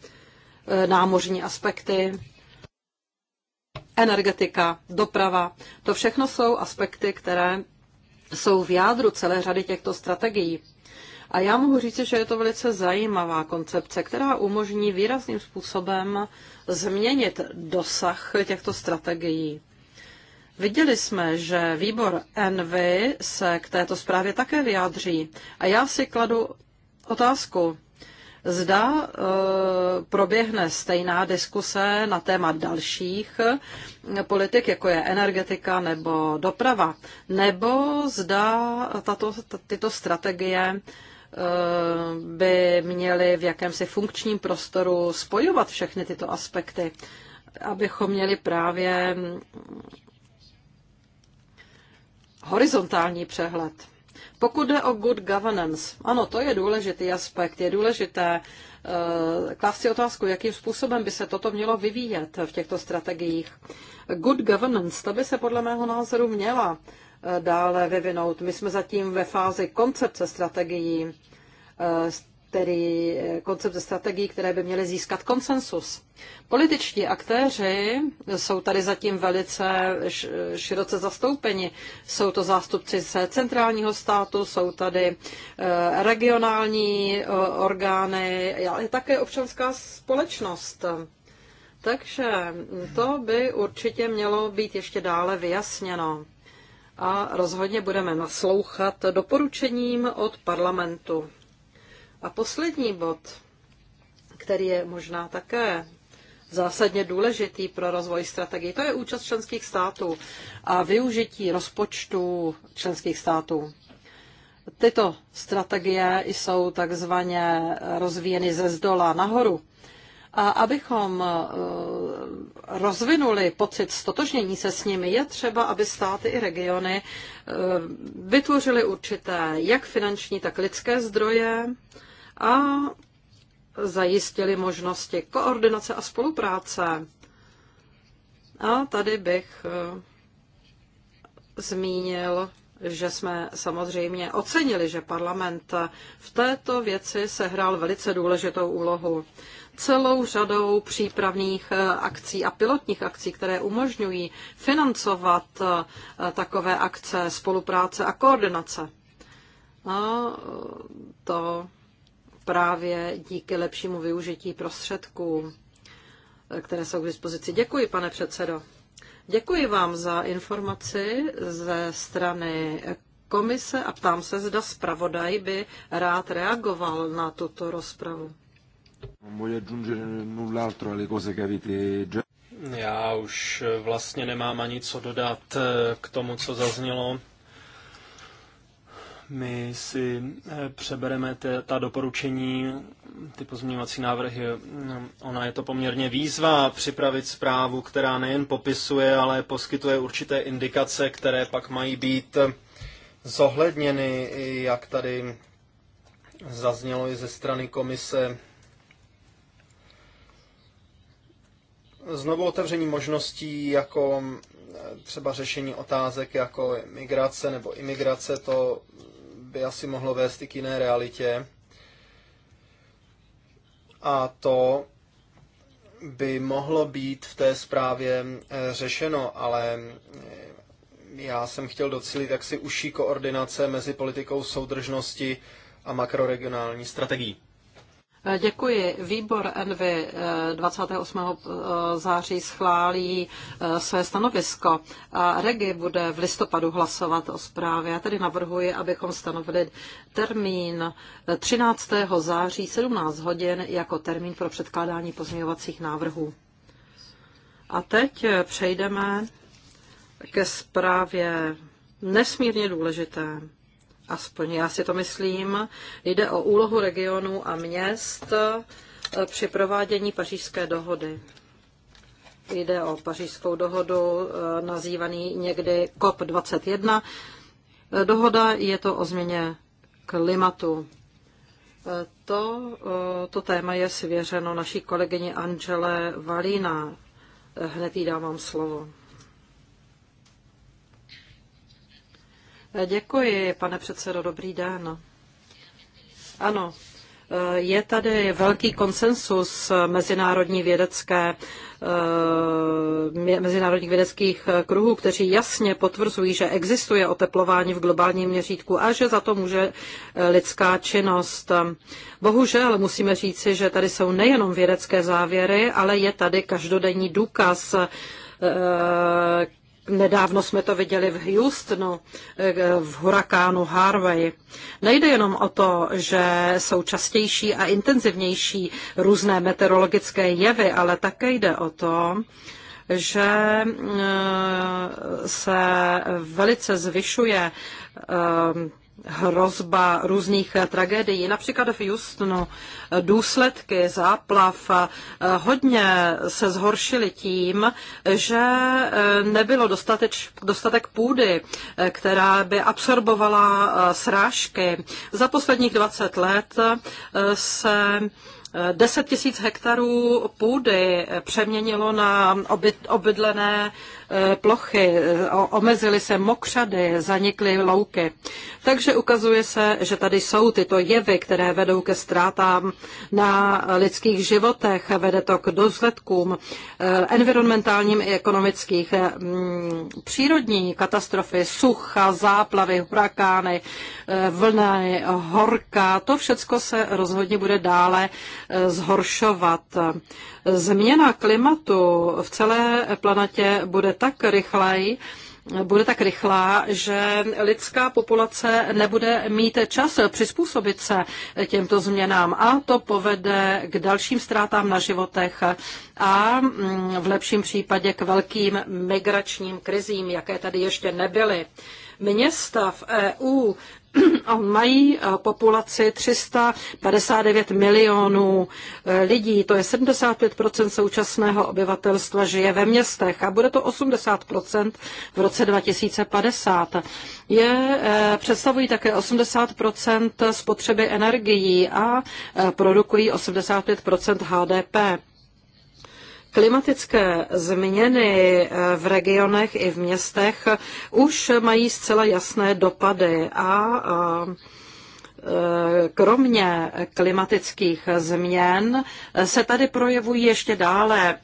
eh, námořní aspekty, energetika, doprava. To všechno jsou aspekty, které jsou v jádru celé řady těchto strategií. A já mohu říct, že je to velice zajímavá koncepce, která umožní výrazným způsobem změnit dosah těchto strategií. Viděli jsme, že výbor NV se k této zprávě také vyjádří. A já si kladu otázku, zda e, proběhne stejná diskuse na téma dalších e, politik, jako je energetika nebo doprava, nebo zda tato, tato tyto strategie by měli v jakémsi funkčním prostoru spojovat všechny tyto aspekty, abychom měli právě horizontální přehled. Pokud jde o good governance, ano, to je důležitý aspekt. Je důležité eh, klást si otázku, jakým způsobem by se toto mělo vyvíjet v těchto strategiích. Good governance, to by se podle mého názoru měla dále vyvinout. My jsme zatím ve fázi koncepce strategií, který, eh, eh, koncepce strategií, které by měly získat konsensus. Političtí aktéři jsou tady zatím velice široce zastoupeni. Jsou to zástupci z centrálního státu, jsou tady eh, regionální orgány, ale také občanská společnost. Takže to by určitě mělo být ještě dále vyjasněno a rozhodně budeme naslouchat doporučením od parlamentu. A poslední bod, který je možná také zásadně důležitý pro rozvoj strategie, to je účast členských států a využití rozpočtu členských států. Tyto strategie jsou takzvaně rozvíjeny ze zdola nahoru a abychom eh, rozvinuli pocit stotožnění se s nimi, je třeba, aby státy i regiony eh, vytvořily určité jak finanční, tak lidské zdroje a zajistili možnosti koordinace a spolupráce. A tady bych eh, zmínil, že jsme samozřejmě ocenili, že parlament v této věci sehrál velice důležitou úlohu celou řadou přípravných eh, akcí a pilotních akcí, které umožňují financovat eh, takové akce, spolupráce a koordinace. A eh, to právě díky lepšímu využití prostředků, které jsou k dispozici. Děkuji, pane předsedo. Děkuji vám za informaci ze strany komise a ptám se, zda zpravodaj by rád reagoval na tuto rozpravu. Já už vlastně nemám ani co dodat eh, k tomu, co zaznělo. My si eh, přebereme te, ta doporučení, ty pozměňovací návrhy. No, ona je to poměrně výzva připravit zprávu, která nejen popisuje, ale poskytuje určité indikace, které pak mají být eh, zohledněny, jak tady zaznělo i ze strany komise znovu otevření možností jako mm, třeba řešení otázek jako migrace nebo imigrace, to by asi mohlo vést i k jiné realitě. A to by mohlo být v té zprávě mm, řešeno, ale mm, já jsem chtěl docílit jaksi užší koordinace mezi politikou soudržnosti a makroregionální strategií. Děkuji. Výbor NV 28. Eh, eh, září schválí eh, své stanovisko. A Regi bude v listopadu hlasovat o zprávě. Já tedy navrhuji, abychom stanovili termín 13. září 17 hodin jako termín pro předkládání pozměňovacích návrhů. A teď přejdeme ke zprávě nesmírně důležité aspoň já si to myslím, jde o úlohu regionů a měst eh, při provádění pařížské dohody. Jde o pařížskou dohodu, eh, nazývaný někdy COP21. Eh, dohoda je to o změně klimatu. To, to téma je svěřeno naší kolegyni Angele Valína. Hned jí dávám slovo. Děkuji, pane předsedo, dobrý den. Ano, eh, je tady velký konsensus mezinárodní vědecké, eh, mezinárodních vědeckých kruhů, kteří jasně potvrzují, že existuje oteplování v globálním měřítku a že za to může eh, lidská činnost. Bohužel musíme říci, že tady jsou nejenom vědecké závěry, ale je tady každodenní důkaz, Nedávno jsme to viděli v Houstonu, eh, v hurakánu Harvey. Nejde jenom o to, že jsou častější a intenzivnější různé meteorologické jevy, ale také jde o to, že eh, se velice zvyšuje eh, hrozba různých eh, tragédií, například v Justnu, eh, důsledky záplav eh, hodně se zhoršily tím, že nebylo dostateč, dostatek půdy, která by absorbovala srážky. Za posledních 20 let se 10 tisíc hektarů půdy přeměnilo na obydlené Eh, plochy, eh, omezily se mokřady, zanikly louky. Takže ukazuje se, že tady jsou tyto jevy, které vedou ke ztrátám na lidských životech, vede to k důsledkům eh, environmentálním i ekonomických mm, přírodní katastrofy, sucha, záplavy, hurakány, vlny, horka, to všechno se rozhodně bude dále zhoršovat změna klimatu v celé planetě bude tak rychleji, bude tak rychlá, že lidská populace nebude mít čas přizpůsobit se těmto změnám a to povede k dalším ztrátám na životech a mm, v lepším případě k velkým migračním krizím, jaké tady ještě nebyly. Města v EU a mají eh, populaci 359 milionů eh, lidí. To je 75 současného obyvatelstva žije ve městech a bude to 80 v roce 2050. Je, eh, představují také 80 spotřeby energií a produkují 85 HDP. Klimatické změny eh, v regionech i v městech už mají zcela jasné dopady a eh, eh, kromě klimatických změn se tady projevují ještě dále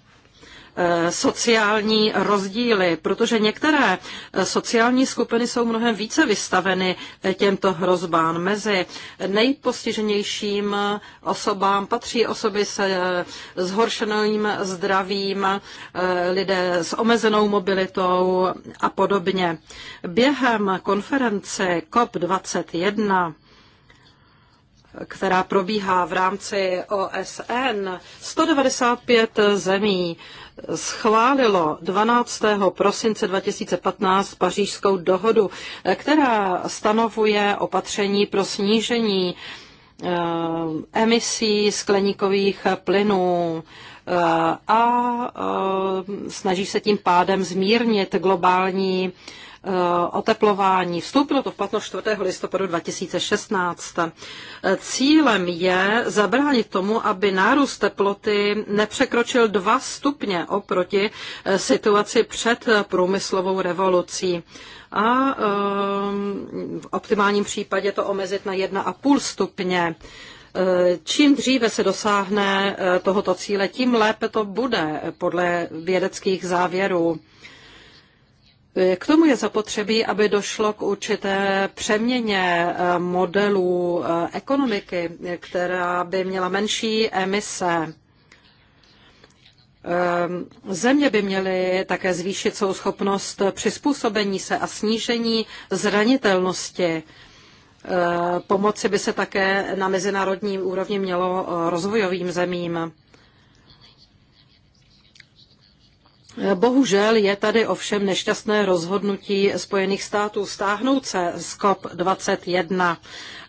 Eh, sociální rozdíly, protože některé eh, sociální skupiny jsou mnohem více vystaveny eh, těmto hrozbám. Mezi nejpostiženějším osobám patří osoby s zhoršeným zdravím, lidé s omezenou mobilitou a podobně. Během konference COP21 která probíhá v rámci OSN, 195 zemí schválilo 12. prosince 2015 pařížskou dohodu, která stanovuje opatření pro snížení eh, emisí skleníkových plynů eh, a eh, snaží se tím pádem zmírnit globální Eh, oteplování. Vstoupilo to v platnost 4. listopadu 2016. Cílem je zabránit tomu, aby nárůst teploty nepřekročil 2 stupně oproti eh, situaci před průmyslovou revolucí a eh, v optimálním případě to omezit na 1,5 stupně. Čím dříve se dosáhne tohoto cíle, tím lépe to bude podle vědeckých závěrů. K tomu je zapotřebí, aby došlo k určité přeměně eh, modelů eh, ekonomiky, která by měla menší emise. Eh, země by měly také zvýšit svou schopnost přizpůsobení se a snížení zranitelnosti. Pomoci by se také na mezinárodní úrovni mělo rozvojovým zemím. Bohužel je tady ovšem nešťastné rozhodnutí Spojených států stáhnout se z COP21.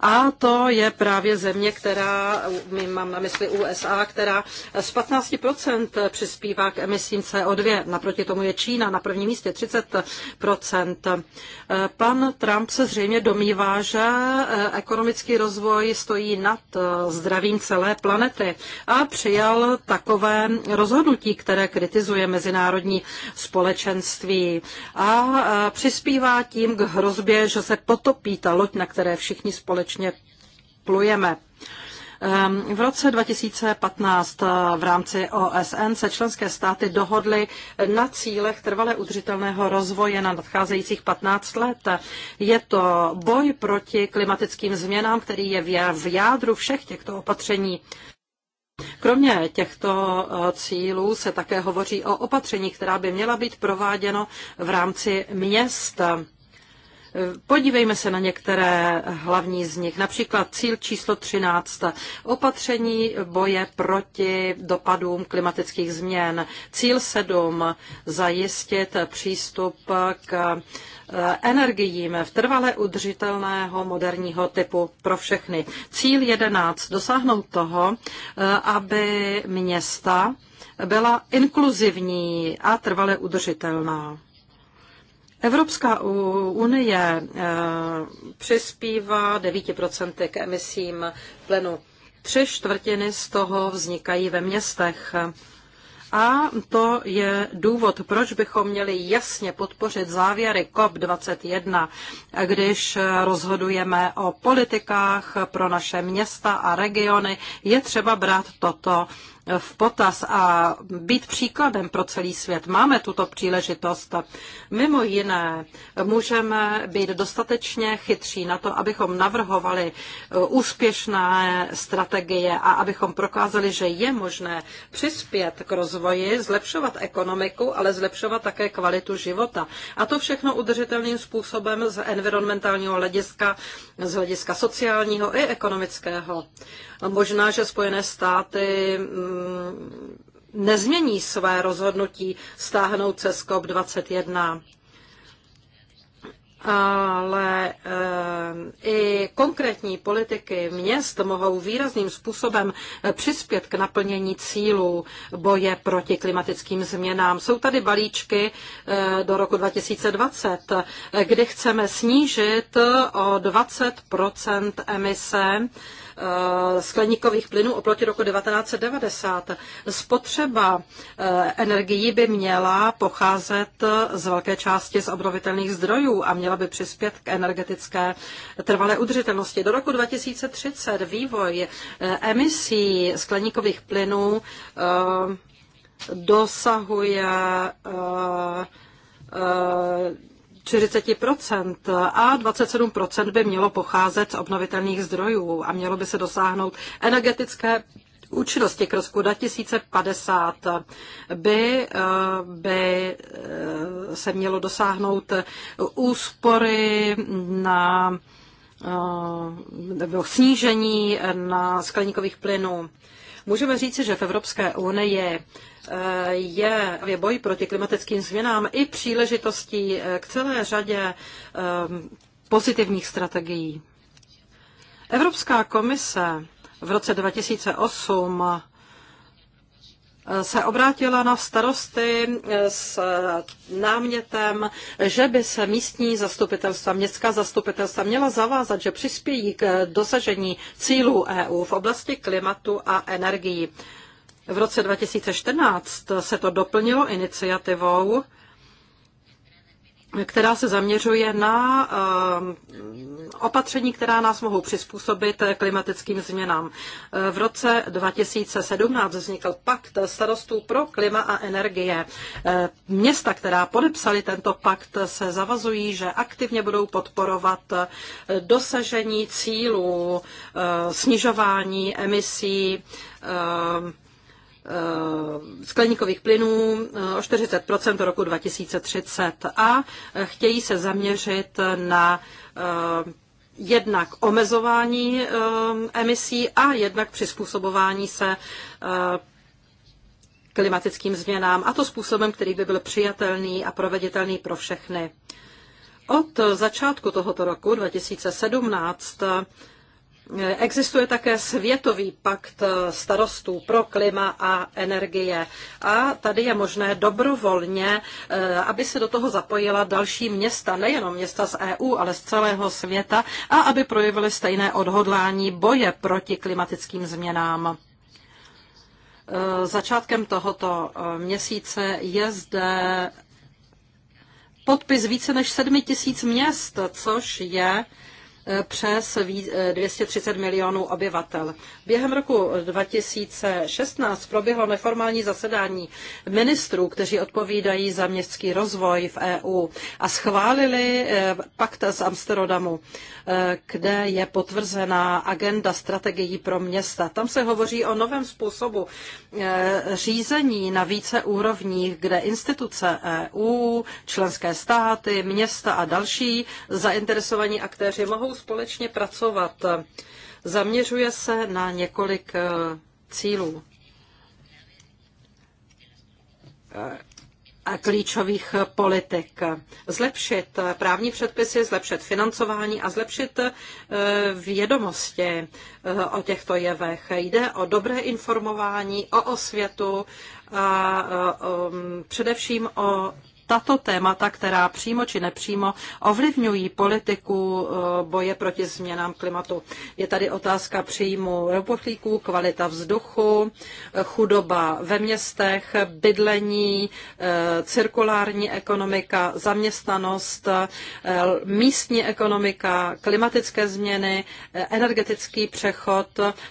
A to je právě země, která, my mám na mysli USA, která z 15% přispívá k emisím CO2. Naproti tomu je Čína na prvním místě 30%. Pan Trump se zřejmě domývá, že eh, ekonomický rozvoj stojí nad eh, zdravím celé planety a přijal takové rozhodnutí, které kritizuje mezinárodní společenství a eh, přispívá tím k hrozbě, že se potopí ta loď, na které všichni společně společně plujeme. Ehm, v roce 2015 eh, v rámci OSN se členské státy dohodly na cílech trvale udržitelného rozvoje na nadcházejících 15 let. Je to boj proti klimatickým změnám, který je v jádru všech těchto opatření. Kromě těchto eh, cílů se také hovoří o opatření, která by měla být prováděno v rámci měst. Podívejme se na některé hlavní z nich, například cíl číslo 13, opatření boje proti dopadům klimatických změn, cíl 7, zajistit přístup k eh, energiím v trvale udržitelného moderního typu pro všechny. Cíl 11, dosáhnout toho, eh, aby města byla inkluzivní a trvale udržitelná. Evropská unie eh, přispívá 9% k emisím plynu. Tři čtvrtiny z toho vznikají ve městech. A to je důvod, proč bychom měli jasně podpořit závěry COP21, když rozhodujeme o politikách pro naše města a regiony. Je třeba brát toto v potaz a být příkladem pro celý svět. Máme tuto příležitost. Mimo jiné můžeme být dostatečně chytří na to, abychom navrhovali uh, úspěšné strategie a abychom prokázali, že je možné přispět k rozvoji, zlepšovat ekonomiku, ale zlepšovat také kvalitu života. A to všechno udržitelným způsobem z environmentálního hlediska, z hlediska sociálního i ekonomického. Možná, že Spojené státy mm, nezmění své rozhodnutí stáhnout se z COP21 ale eh, i konkrétní politiky měst mohou výrazným způsobem eh, přispět k naplnění cílů boje proti klimatickým změnám. Jsou tady balíčky eh, do roku 2020, kde chceme snížit o 20 emise Eh, skleníkových plynů oproti roku 1990. Spotřeba eh, energií by měla pocházet z velké části z obnovitelných zdrojů a měla by přispět k energetické trvalé udržitelnosti. Do roku 2030 vývoj eh, emisí skleníkových plynů dosahuje 40% a 27% by mělo pocházet z obnovitelných zdrojů a mělo by se dosáhnout energetické účinnosti k roku 2050 by, eh, by eh, se mělo dosáhnout úspory na eh, nebo snížení na skleníkových plynů. Můžeme říci, že v Evropské unii je, je, je boj proti klimatickým změnám i příležitostí k celé řadě ehm, pozitivních strategií. Evropská komise v roce 2008 se obrátila na starosty s námětem, že by se místní zastupitelstva, městská zastupitelstva měla zavázat, že přispějí k dosažení cílů EU v oblasti klimatu a energií. V roce 2014 se to doplnilo iniciativou která se zaměřuje na ehm, opatření, která nás mohou přizpůsobit klimatickým změnám. V roce 2017 vznikl pakt starostů pro klima a energie. Ehm, města, která podepsali tento pakt, se zavazují, že aktivně budou podporovat eh, dosažení cílů eh, snižování emisí ehm, Eh, skleníkových plynů eh, o 40 do roku 2030 a chtějí se zaměřit na eh, jednak omezování emisí a jednak přizpůsobování se klimatickým změnám, a to způsobem, který by byl přijatelný a proveditelný pro všechny. Od začátku tohoto roku 2017 Existuje také Světový pakt eh, starostů pro klima a energie. A tady je možné dobrovolně, eh, aby se do toho zapojila další města, nejenom města z EU, ale z celého světa, a aby projevily stejné odhodlání boje proti klimatickým změnám. Eh, začátkem tohoto měsíce je zde podpis více než sedmi tisíc měst, což je Eh, přes 230 eh, milionů obyvatel. Během roku 2016 proběhlo neformální zasedání ministrů, kteří odpovídají za městský rozvoj v EU a schválili eh, pakt z Amsterdamu, kde je potvrzená agenda strategií pro města. Tam se hovoří o novém způsobu řízení na více úrovních, kde instituce EU, členské státy, města a další zainteresovaní aktéři mohou budou společně pracovat. Zaměřuje se na několik eh, cílů eh, a klíčových politik. Zlepšit právní předpisy, zlepšit financování a zlepšit eh, vědomosti o těchto jevech. Jde o dobré informování, o osvětu a mm, především o tato témata, která přímo či nepřímo ovlivňují politiku eh, boje proti změnám klimatu. Je tady otázka příjmu robotlíků, kvalita vzduchu, eh, chudoba ve městech, bydlení, eh, cirkulární ekonomika, zaměstnanost, místní ekonomika, klimatické změny, energetický přechod,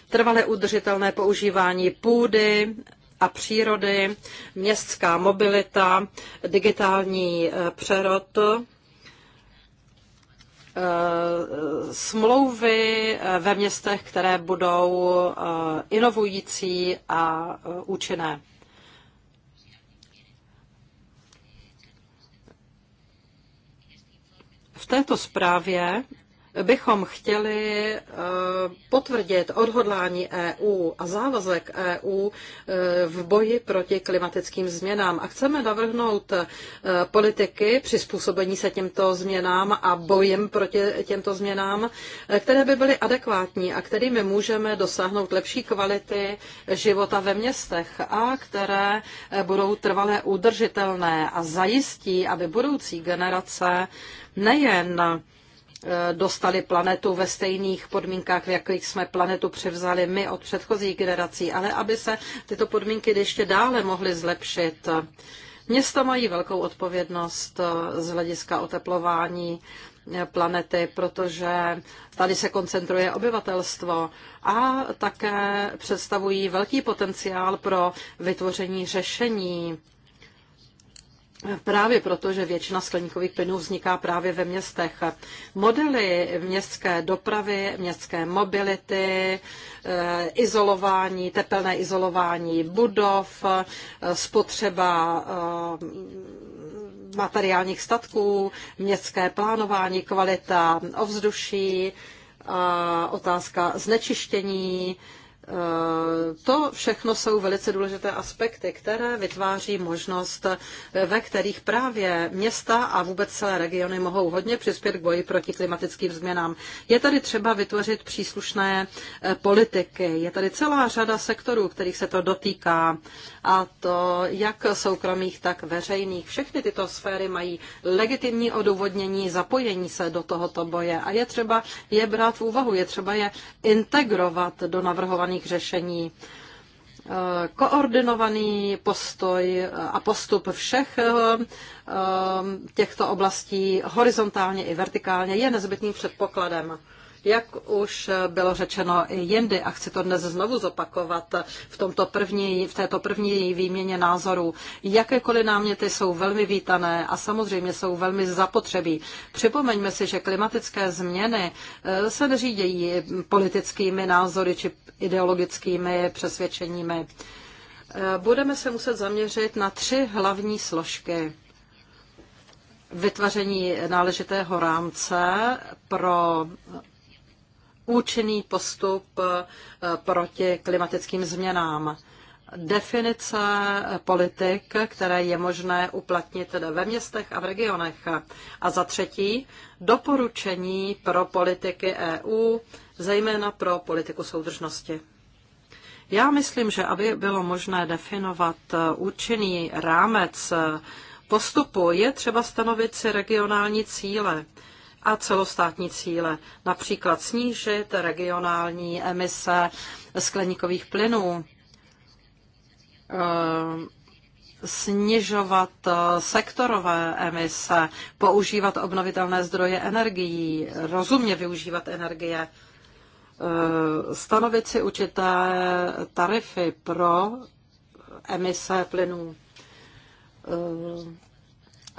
trvale udržitelné používání půdy, a přírody, městská mobilita, digitální eh, přerod, eh, smlouvy eh, ve městech, které budou inovující a účinné. V této zprávě bychom chtěli eh, potvrdit odhodlání EU a závazek EU eh, v boji proti klimatickým změnám a chceme navrhnout eh, politiky přizpůsobení se těmto změnám a bojem proti těmto změnám, které by byly adekvátní a kterými můžeme dosáhnout lepší kvality života ve městech a které budou trvalé udržitelné a zajistí, aby budoucí generace nejen Eh, dostali planetu ve stejných podmínkách, v jakých jsme planetu převzali my od předchozích generací, ale aby se tyto podmínky ještě dále mohly zlepšit. Města mají velkou odpovědnost eh, z hlediska oteplování eh, planety, protože tady se koncentruje obyvatelstvo a také představují velký potenciál pro vytvoření řešení Právě proto, že většina skleníkových plynů vzniká právě ve městech. Modely městské dopravy, městské mobility, eh, izolování, tepelné izolování budov, eh, spotřeba eh, materiálních statků, městské plánování, kvalita ovzduší, otázka znečištění, to všechno jsou velice důležité aspekty, které vytváří možnost, ve kterých právě města a vůbec celé regiony mohou hodně přispět k boji proti klimatickým změnám. Je tady třeba vytvořit příslušné eh, politiky. Je tady celá řada sektorů, kterých se to dotýká, a to jak soukromých, tak veřejných. Všechny tyto sféry mají legitimní odůvodnění zapojení se do tohoto boje a je třeba je brát v úvahu, je třeba je integrovat do navrhovaných společných řešení. Eh, koordinovaný postoj a postup všech eh, těchto oblastí horizontálně i vertikálně je nezbytným předpokladem. Jak už bylo řečeno i jindy, a chci to dnes znovu zopakovat v, tomto první, v této první výměně názorů, jakékoliv náměty jsou velmi vítané a samozřejmě jsou velmi zapotřebí. Připomeňme si, že klimatické změny eh, se neřídějí politickými názory či ideologickými přesvědčeními. Eh, budeme se muset zaměřit na tři hlavní složky vytvoření náležitého rámce pro účinný postup eh, proti klimatickým změnám. Definice politik, které je možné uplatnit ve městech a v regionech. A za třetí, doporučení pro politiky EU, zejména pro politiku soudržnosti. Já myslím, že aby bylo možné definovat eh, účinný rámec eh, postupu, je třeba stanovit si regionální cíle a celostátní cíle, například snížit regionální emise skleníkových plynů, eh, snižovat eh, sektorové emise, používat obnovitelné zdroje energií, rozumně využívat energie, eh, stanovit si určité tarify pro emise plynů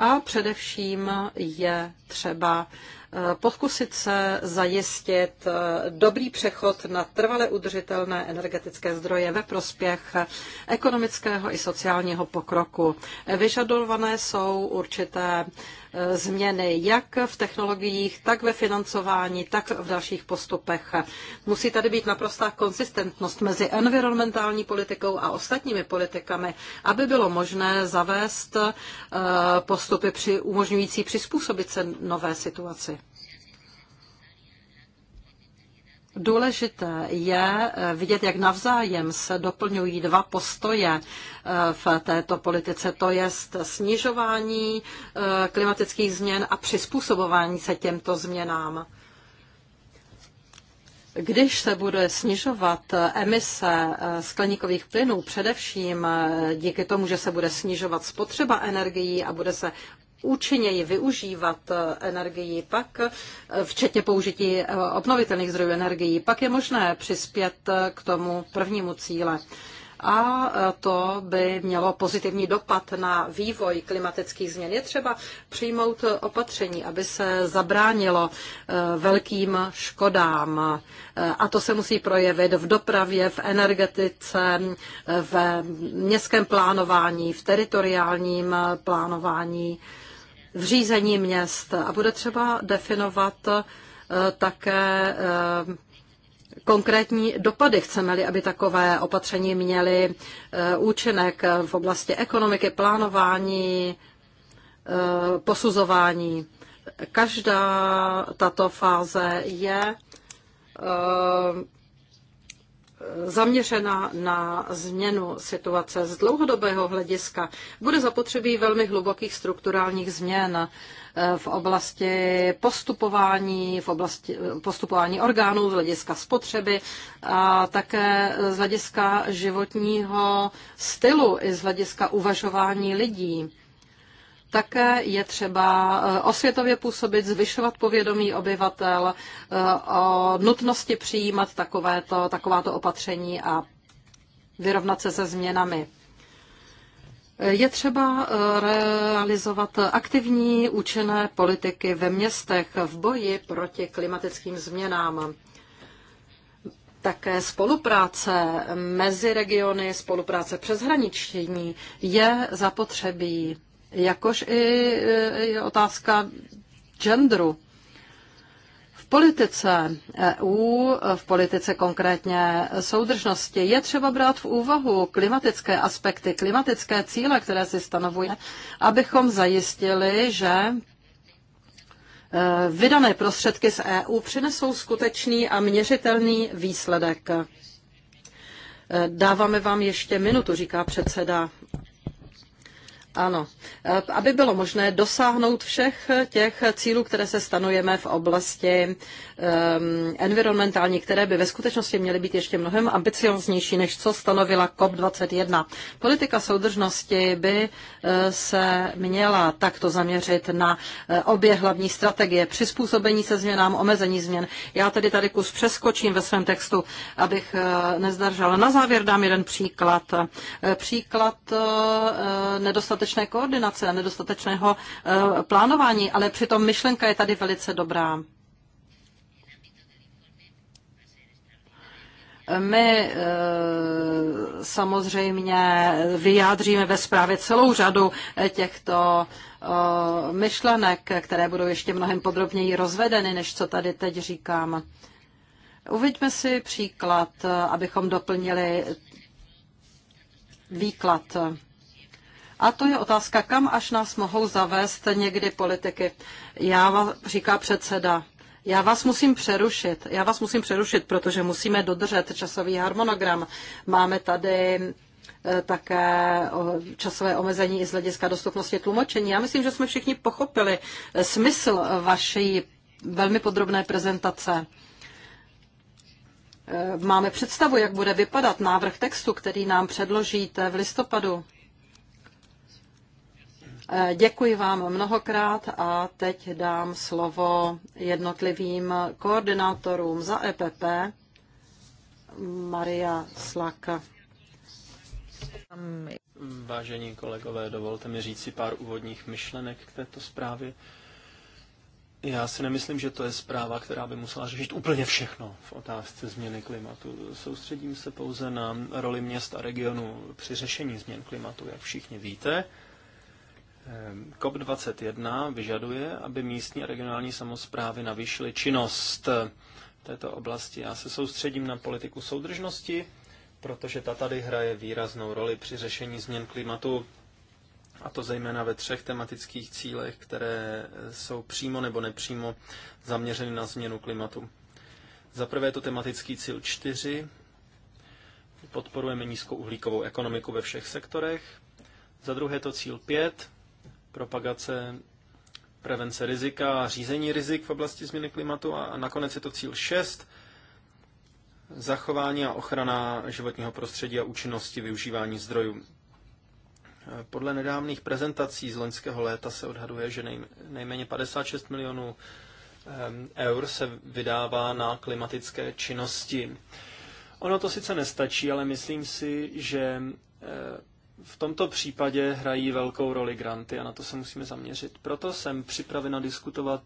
a především je třeba eh, podkusit se zajistit eh, dobrý přechod na trvale udržitelné energetické zdroje ve prospěch ekonomického i sociálního pokroku. Vyžadované jsou určité Eh, změny jak v technologiích, tak ve financování, tak v dalších postupech. Musí tady být naprostá konsistentnost mezi environmentální politikou a ostatními politikami, aby bylo možné zavést eh, postupy při, umožňující přizpůsobit se nové situaci. Důležité je eh, vidět, jak navzájem se doplňují dva postoje eh, v této politice, to je snižování eh, klimatických změn a přizpůsobování se těmto změnám. Když se bude snižovat emise skleníkových plynů, především díky tomu, že se bude snižovat spotřeba energií a bude se účinněji využívat eh, energii, pak eh, včetně použití eh, obnovitelných zdrojů energií, pak je možné přispět k tomu prvnímu cíle. A to by mělo pozitivní dopad na vývoj klimatických změn. Je třeba přijmout opatření, aby se zabránilo velkým škodám. A to se musí projevit v dopravě, v energetice, v městském plánování, v teritoriálním plánování v řízení měst a bude třeba definovat eh, také eh, konkrétní dopady. Chceme-li, aby takové opatření měly eh, účinek v oblasti ekonomiky, plánování, posuzování. Každá tato fáze je zaměřena na změnu situace z dlouhodobého hlediska, bude zapotřebí velmi hlubokých strukturálních změn eh, v oblasti postupování, v oblasti eh, postupování orgánů, z hlediska spotřeby a také z hlediska životního stylu i z hlediska uvažování lidí. Také je třeba eh, osvětově působit, zvyšovat povědomí obyvatel eh, o nutnosti přijímat takovéto, takováto opatření a vyrovnat se se změnami. Je třeba eh, realizovat aktivní účinné politiky ve městech v boji proti klimatickým změnám. Také spolupráce mezi regiony, spolupráce přeshraniční je zapotřebí jakož i eh, otázka genderu. V politice EU, v politice konkrétně soudržnosti, je třeba brát v úvahu klimatické aspekty, klimatické cíle, které si stanovuje, abychom zajistili, že eh, vydané prostředky z EU přinesou skutečný a měřitelný výsledek. Eh, dáváme vám ještě minutu, říká předseda. Ano, e, aby bylo možné dosáhnout všech těch cílů, které se stanujeme v oblasti um, environmentální, které by ve skutečnosti měly být ještě mnohem ambicioznější, než co stanovila COP21. Politika soudržnosti by e, se měla takto zaměřit na e, obě hlavní strategie, přizpůsobení se změnám, omezení změn. Já tedy tady kus přeskočím ve svém textu, abych nezdržela. Na závěr dám jeden příklad. Příklad nedostatku nedostatečné koordinace a nedostatečného eh, plánování, ale přitom myšlenka je tady velice dobrá. My eh, samozřejmě vyjádříme ve zprávě celou řadu eh, těchto myšlenek, které budou ještě mnohem podrobněji rozvedeny, než co tady teď říkám. Uveďme si příklad, abychom doplnili výklad. A to je otázka, kam až nás mohou zavést někdy politiky. Já říká předseda, já vás musím přerušit. Já vás musím přerušit, protože musíme dodržet časový harmonogram. Máme tady eh, také časové omezení i z hlediska dostupnosti tlumočení. Já myslím, že jsme všichni pochopili eh, smysl vaší velmi podrobné prezentace. Eh, máme představu, jak bude vypadat návrh textu, který nám předložíte v listopadu. Eh, děkuji vám mnohokrát a teď dám slovo jednotlivým koordinátorům za EPP. Maria Slaka. Vážení kolegové, dovolte mi říct si pár úvodních myšlenek k této zprávě. Já si nemyslím, že to je zpráva, která by musela řešit úplně všechno v otázce změny klimatu. Soustředím se pouze na roli měst a regionu při řešení změn klimatu, jak všichni víte. Ehm, COP21 vyžaduje, aby místní a regionální samozprávy navýšily činnost této oblasti. Já se soustředím na politiku soudržnosti, protože ta tady hraje výraznou roli při řešení změn klimatu, a to zejména ve třech tematických cílech, které jsou přímo nebo nepřímo zaměřeny na změnu klimatu. Za prvé je to tematický cíl 4. Podporujeme nízkouhlíkovou ekonomiku ve všech sektorech. Za druhé je to cíl 5 propagace prevence rizika a řízení rizik v oblasti změny klimatu a nakonec je to cíl 6, zachování a ochrana životního prostředí a účinnosti využívání zdrojů. Podle nedávných prezentací z loňského léta se odhaduje, že nejméně 56 milionů eur se vydává na klimatické činnosti. Ono to sice nestačí, ale myslím si, že eh, v tomto případě hrají velkou roli granty a na to se musíme zaměřit. Proto jsem připravena diskutovat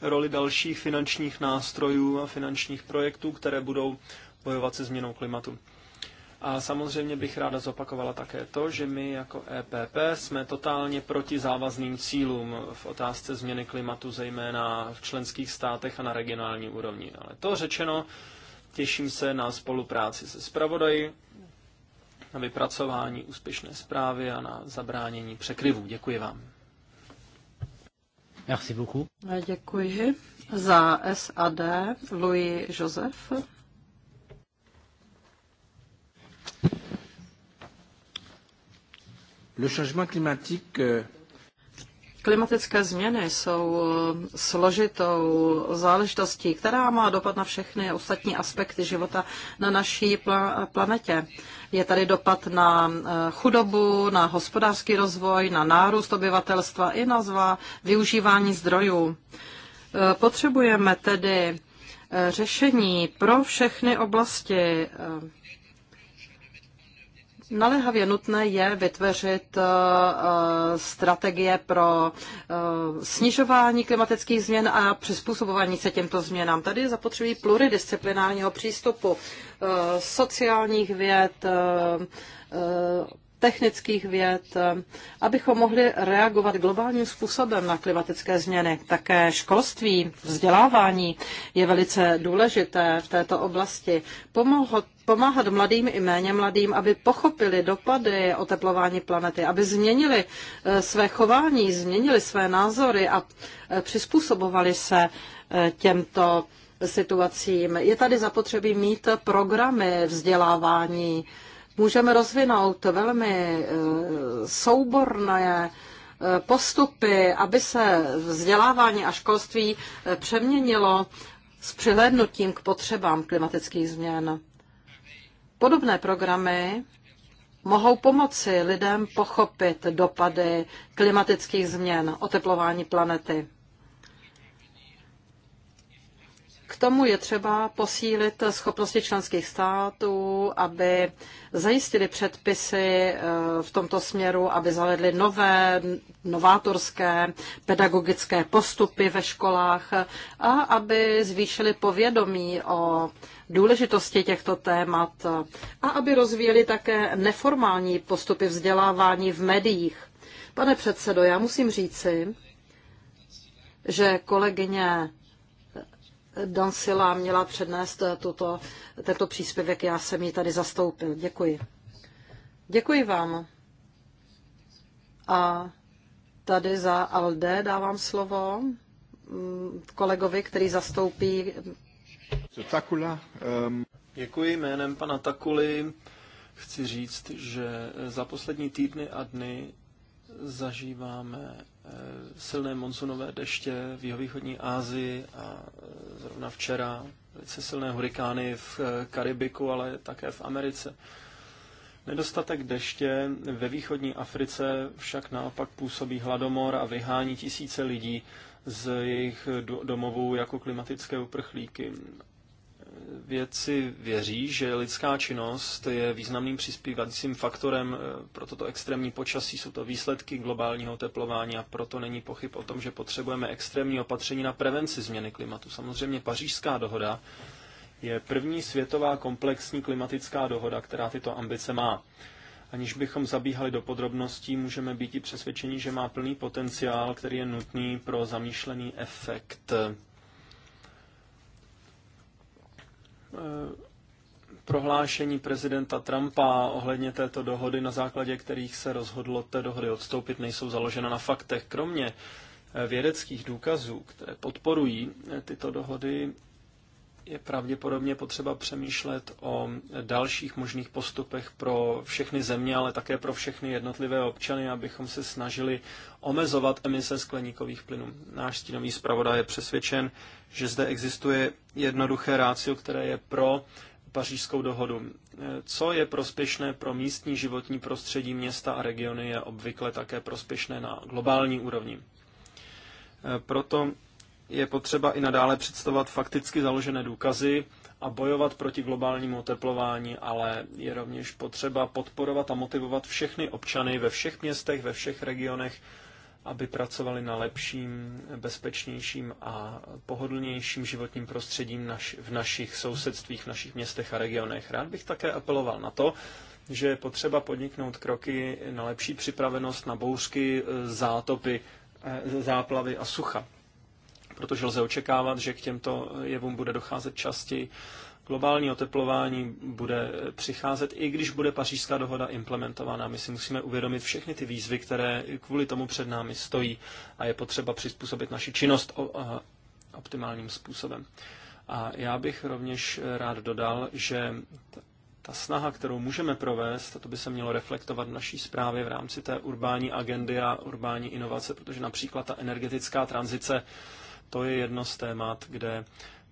roli dalších finančních nástrojů a finančních projektů, které budou bojovat se změnou klimatu. A samozřejmě bych ráda zopakovala také to, že my jako EPP jsme totálně proti závazným cílům v otázce změny klimatu, zejména v členských státech a na regionální úrovni. Ale to řečeno, těším se na spolupráci se zpravodaji na vypracování úspěšné zprávy a na zabránění překryvů. Děkuji vám. Merci beaucoup. Děkuji za SAD Louis Joseph. Le changement climatique euh, Klimatické změny jsou euh, složitou záležitostí, která má dopad na všechny ostatní aspekty života na naší pla- planetě. Je tady dopad na eh, chudobu, na hospodářský rozvoj, na nárůst obyvatelstva i na využívání zdrojů. Eh, potřebujeme tedy eh, řešení pro všechny oblasti Naléhavě nutné je vytvořit eh, eh, strategie pro eh, snižování klimatických změn a přizpůsobování se těmto změnám. Tady je zapotřebí pluridisciplinárního přístupu sociálních věd, technických věd, abychom mohli reagovat globálním způsobem na klimatické změny. Také školství, vzdělávání je velice důležité v této oblasti. Pomohlo pomáhat mladým i méně mladým, aby pochopili dopady oteplování planety, aby změnili eh, své chování, změnili své názory a eh, přizpůsobovali se eh, těmto situacím. Je tady zapotřebí mít programy vzdělávání. Můžeme rozvinout velmi souborné postupy, aby se vzdělávání a školství přeměnilo s přihlédnutím k potřebám klimatických změn. Podobné programy mohou pomoci lidem pochopit dopady klimatických změn, oteplování planety. tomu je třeba posílit schopnosti členských států, aby zajistili předpisy eh, v tomto směru, aby zavedli nové, novátorské pedagogické postupy ve školách a aby zvýšili povědomí o důležitosti těchto témat a aby rozvíjeli také neformální postupy vzdělávání v médiích. Pane předsedo, já musím říci, že kolegyně Dansila měla přednést tuto, tento příspěvek, já jsem ji tady zastoupil. Děkuji. Děkuji vám. A tady za Alde dávám slovo mm, kolegovi, který zastoupí. Takula. Um... Děkuji jménem pana Takuly. Chci říct, že za poslední týdny a dny zažíváme Eh, silné monsunové deště v jihovýchodní Asii a eh, zrovna včera velice silné hurikány v eh, Karibiku, ale také v Americe. Nedostatek deště ve východní Africe však naopak působí hladomor a vyhání tisíce lidí z jejich domovů jako klimatické uprchlíky věci věří, že lidská činnost je významným přispívacím faktorem eh, pro toto extrémní počasí. Jsou to výsledky globálního teplování a proto není pochyb o tom, že potřebujeme extrémní opatření na prevenci změny klimatu. Samozřejmě pařížská dohoda je první světová komplexní klimatická dohoda, která tyto ambice má. Aniž bychom zabíhali do podrobností, můžeme být i přesvědčeni, že má plný potenciál, který je nutný pro zamýšlený efekt Eh, prohlášení prezidenta Trumpa ohledně této dohody, na základě kterých se rozhodlo té dohody odstoupit, nejsou založena na faktech. Kromě eh, vědeckých důkazů, které podporují eh, tyto dohody, je pravděpodobně potřeba přemýšlet o dalších možných postupech pro všechny země, ale také pro všechny jednotlivé občany, abychom se snažili omezovat emise skleníkových plynů. Náš stínový zpravodaj je přesvědčen, že zde existuje jednoduché rácio, které je pro pařížskou dohodu. E, co je prospěšné pro místní životní prostředí města a regiony, je obvykle také prospěšné na globální úrovni. E, proto je potřeba i nadále představovat fakticky založené důkazy a bojovat proti globálnímu oteplování, ale je rovněž potřeba podporovat a motivovat všechny občany ve všech městech, ve všech regionech, aby pracovali na lepším, bezpečnějším a pohodlnějším životním prostředím v našich sousedstvích, v našich městech a regionech. Rád bych také apeloval na to, že je potřeba podniknout kroky na lepší připravenost na bouřky, e, zátopy, e, záplavy a sucha. Protože lze očekávat, že k těmto jevům bude docházet častěji Globální oteplování bude přicházet, i když bude pařížská dohoda implementována. My si musíme uvědomit všechny ty výzvy, které kvůli tomu před námi stojí a je potřeba přizpůsobit naši činnost optimálním způsobem. A já bych rovněž rád dodal, že ta snaha, kterou můžeme provést, a to by se mělo reflektovat v naší zprávě v rámci té urbání agendy a urbání inovace, protože například ta energetická tranzice, to je jedno z témat, kde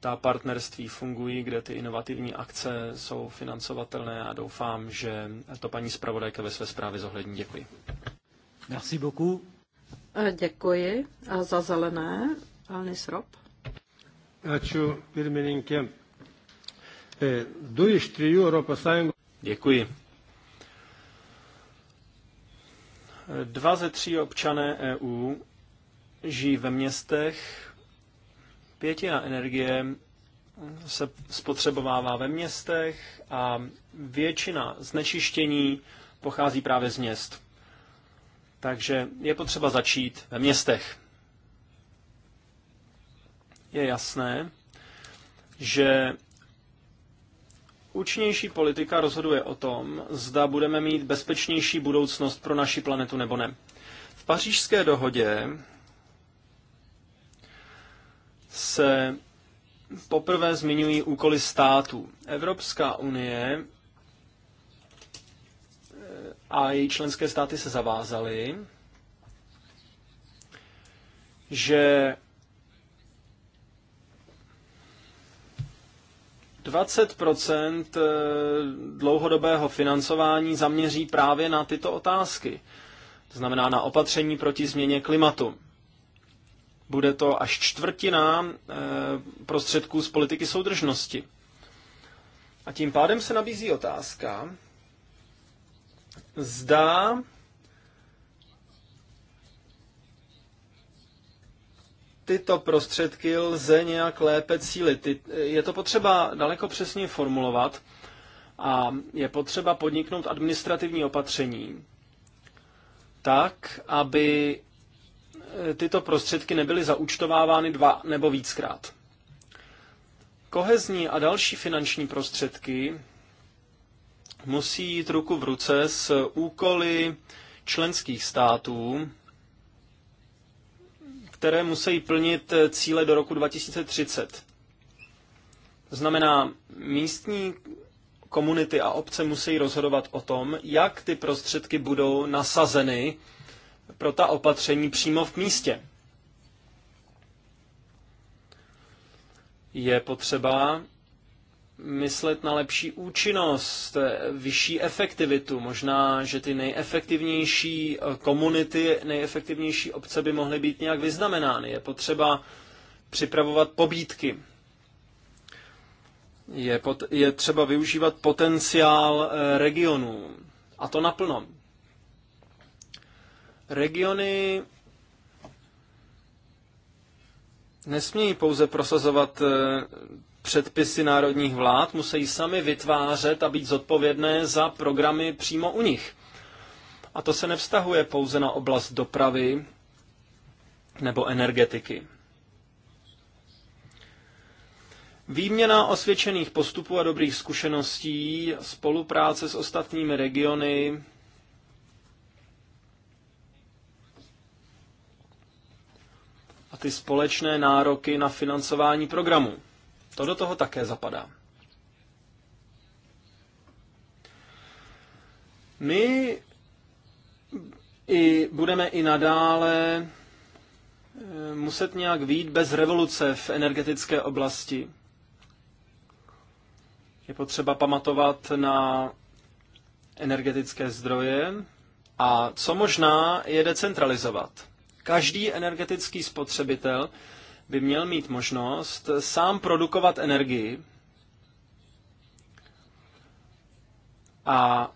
ta partnerství fungují, kde ty inovativní akce jsou financovatelné a doufám, že to paní zpravodajka ve své zprávě zohlední. Děkuji. Merci beaucoup. Eh, děkuji. A za zelené, Alnis Rob. E, děkuji. Dva ze tří občané EU žijí ve městech, Pětina energie se spotřebovává ve městech a většina znečištění pochází právě z měst. Takže je potřeba začít ve městech. Je jasné, že účinnější politika rozhoduje o tom, zda budeme mít bezpečnější budoucnost pro naši planetu nebo ne. V pařížské dohodě se poprvé zmiňují úkoly států. Evropská unie eh, a její členské státy se zavázaly, že 20 eh, dlouhodobého financování zaměří právě na tyto otázky. To znamená na opatření proti změně klimatu. Bude to až čtvrtina eh, prostředků z politiky soudržnosti. A tím pádem se nabízí otázka, zda tyto prostředky lze nějak lépe cílit. Je to potřeba daleko přesně formulovat a je potřeba podniknout administrativní opatření tak, aby tyto prostředky nebyly zaúčtovávány dva nebo víckrát. Kohezní a další finanční prostředky musí jít ruku v ruce s úkoly členských států, které musí plnit cíle do roku 2030. To znamená, místní komunity a obce musí rozhodovat o tom, jak ty prostředky budou nasazeny pro ta opatření přímo v místě. Je potřeba myslet na lepší účinnost, vyšší efektivitu. Možná, že ty nejefektivnější eh, komunity, nejefektivnější obce by mohly být nějak vyznamenány. Je potřeba připravovat pobídky. Je, pot, je třeba využívat potenciál eh, regionů. A to naplno. Regiony nesmějí pouze prosazovat eh, předpisy národních vlád, musí sami vytvářet a být zodpovědné za programy přímo u nich. A to se nevztahuje pouze na oblast dopravy nebo energetiky. Výměna osvědčených postupů a dobrých zkušeností, spolupráce s ostatními regiony ty společné nároky na financování programu. To do toho také zapadá. My i budeme i nadále eh, muset nějak výjít bez revoluce v energetické oblasti. Je potřeba pamatovat na energetické zdroje a co možná je decentralizovat. Každý energetický spotřebitel by měl mít možnost sám produkovat energii a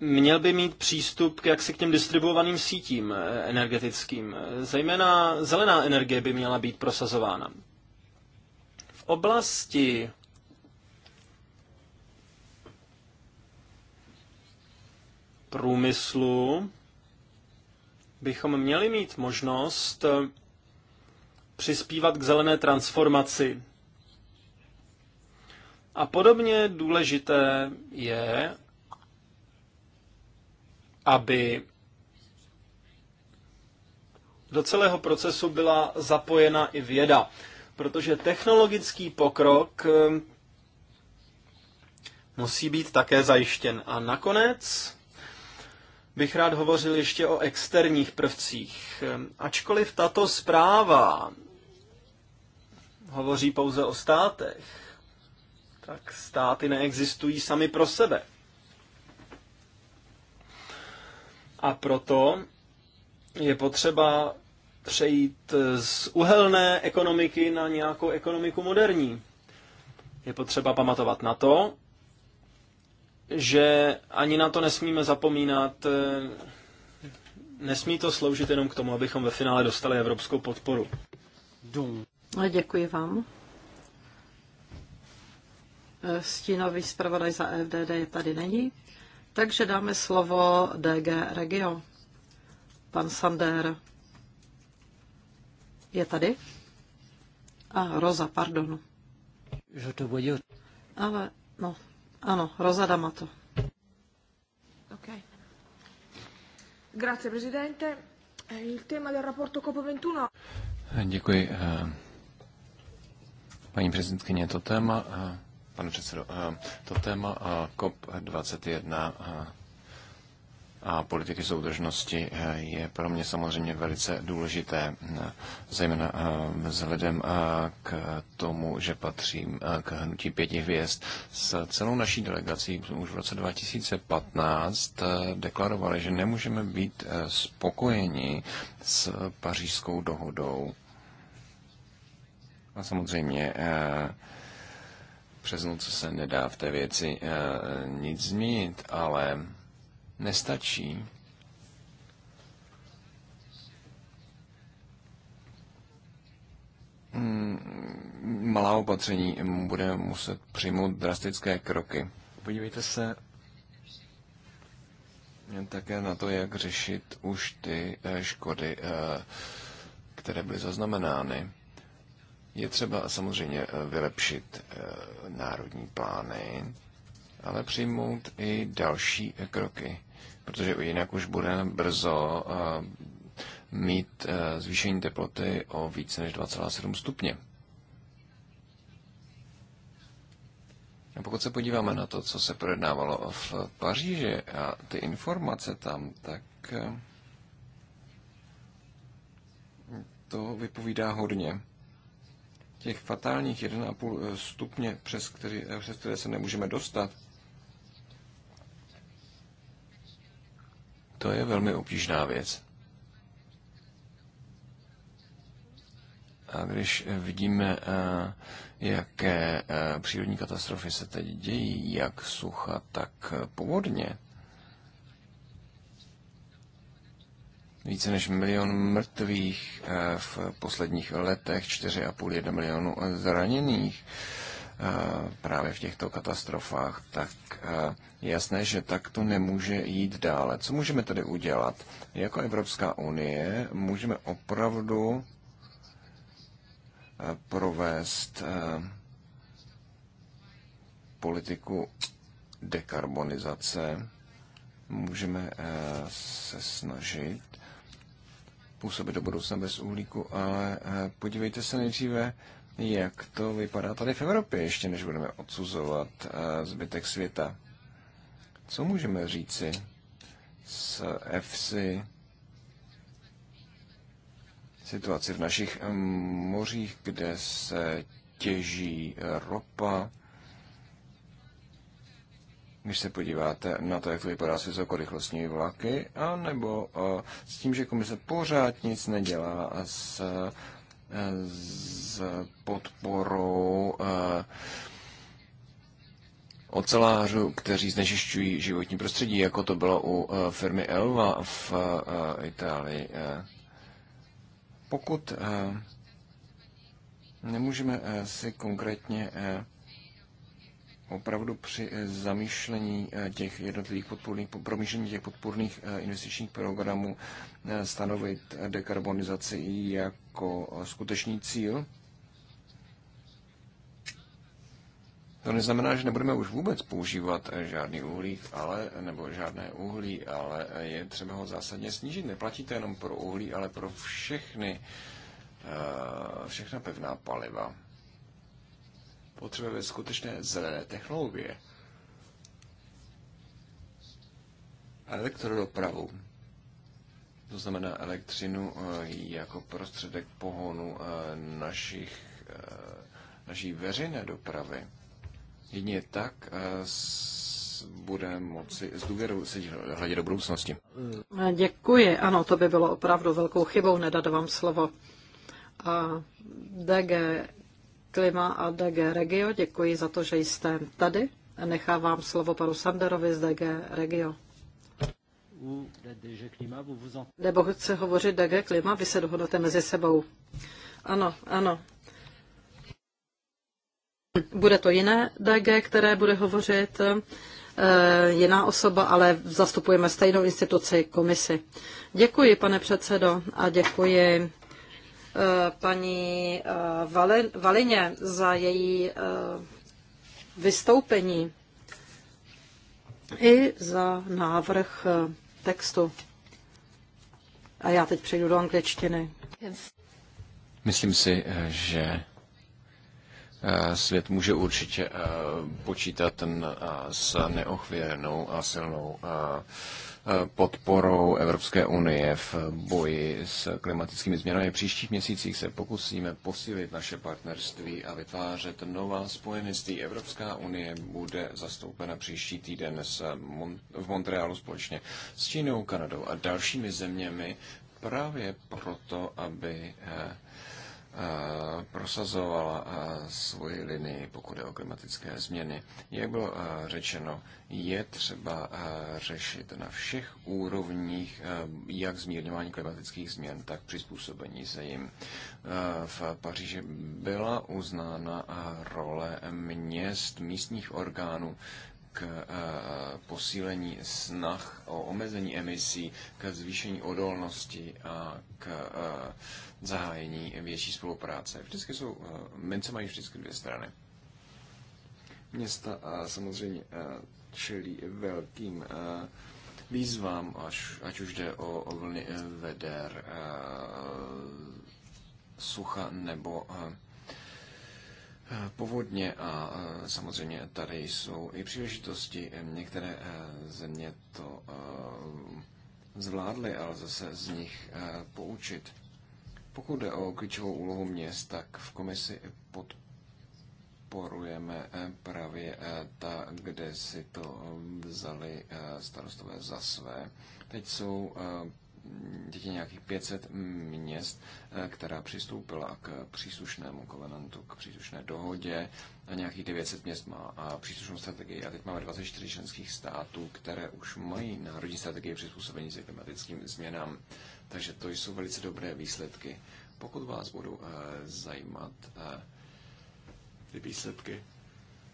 měl by mít přístup k jaksi k těm distribuovaným sítím energetickým. Zejména zelená energie by měla být prosazována. V oblasti průmyslu bychom měli mít možnost eh, přispívat k zelené transformaci. A podobně důležité je, aby do celého procesu byla zapojena i věda, protože technologický pokrok eh, musí být také zajištěn. A nakonec bych rád hovořil ještě o externích prvcích. Ačkoliv tato zpráva hovoří pouze o státech, tak státy neexistují sami pro sebe. A proto je potřeba přejít z uhelné ekonomiky na nějakou ekonomiku moderní. Je potřeba pamatovat na to, že ani na to nesmíme zapomínat. Eh, nesmí to sloužit jenom k tomu, abychom ve finále dostali evropskou podporu. Děkuji vám. Eh, stínový zpravodaj za FDD je tady není, takže dáme slovo DG Regio. Pan Sander je tady? A Roza, pardon. Ale, no, ano, Okay. Grazie, presidente. Eh, il tema del rapporto COP21. Děkuji. Eh, paní prezidentkyně, to téma, eh, pane předsedo, to téma COP21 a politiky soudržnosti eh, je pro mě samozřejmě velice důležité, eh, zejména eh, vzhledem k tomu, že patřím k hnutí pěti hvězd. S celou naší delegací už v roce 2015 deklarovali, že nemůžeme být spokojeni s pařížskou dohodou. A samozřejmě přes noc se nedá v té věci nic změnit, ale nestačí. Mm, malá opatření bude muset přijmout drastické kroky. Podívejte se také na to, jak řešit už ty eh, škody, eh, které byly zaznamenány. Je třeba samozřejmě eh, vylepšit národní plány, ale přijmout i další kroky protože jinak už bude brzo eh, mít eh, zvýšení teploty o více než 2,7 stupně. A pokud se podíváme na to, co se projednávalo v Paříži a ty informace tam, tak eh, to vypovídá hodně. Těch fatálních 1,5 stupně, přes, který, přes které se nemůžeme dostat, To je velmi obtížná věc. A když vidíme, eh, jaké eh, přírodní katastrofy se teď dějí, jak sucha, tak eh, povodně, více než milion mrtvých v posledních letech, 45 milionu zraněných, Eh, právě v těchto katastrofách, tak eh, je jasné, že tak to nemůže jít dále. Co můžeme tedy udělat? Jako Evropská unie můžeme opravdu eh, provést politiku dekarbonizace. Můžeme se snažit působit do budoucna bez uhlíku, ale podívejte se nejdříve jak to vypadá tady v Evropě, ještě než budeme odsuzovat eh, zbytek světa. Co můžeme říci s EFSI situaci v našich eh, mořích, kde se těží ropa? Když se podíváte na to, jak to vypadá s vysokorychlostní vlaky, a nebo eh, s tím, že komise pořád nic nedělá a s s podporou eh, ocelářů, kteří znečišťují životní prostředí, jako to bylo u eh, firmy Elva v eh, Itálii. Pokud nemůžeme si konkrétně opravdu při eh, zamýšlení eh, těch jednotlivých podpůrných, promýšlení těch podpůrných eh, investičních programů stanovit dekarbonizaci jako skutečný cíl. To neznamená, že nebudeme už vůbec používat žádný uhlík, ale, nebo žádné uhlí, ale je třeba ho zásadně snížit. Neplatí to jenom pro uhlí, ale pro všechny, všechna pevná paliva. Potřebujeme skutečné zelené technologie. Elektrodopravu, to znamená elektřinu eh, jako prostředek pohonu eh, našich, eh, naší veřejné dopravy. Jedině tak bude moci s důvěrou se hledět do budoucnosti. Děkuji. Ano, to by bylo opravdu velkou chybou nedat vám slovo. A DG klima a DG Regio. Děkuji za to, že jste tady. Nechávám slovo panu Sanderovi z DG Regio. Nebo chce hovořit DG Klima, vy se dohodnete mezi sebou. Ano, ano. Bude to jiné DG, které bude hovořit eh, jiná osoba, ale zastupujeme stejnou instituci, komisi. Děkuji, pane předsedo, a děkuji Eh, paní eh, Valině za její eh, vystoupení i za návrh textu. A já teď přejdu do angličtiny. Myslím si, že svět může určitě počítat s neochvěrnou a silnou Eh, podporou Evropské unie v boji s klimatickými změnami. V příštích měsících se pokusíme posílit naše partnerství a vytvářet nová spojenství Evropská unie bude zastoupena příští týden eh, v Montrealu společně s Čínou, Kanadou a dalšími zeměmi právě proto, aby eh, Eh, prosazovala eh, svoji linii, pokud je o klimatické změny. Jak bylo eh, řečeno, je třeba řešit na všech úrovních jak zmírňování klimatických změn, tak přizpůsobení se jim. V Paříži byla uznána role měst, místních orgánů k eh, posílení snah o omezení emisí, k zvýšení odolnosti a k eh, zahájení větší spolupráce. Vždycky jsou, eh, mince mají vždycky dvě strany. Města samozřejmě čelí velkým výzvám, až, ať už jde o, o vlny veder, sucha nebo povodně a samozřejmě tady jsou i příležitosti. Některé e, země to e, zvládly, ale zase z nich e, poučit. Pokud jde o klíčovou úlohu měst, tak v komisi podporujeme právě ta, kde si to vzali starostové za své. Teď jsou je nějakých 500 měst, eh, která přistoupila k příslušnému kovenantu, k příslušné dohodě a nějakých 900 měst má a příslušnou strategii. A teď máme 24 členských států, které už mají národní strategii přizpůsobení se klimatickým změnám. Takže to jsou velice dobré výsledky. Pokud vás budou eh, zajímat eh, ty výsledky,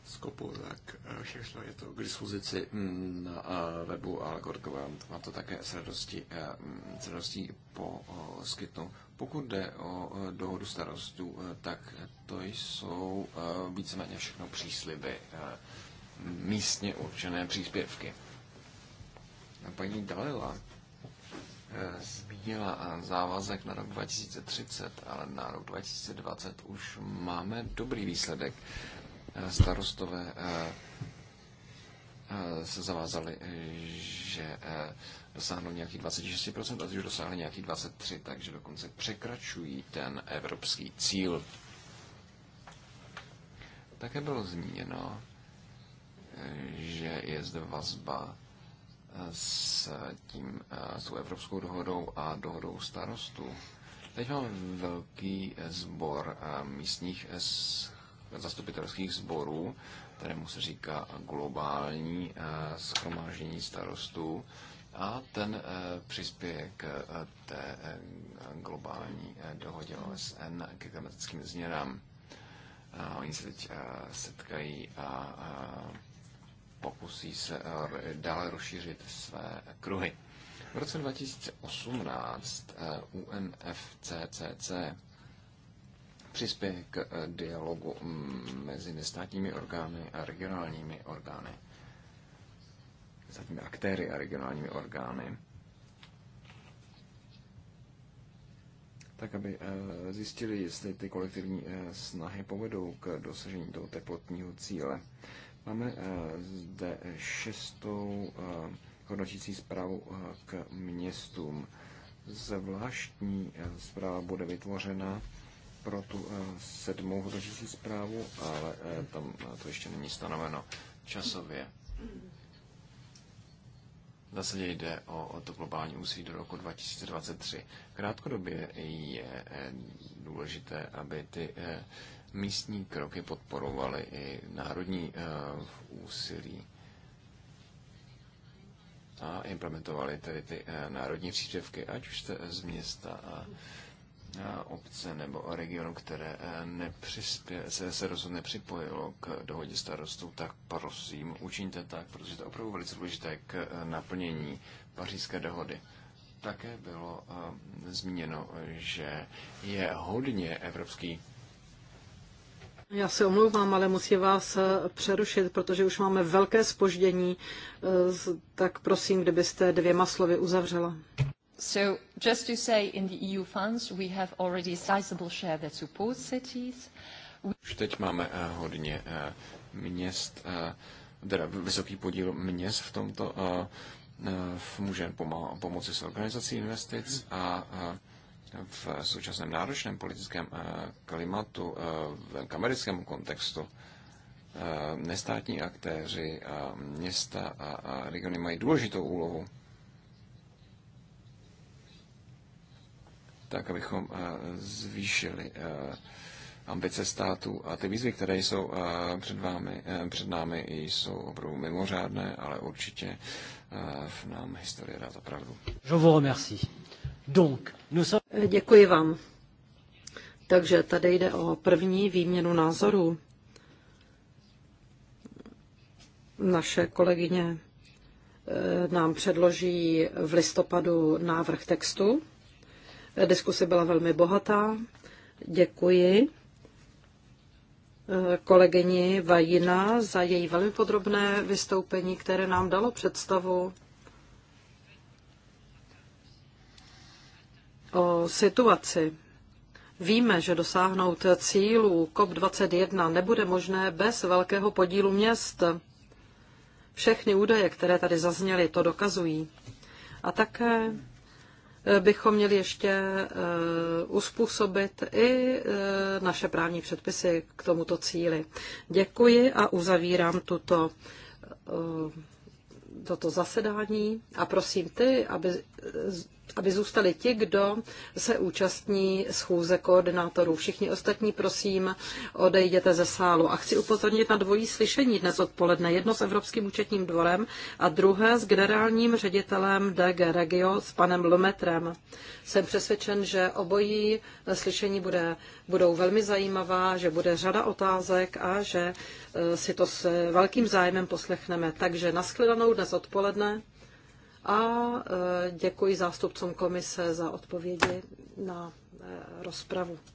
Skopu, tak eh, všechno je to k dispozici mm, na eh, webu, ale Gorkova má to také s radostí, eh, mm, s radostí poskytnu. Pokud jde o dohodu starostů, tak to jsou víceméně všechno přísliby, místně určené příspěvky. Paní Dalila zmínila závazek na rok 2030, ale na rok 2020 už máme dobrý výsledek starostové eh, eh, se zavázali, že eh, dosáhnou nějakých 26% a teď už dosáhli nějakých 23%, takže dokonce překračují ten evropský cíl. Také bylo zmíněno, že je zde vazba s, tím, s tou evropskou dohodou a dohodou starostů. Teď máme velký sbor místních zastupitelských sborů, kterému se říká globální eh, schromáždění starostů, a ten eh, přispěje k eh, té globální dohodě OSN k klimatickým změnám. Oni se teď setkají a pokusí se dále rozšířit své kruhy. V roce 2018 UNFCCC přispěje k eh, dialogu mm, mezi nestátními orgány a regionálními orgány, zatím aktéry a regionálními orgány, tak aby eh, zjistili, jestli ty kolektivní eh, snahy povedou k dosažení toho teplotního cíle. Máme zde šestou hodnotící zprávu k městům. Zvláštní zpráva bude vytvořena pro tu eh, sedmou hodnotící zprávu, ale eh, tam eh, to ještě není stanoveno časově. Zase jde o to globální úsilí do roku 2023. Krátkodobě je důležité, aby ty místní kroky podporovaly i národní úsilí a implementovali tedy ty národní příspěvky, ať už jste z města a obce nebo regionu, které e, nepřispě, se, se rozhodne nepřipojilo k dohodě starostů, tak prosím, učiňte tak, protože to je opravdu velice důležité k e, naplnění pařížské dohody. Také bylo e, zmíněno, že je hodně evropský. já se omlouvám, ale musím vás přerušit, protože už máme velké spoždění, tak prosím, kdybyste dvěma slovy uzavřela. So just to say, in the EU funds, we have already a sizable share that supports cities. Už teď máme uh, hodně uh, měst, uh, teda vysoký podíl měst v tomto. Uh, uh, může pomo- pomoci s organizací investic a uh, v současném náročném politickém klimatu, v americkém kontextu, nestátní aktéři, města a regiony mají důležitou úlohu tak abychom eh, zvýšili eh, ambice států. A ty výzvy, které jsou eh, před, vámi, před námi, jsou opravdu mimořádné, ale určitě v nám historie dá zapravdu. Je Děkuji vám. Takže tady jde o první výměnu názorů. Naše kolegyně nám předloží v listopadu návrh textu Diskuse byla velmi bohatá. Děkuji eh, kolegyni Vajina za její velmi podrobné vystoupení, které nám dalo představu o situaci. Víme, že dosáhnout cílů COP21 nebude možné bez velkého podílu měst. Všechny údaje, které tady zazněly, to dokazují. A také bychom měli ještě eh, uspůsobit i eh, naše právní předpisy k tomuto cíli. Děkuji a uzavírám tuto eh, toto zasedání a prosím ty, aby aby zůstali ti, kdo se účastní schůze koordinátorů. Všichni ostatní, prosím, odejděte ze sálu. A chci upozornit na dvojí slyšení dnes odpoledne. Jedno s Evropským účetním dvorem a druhé s generálním ředitelem DG Regio s panem Lometrem. Jsem přesvědčen, že obojí slyšení bude, budou velmi zajímavá, že bude řada otázek a že eh, si to s velkým zájmem poslechneme. Takže nashledanou dnes odpoledne a e, děkuji zástupcům komise za odpovědi na e, rozpravu.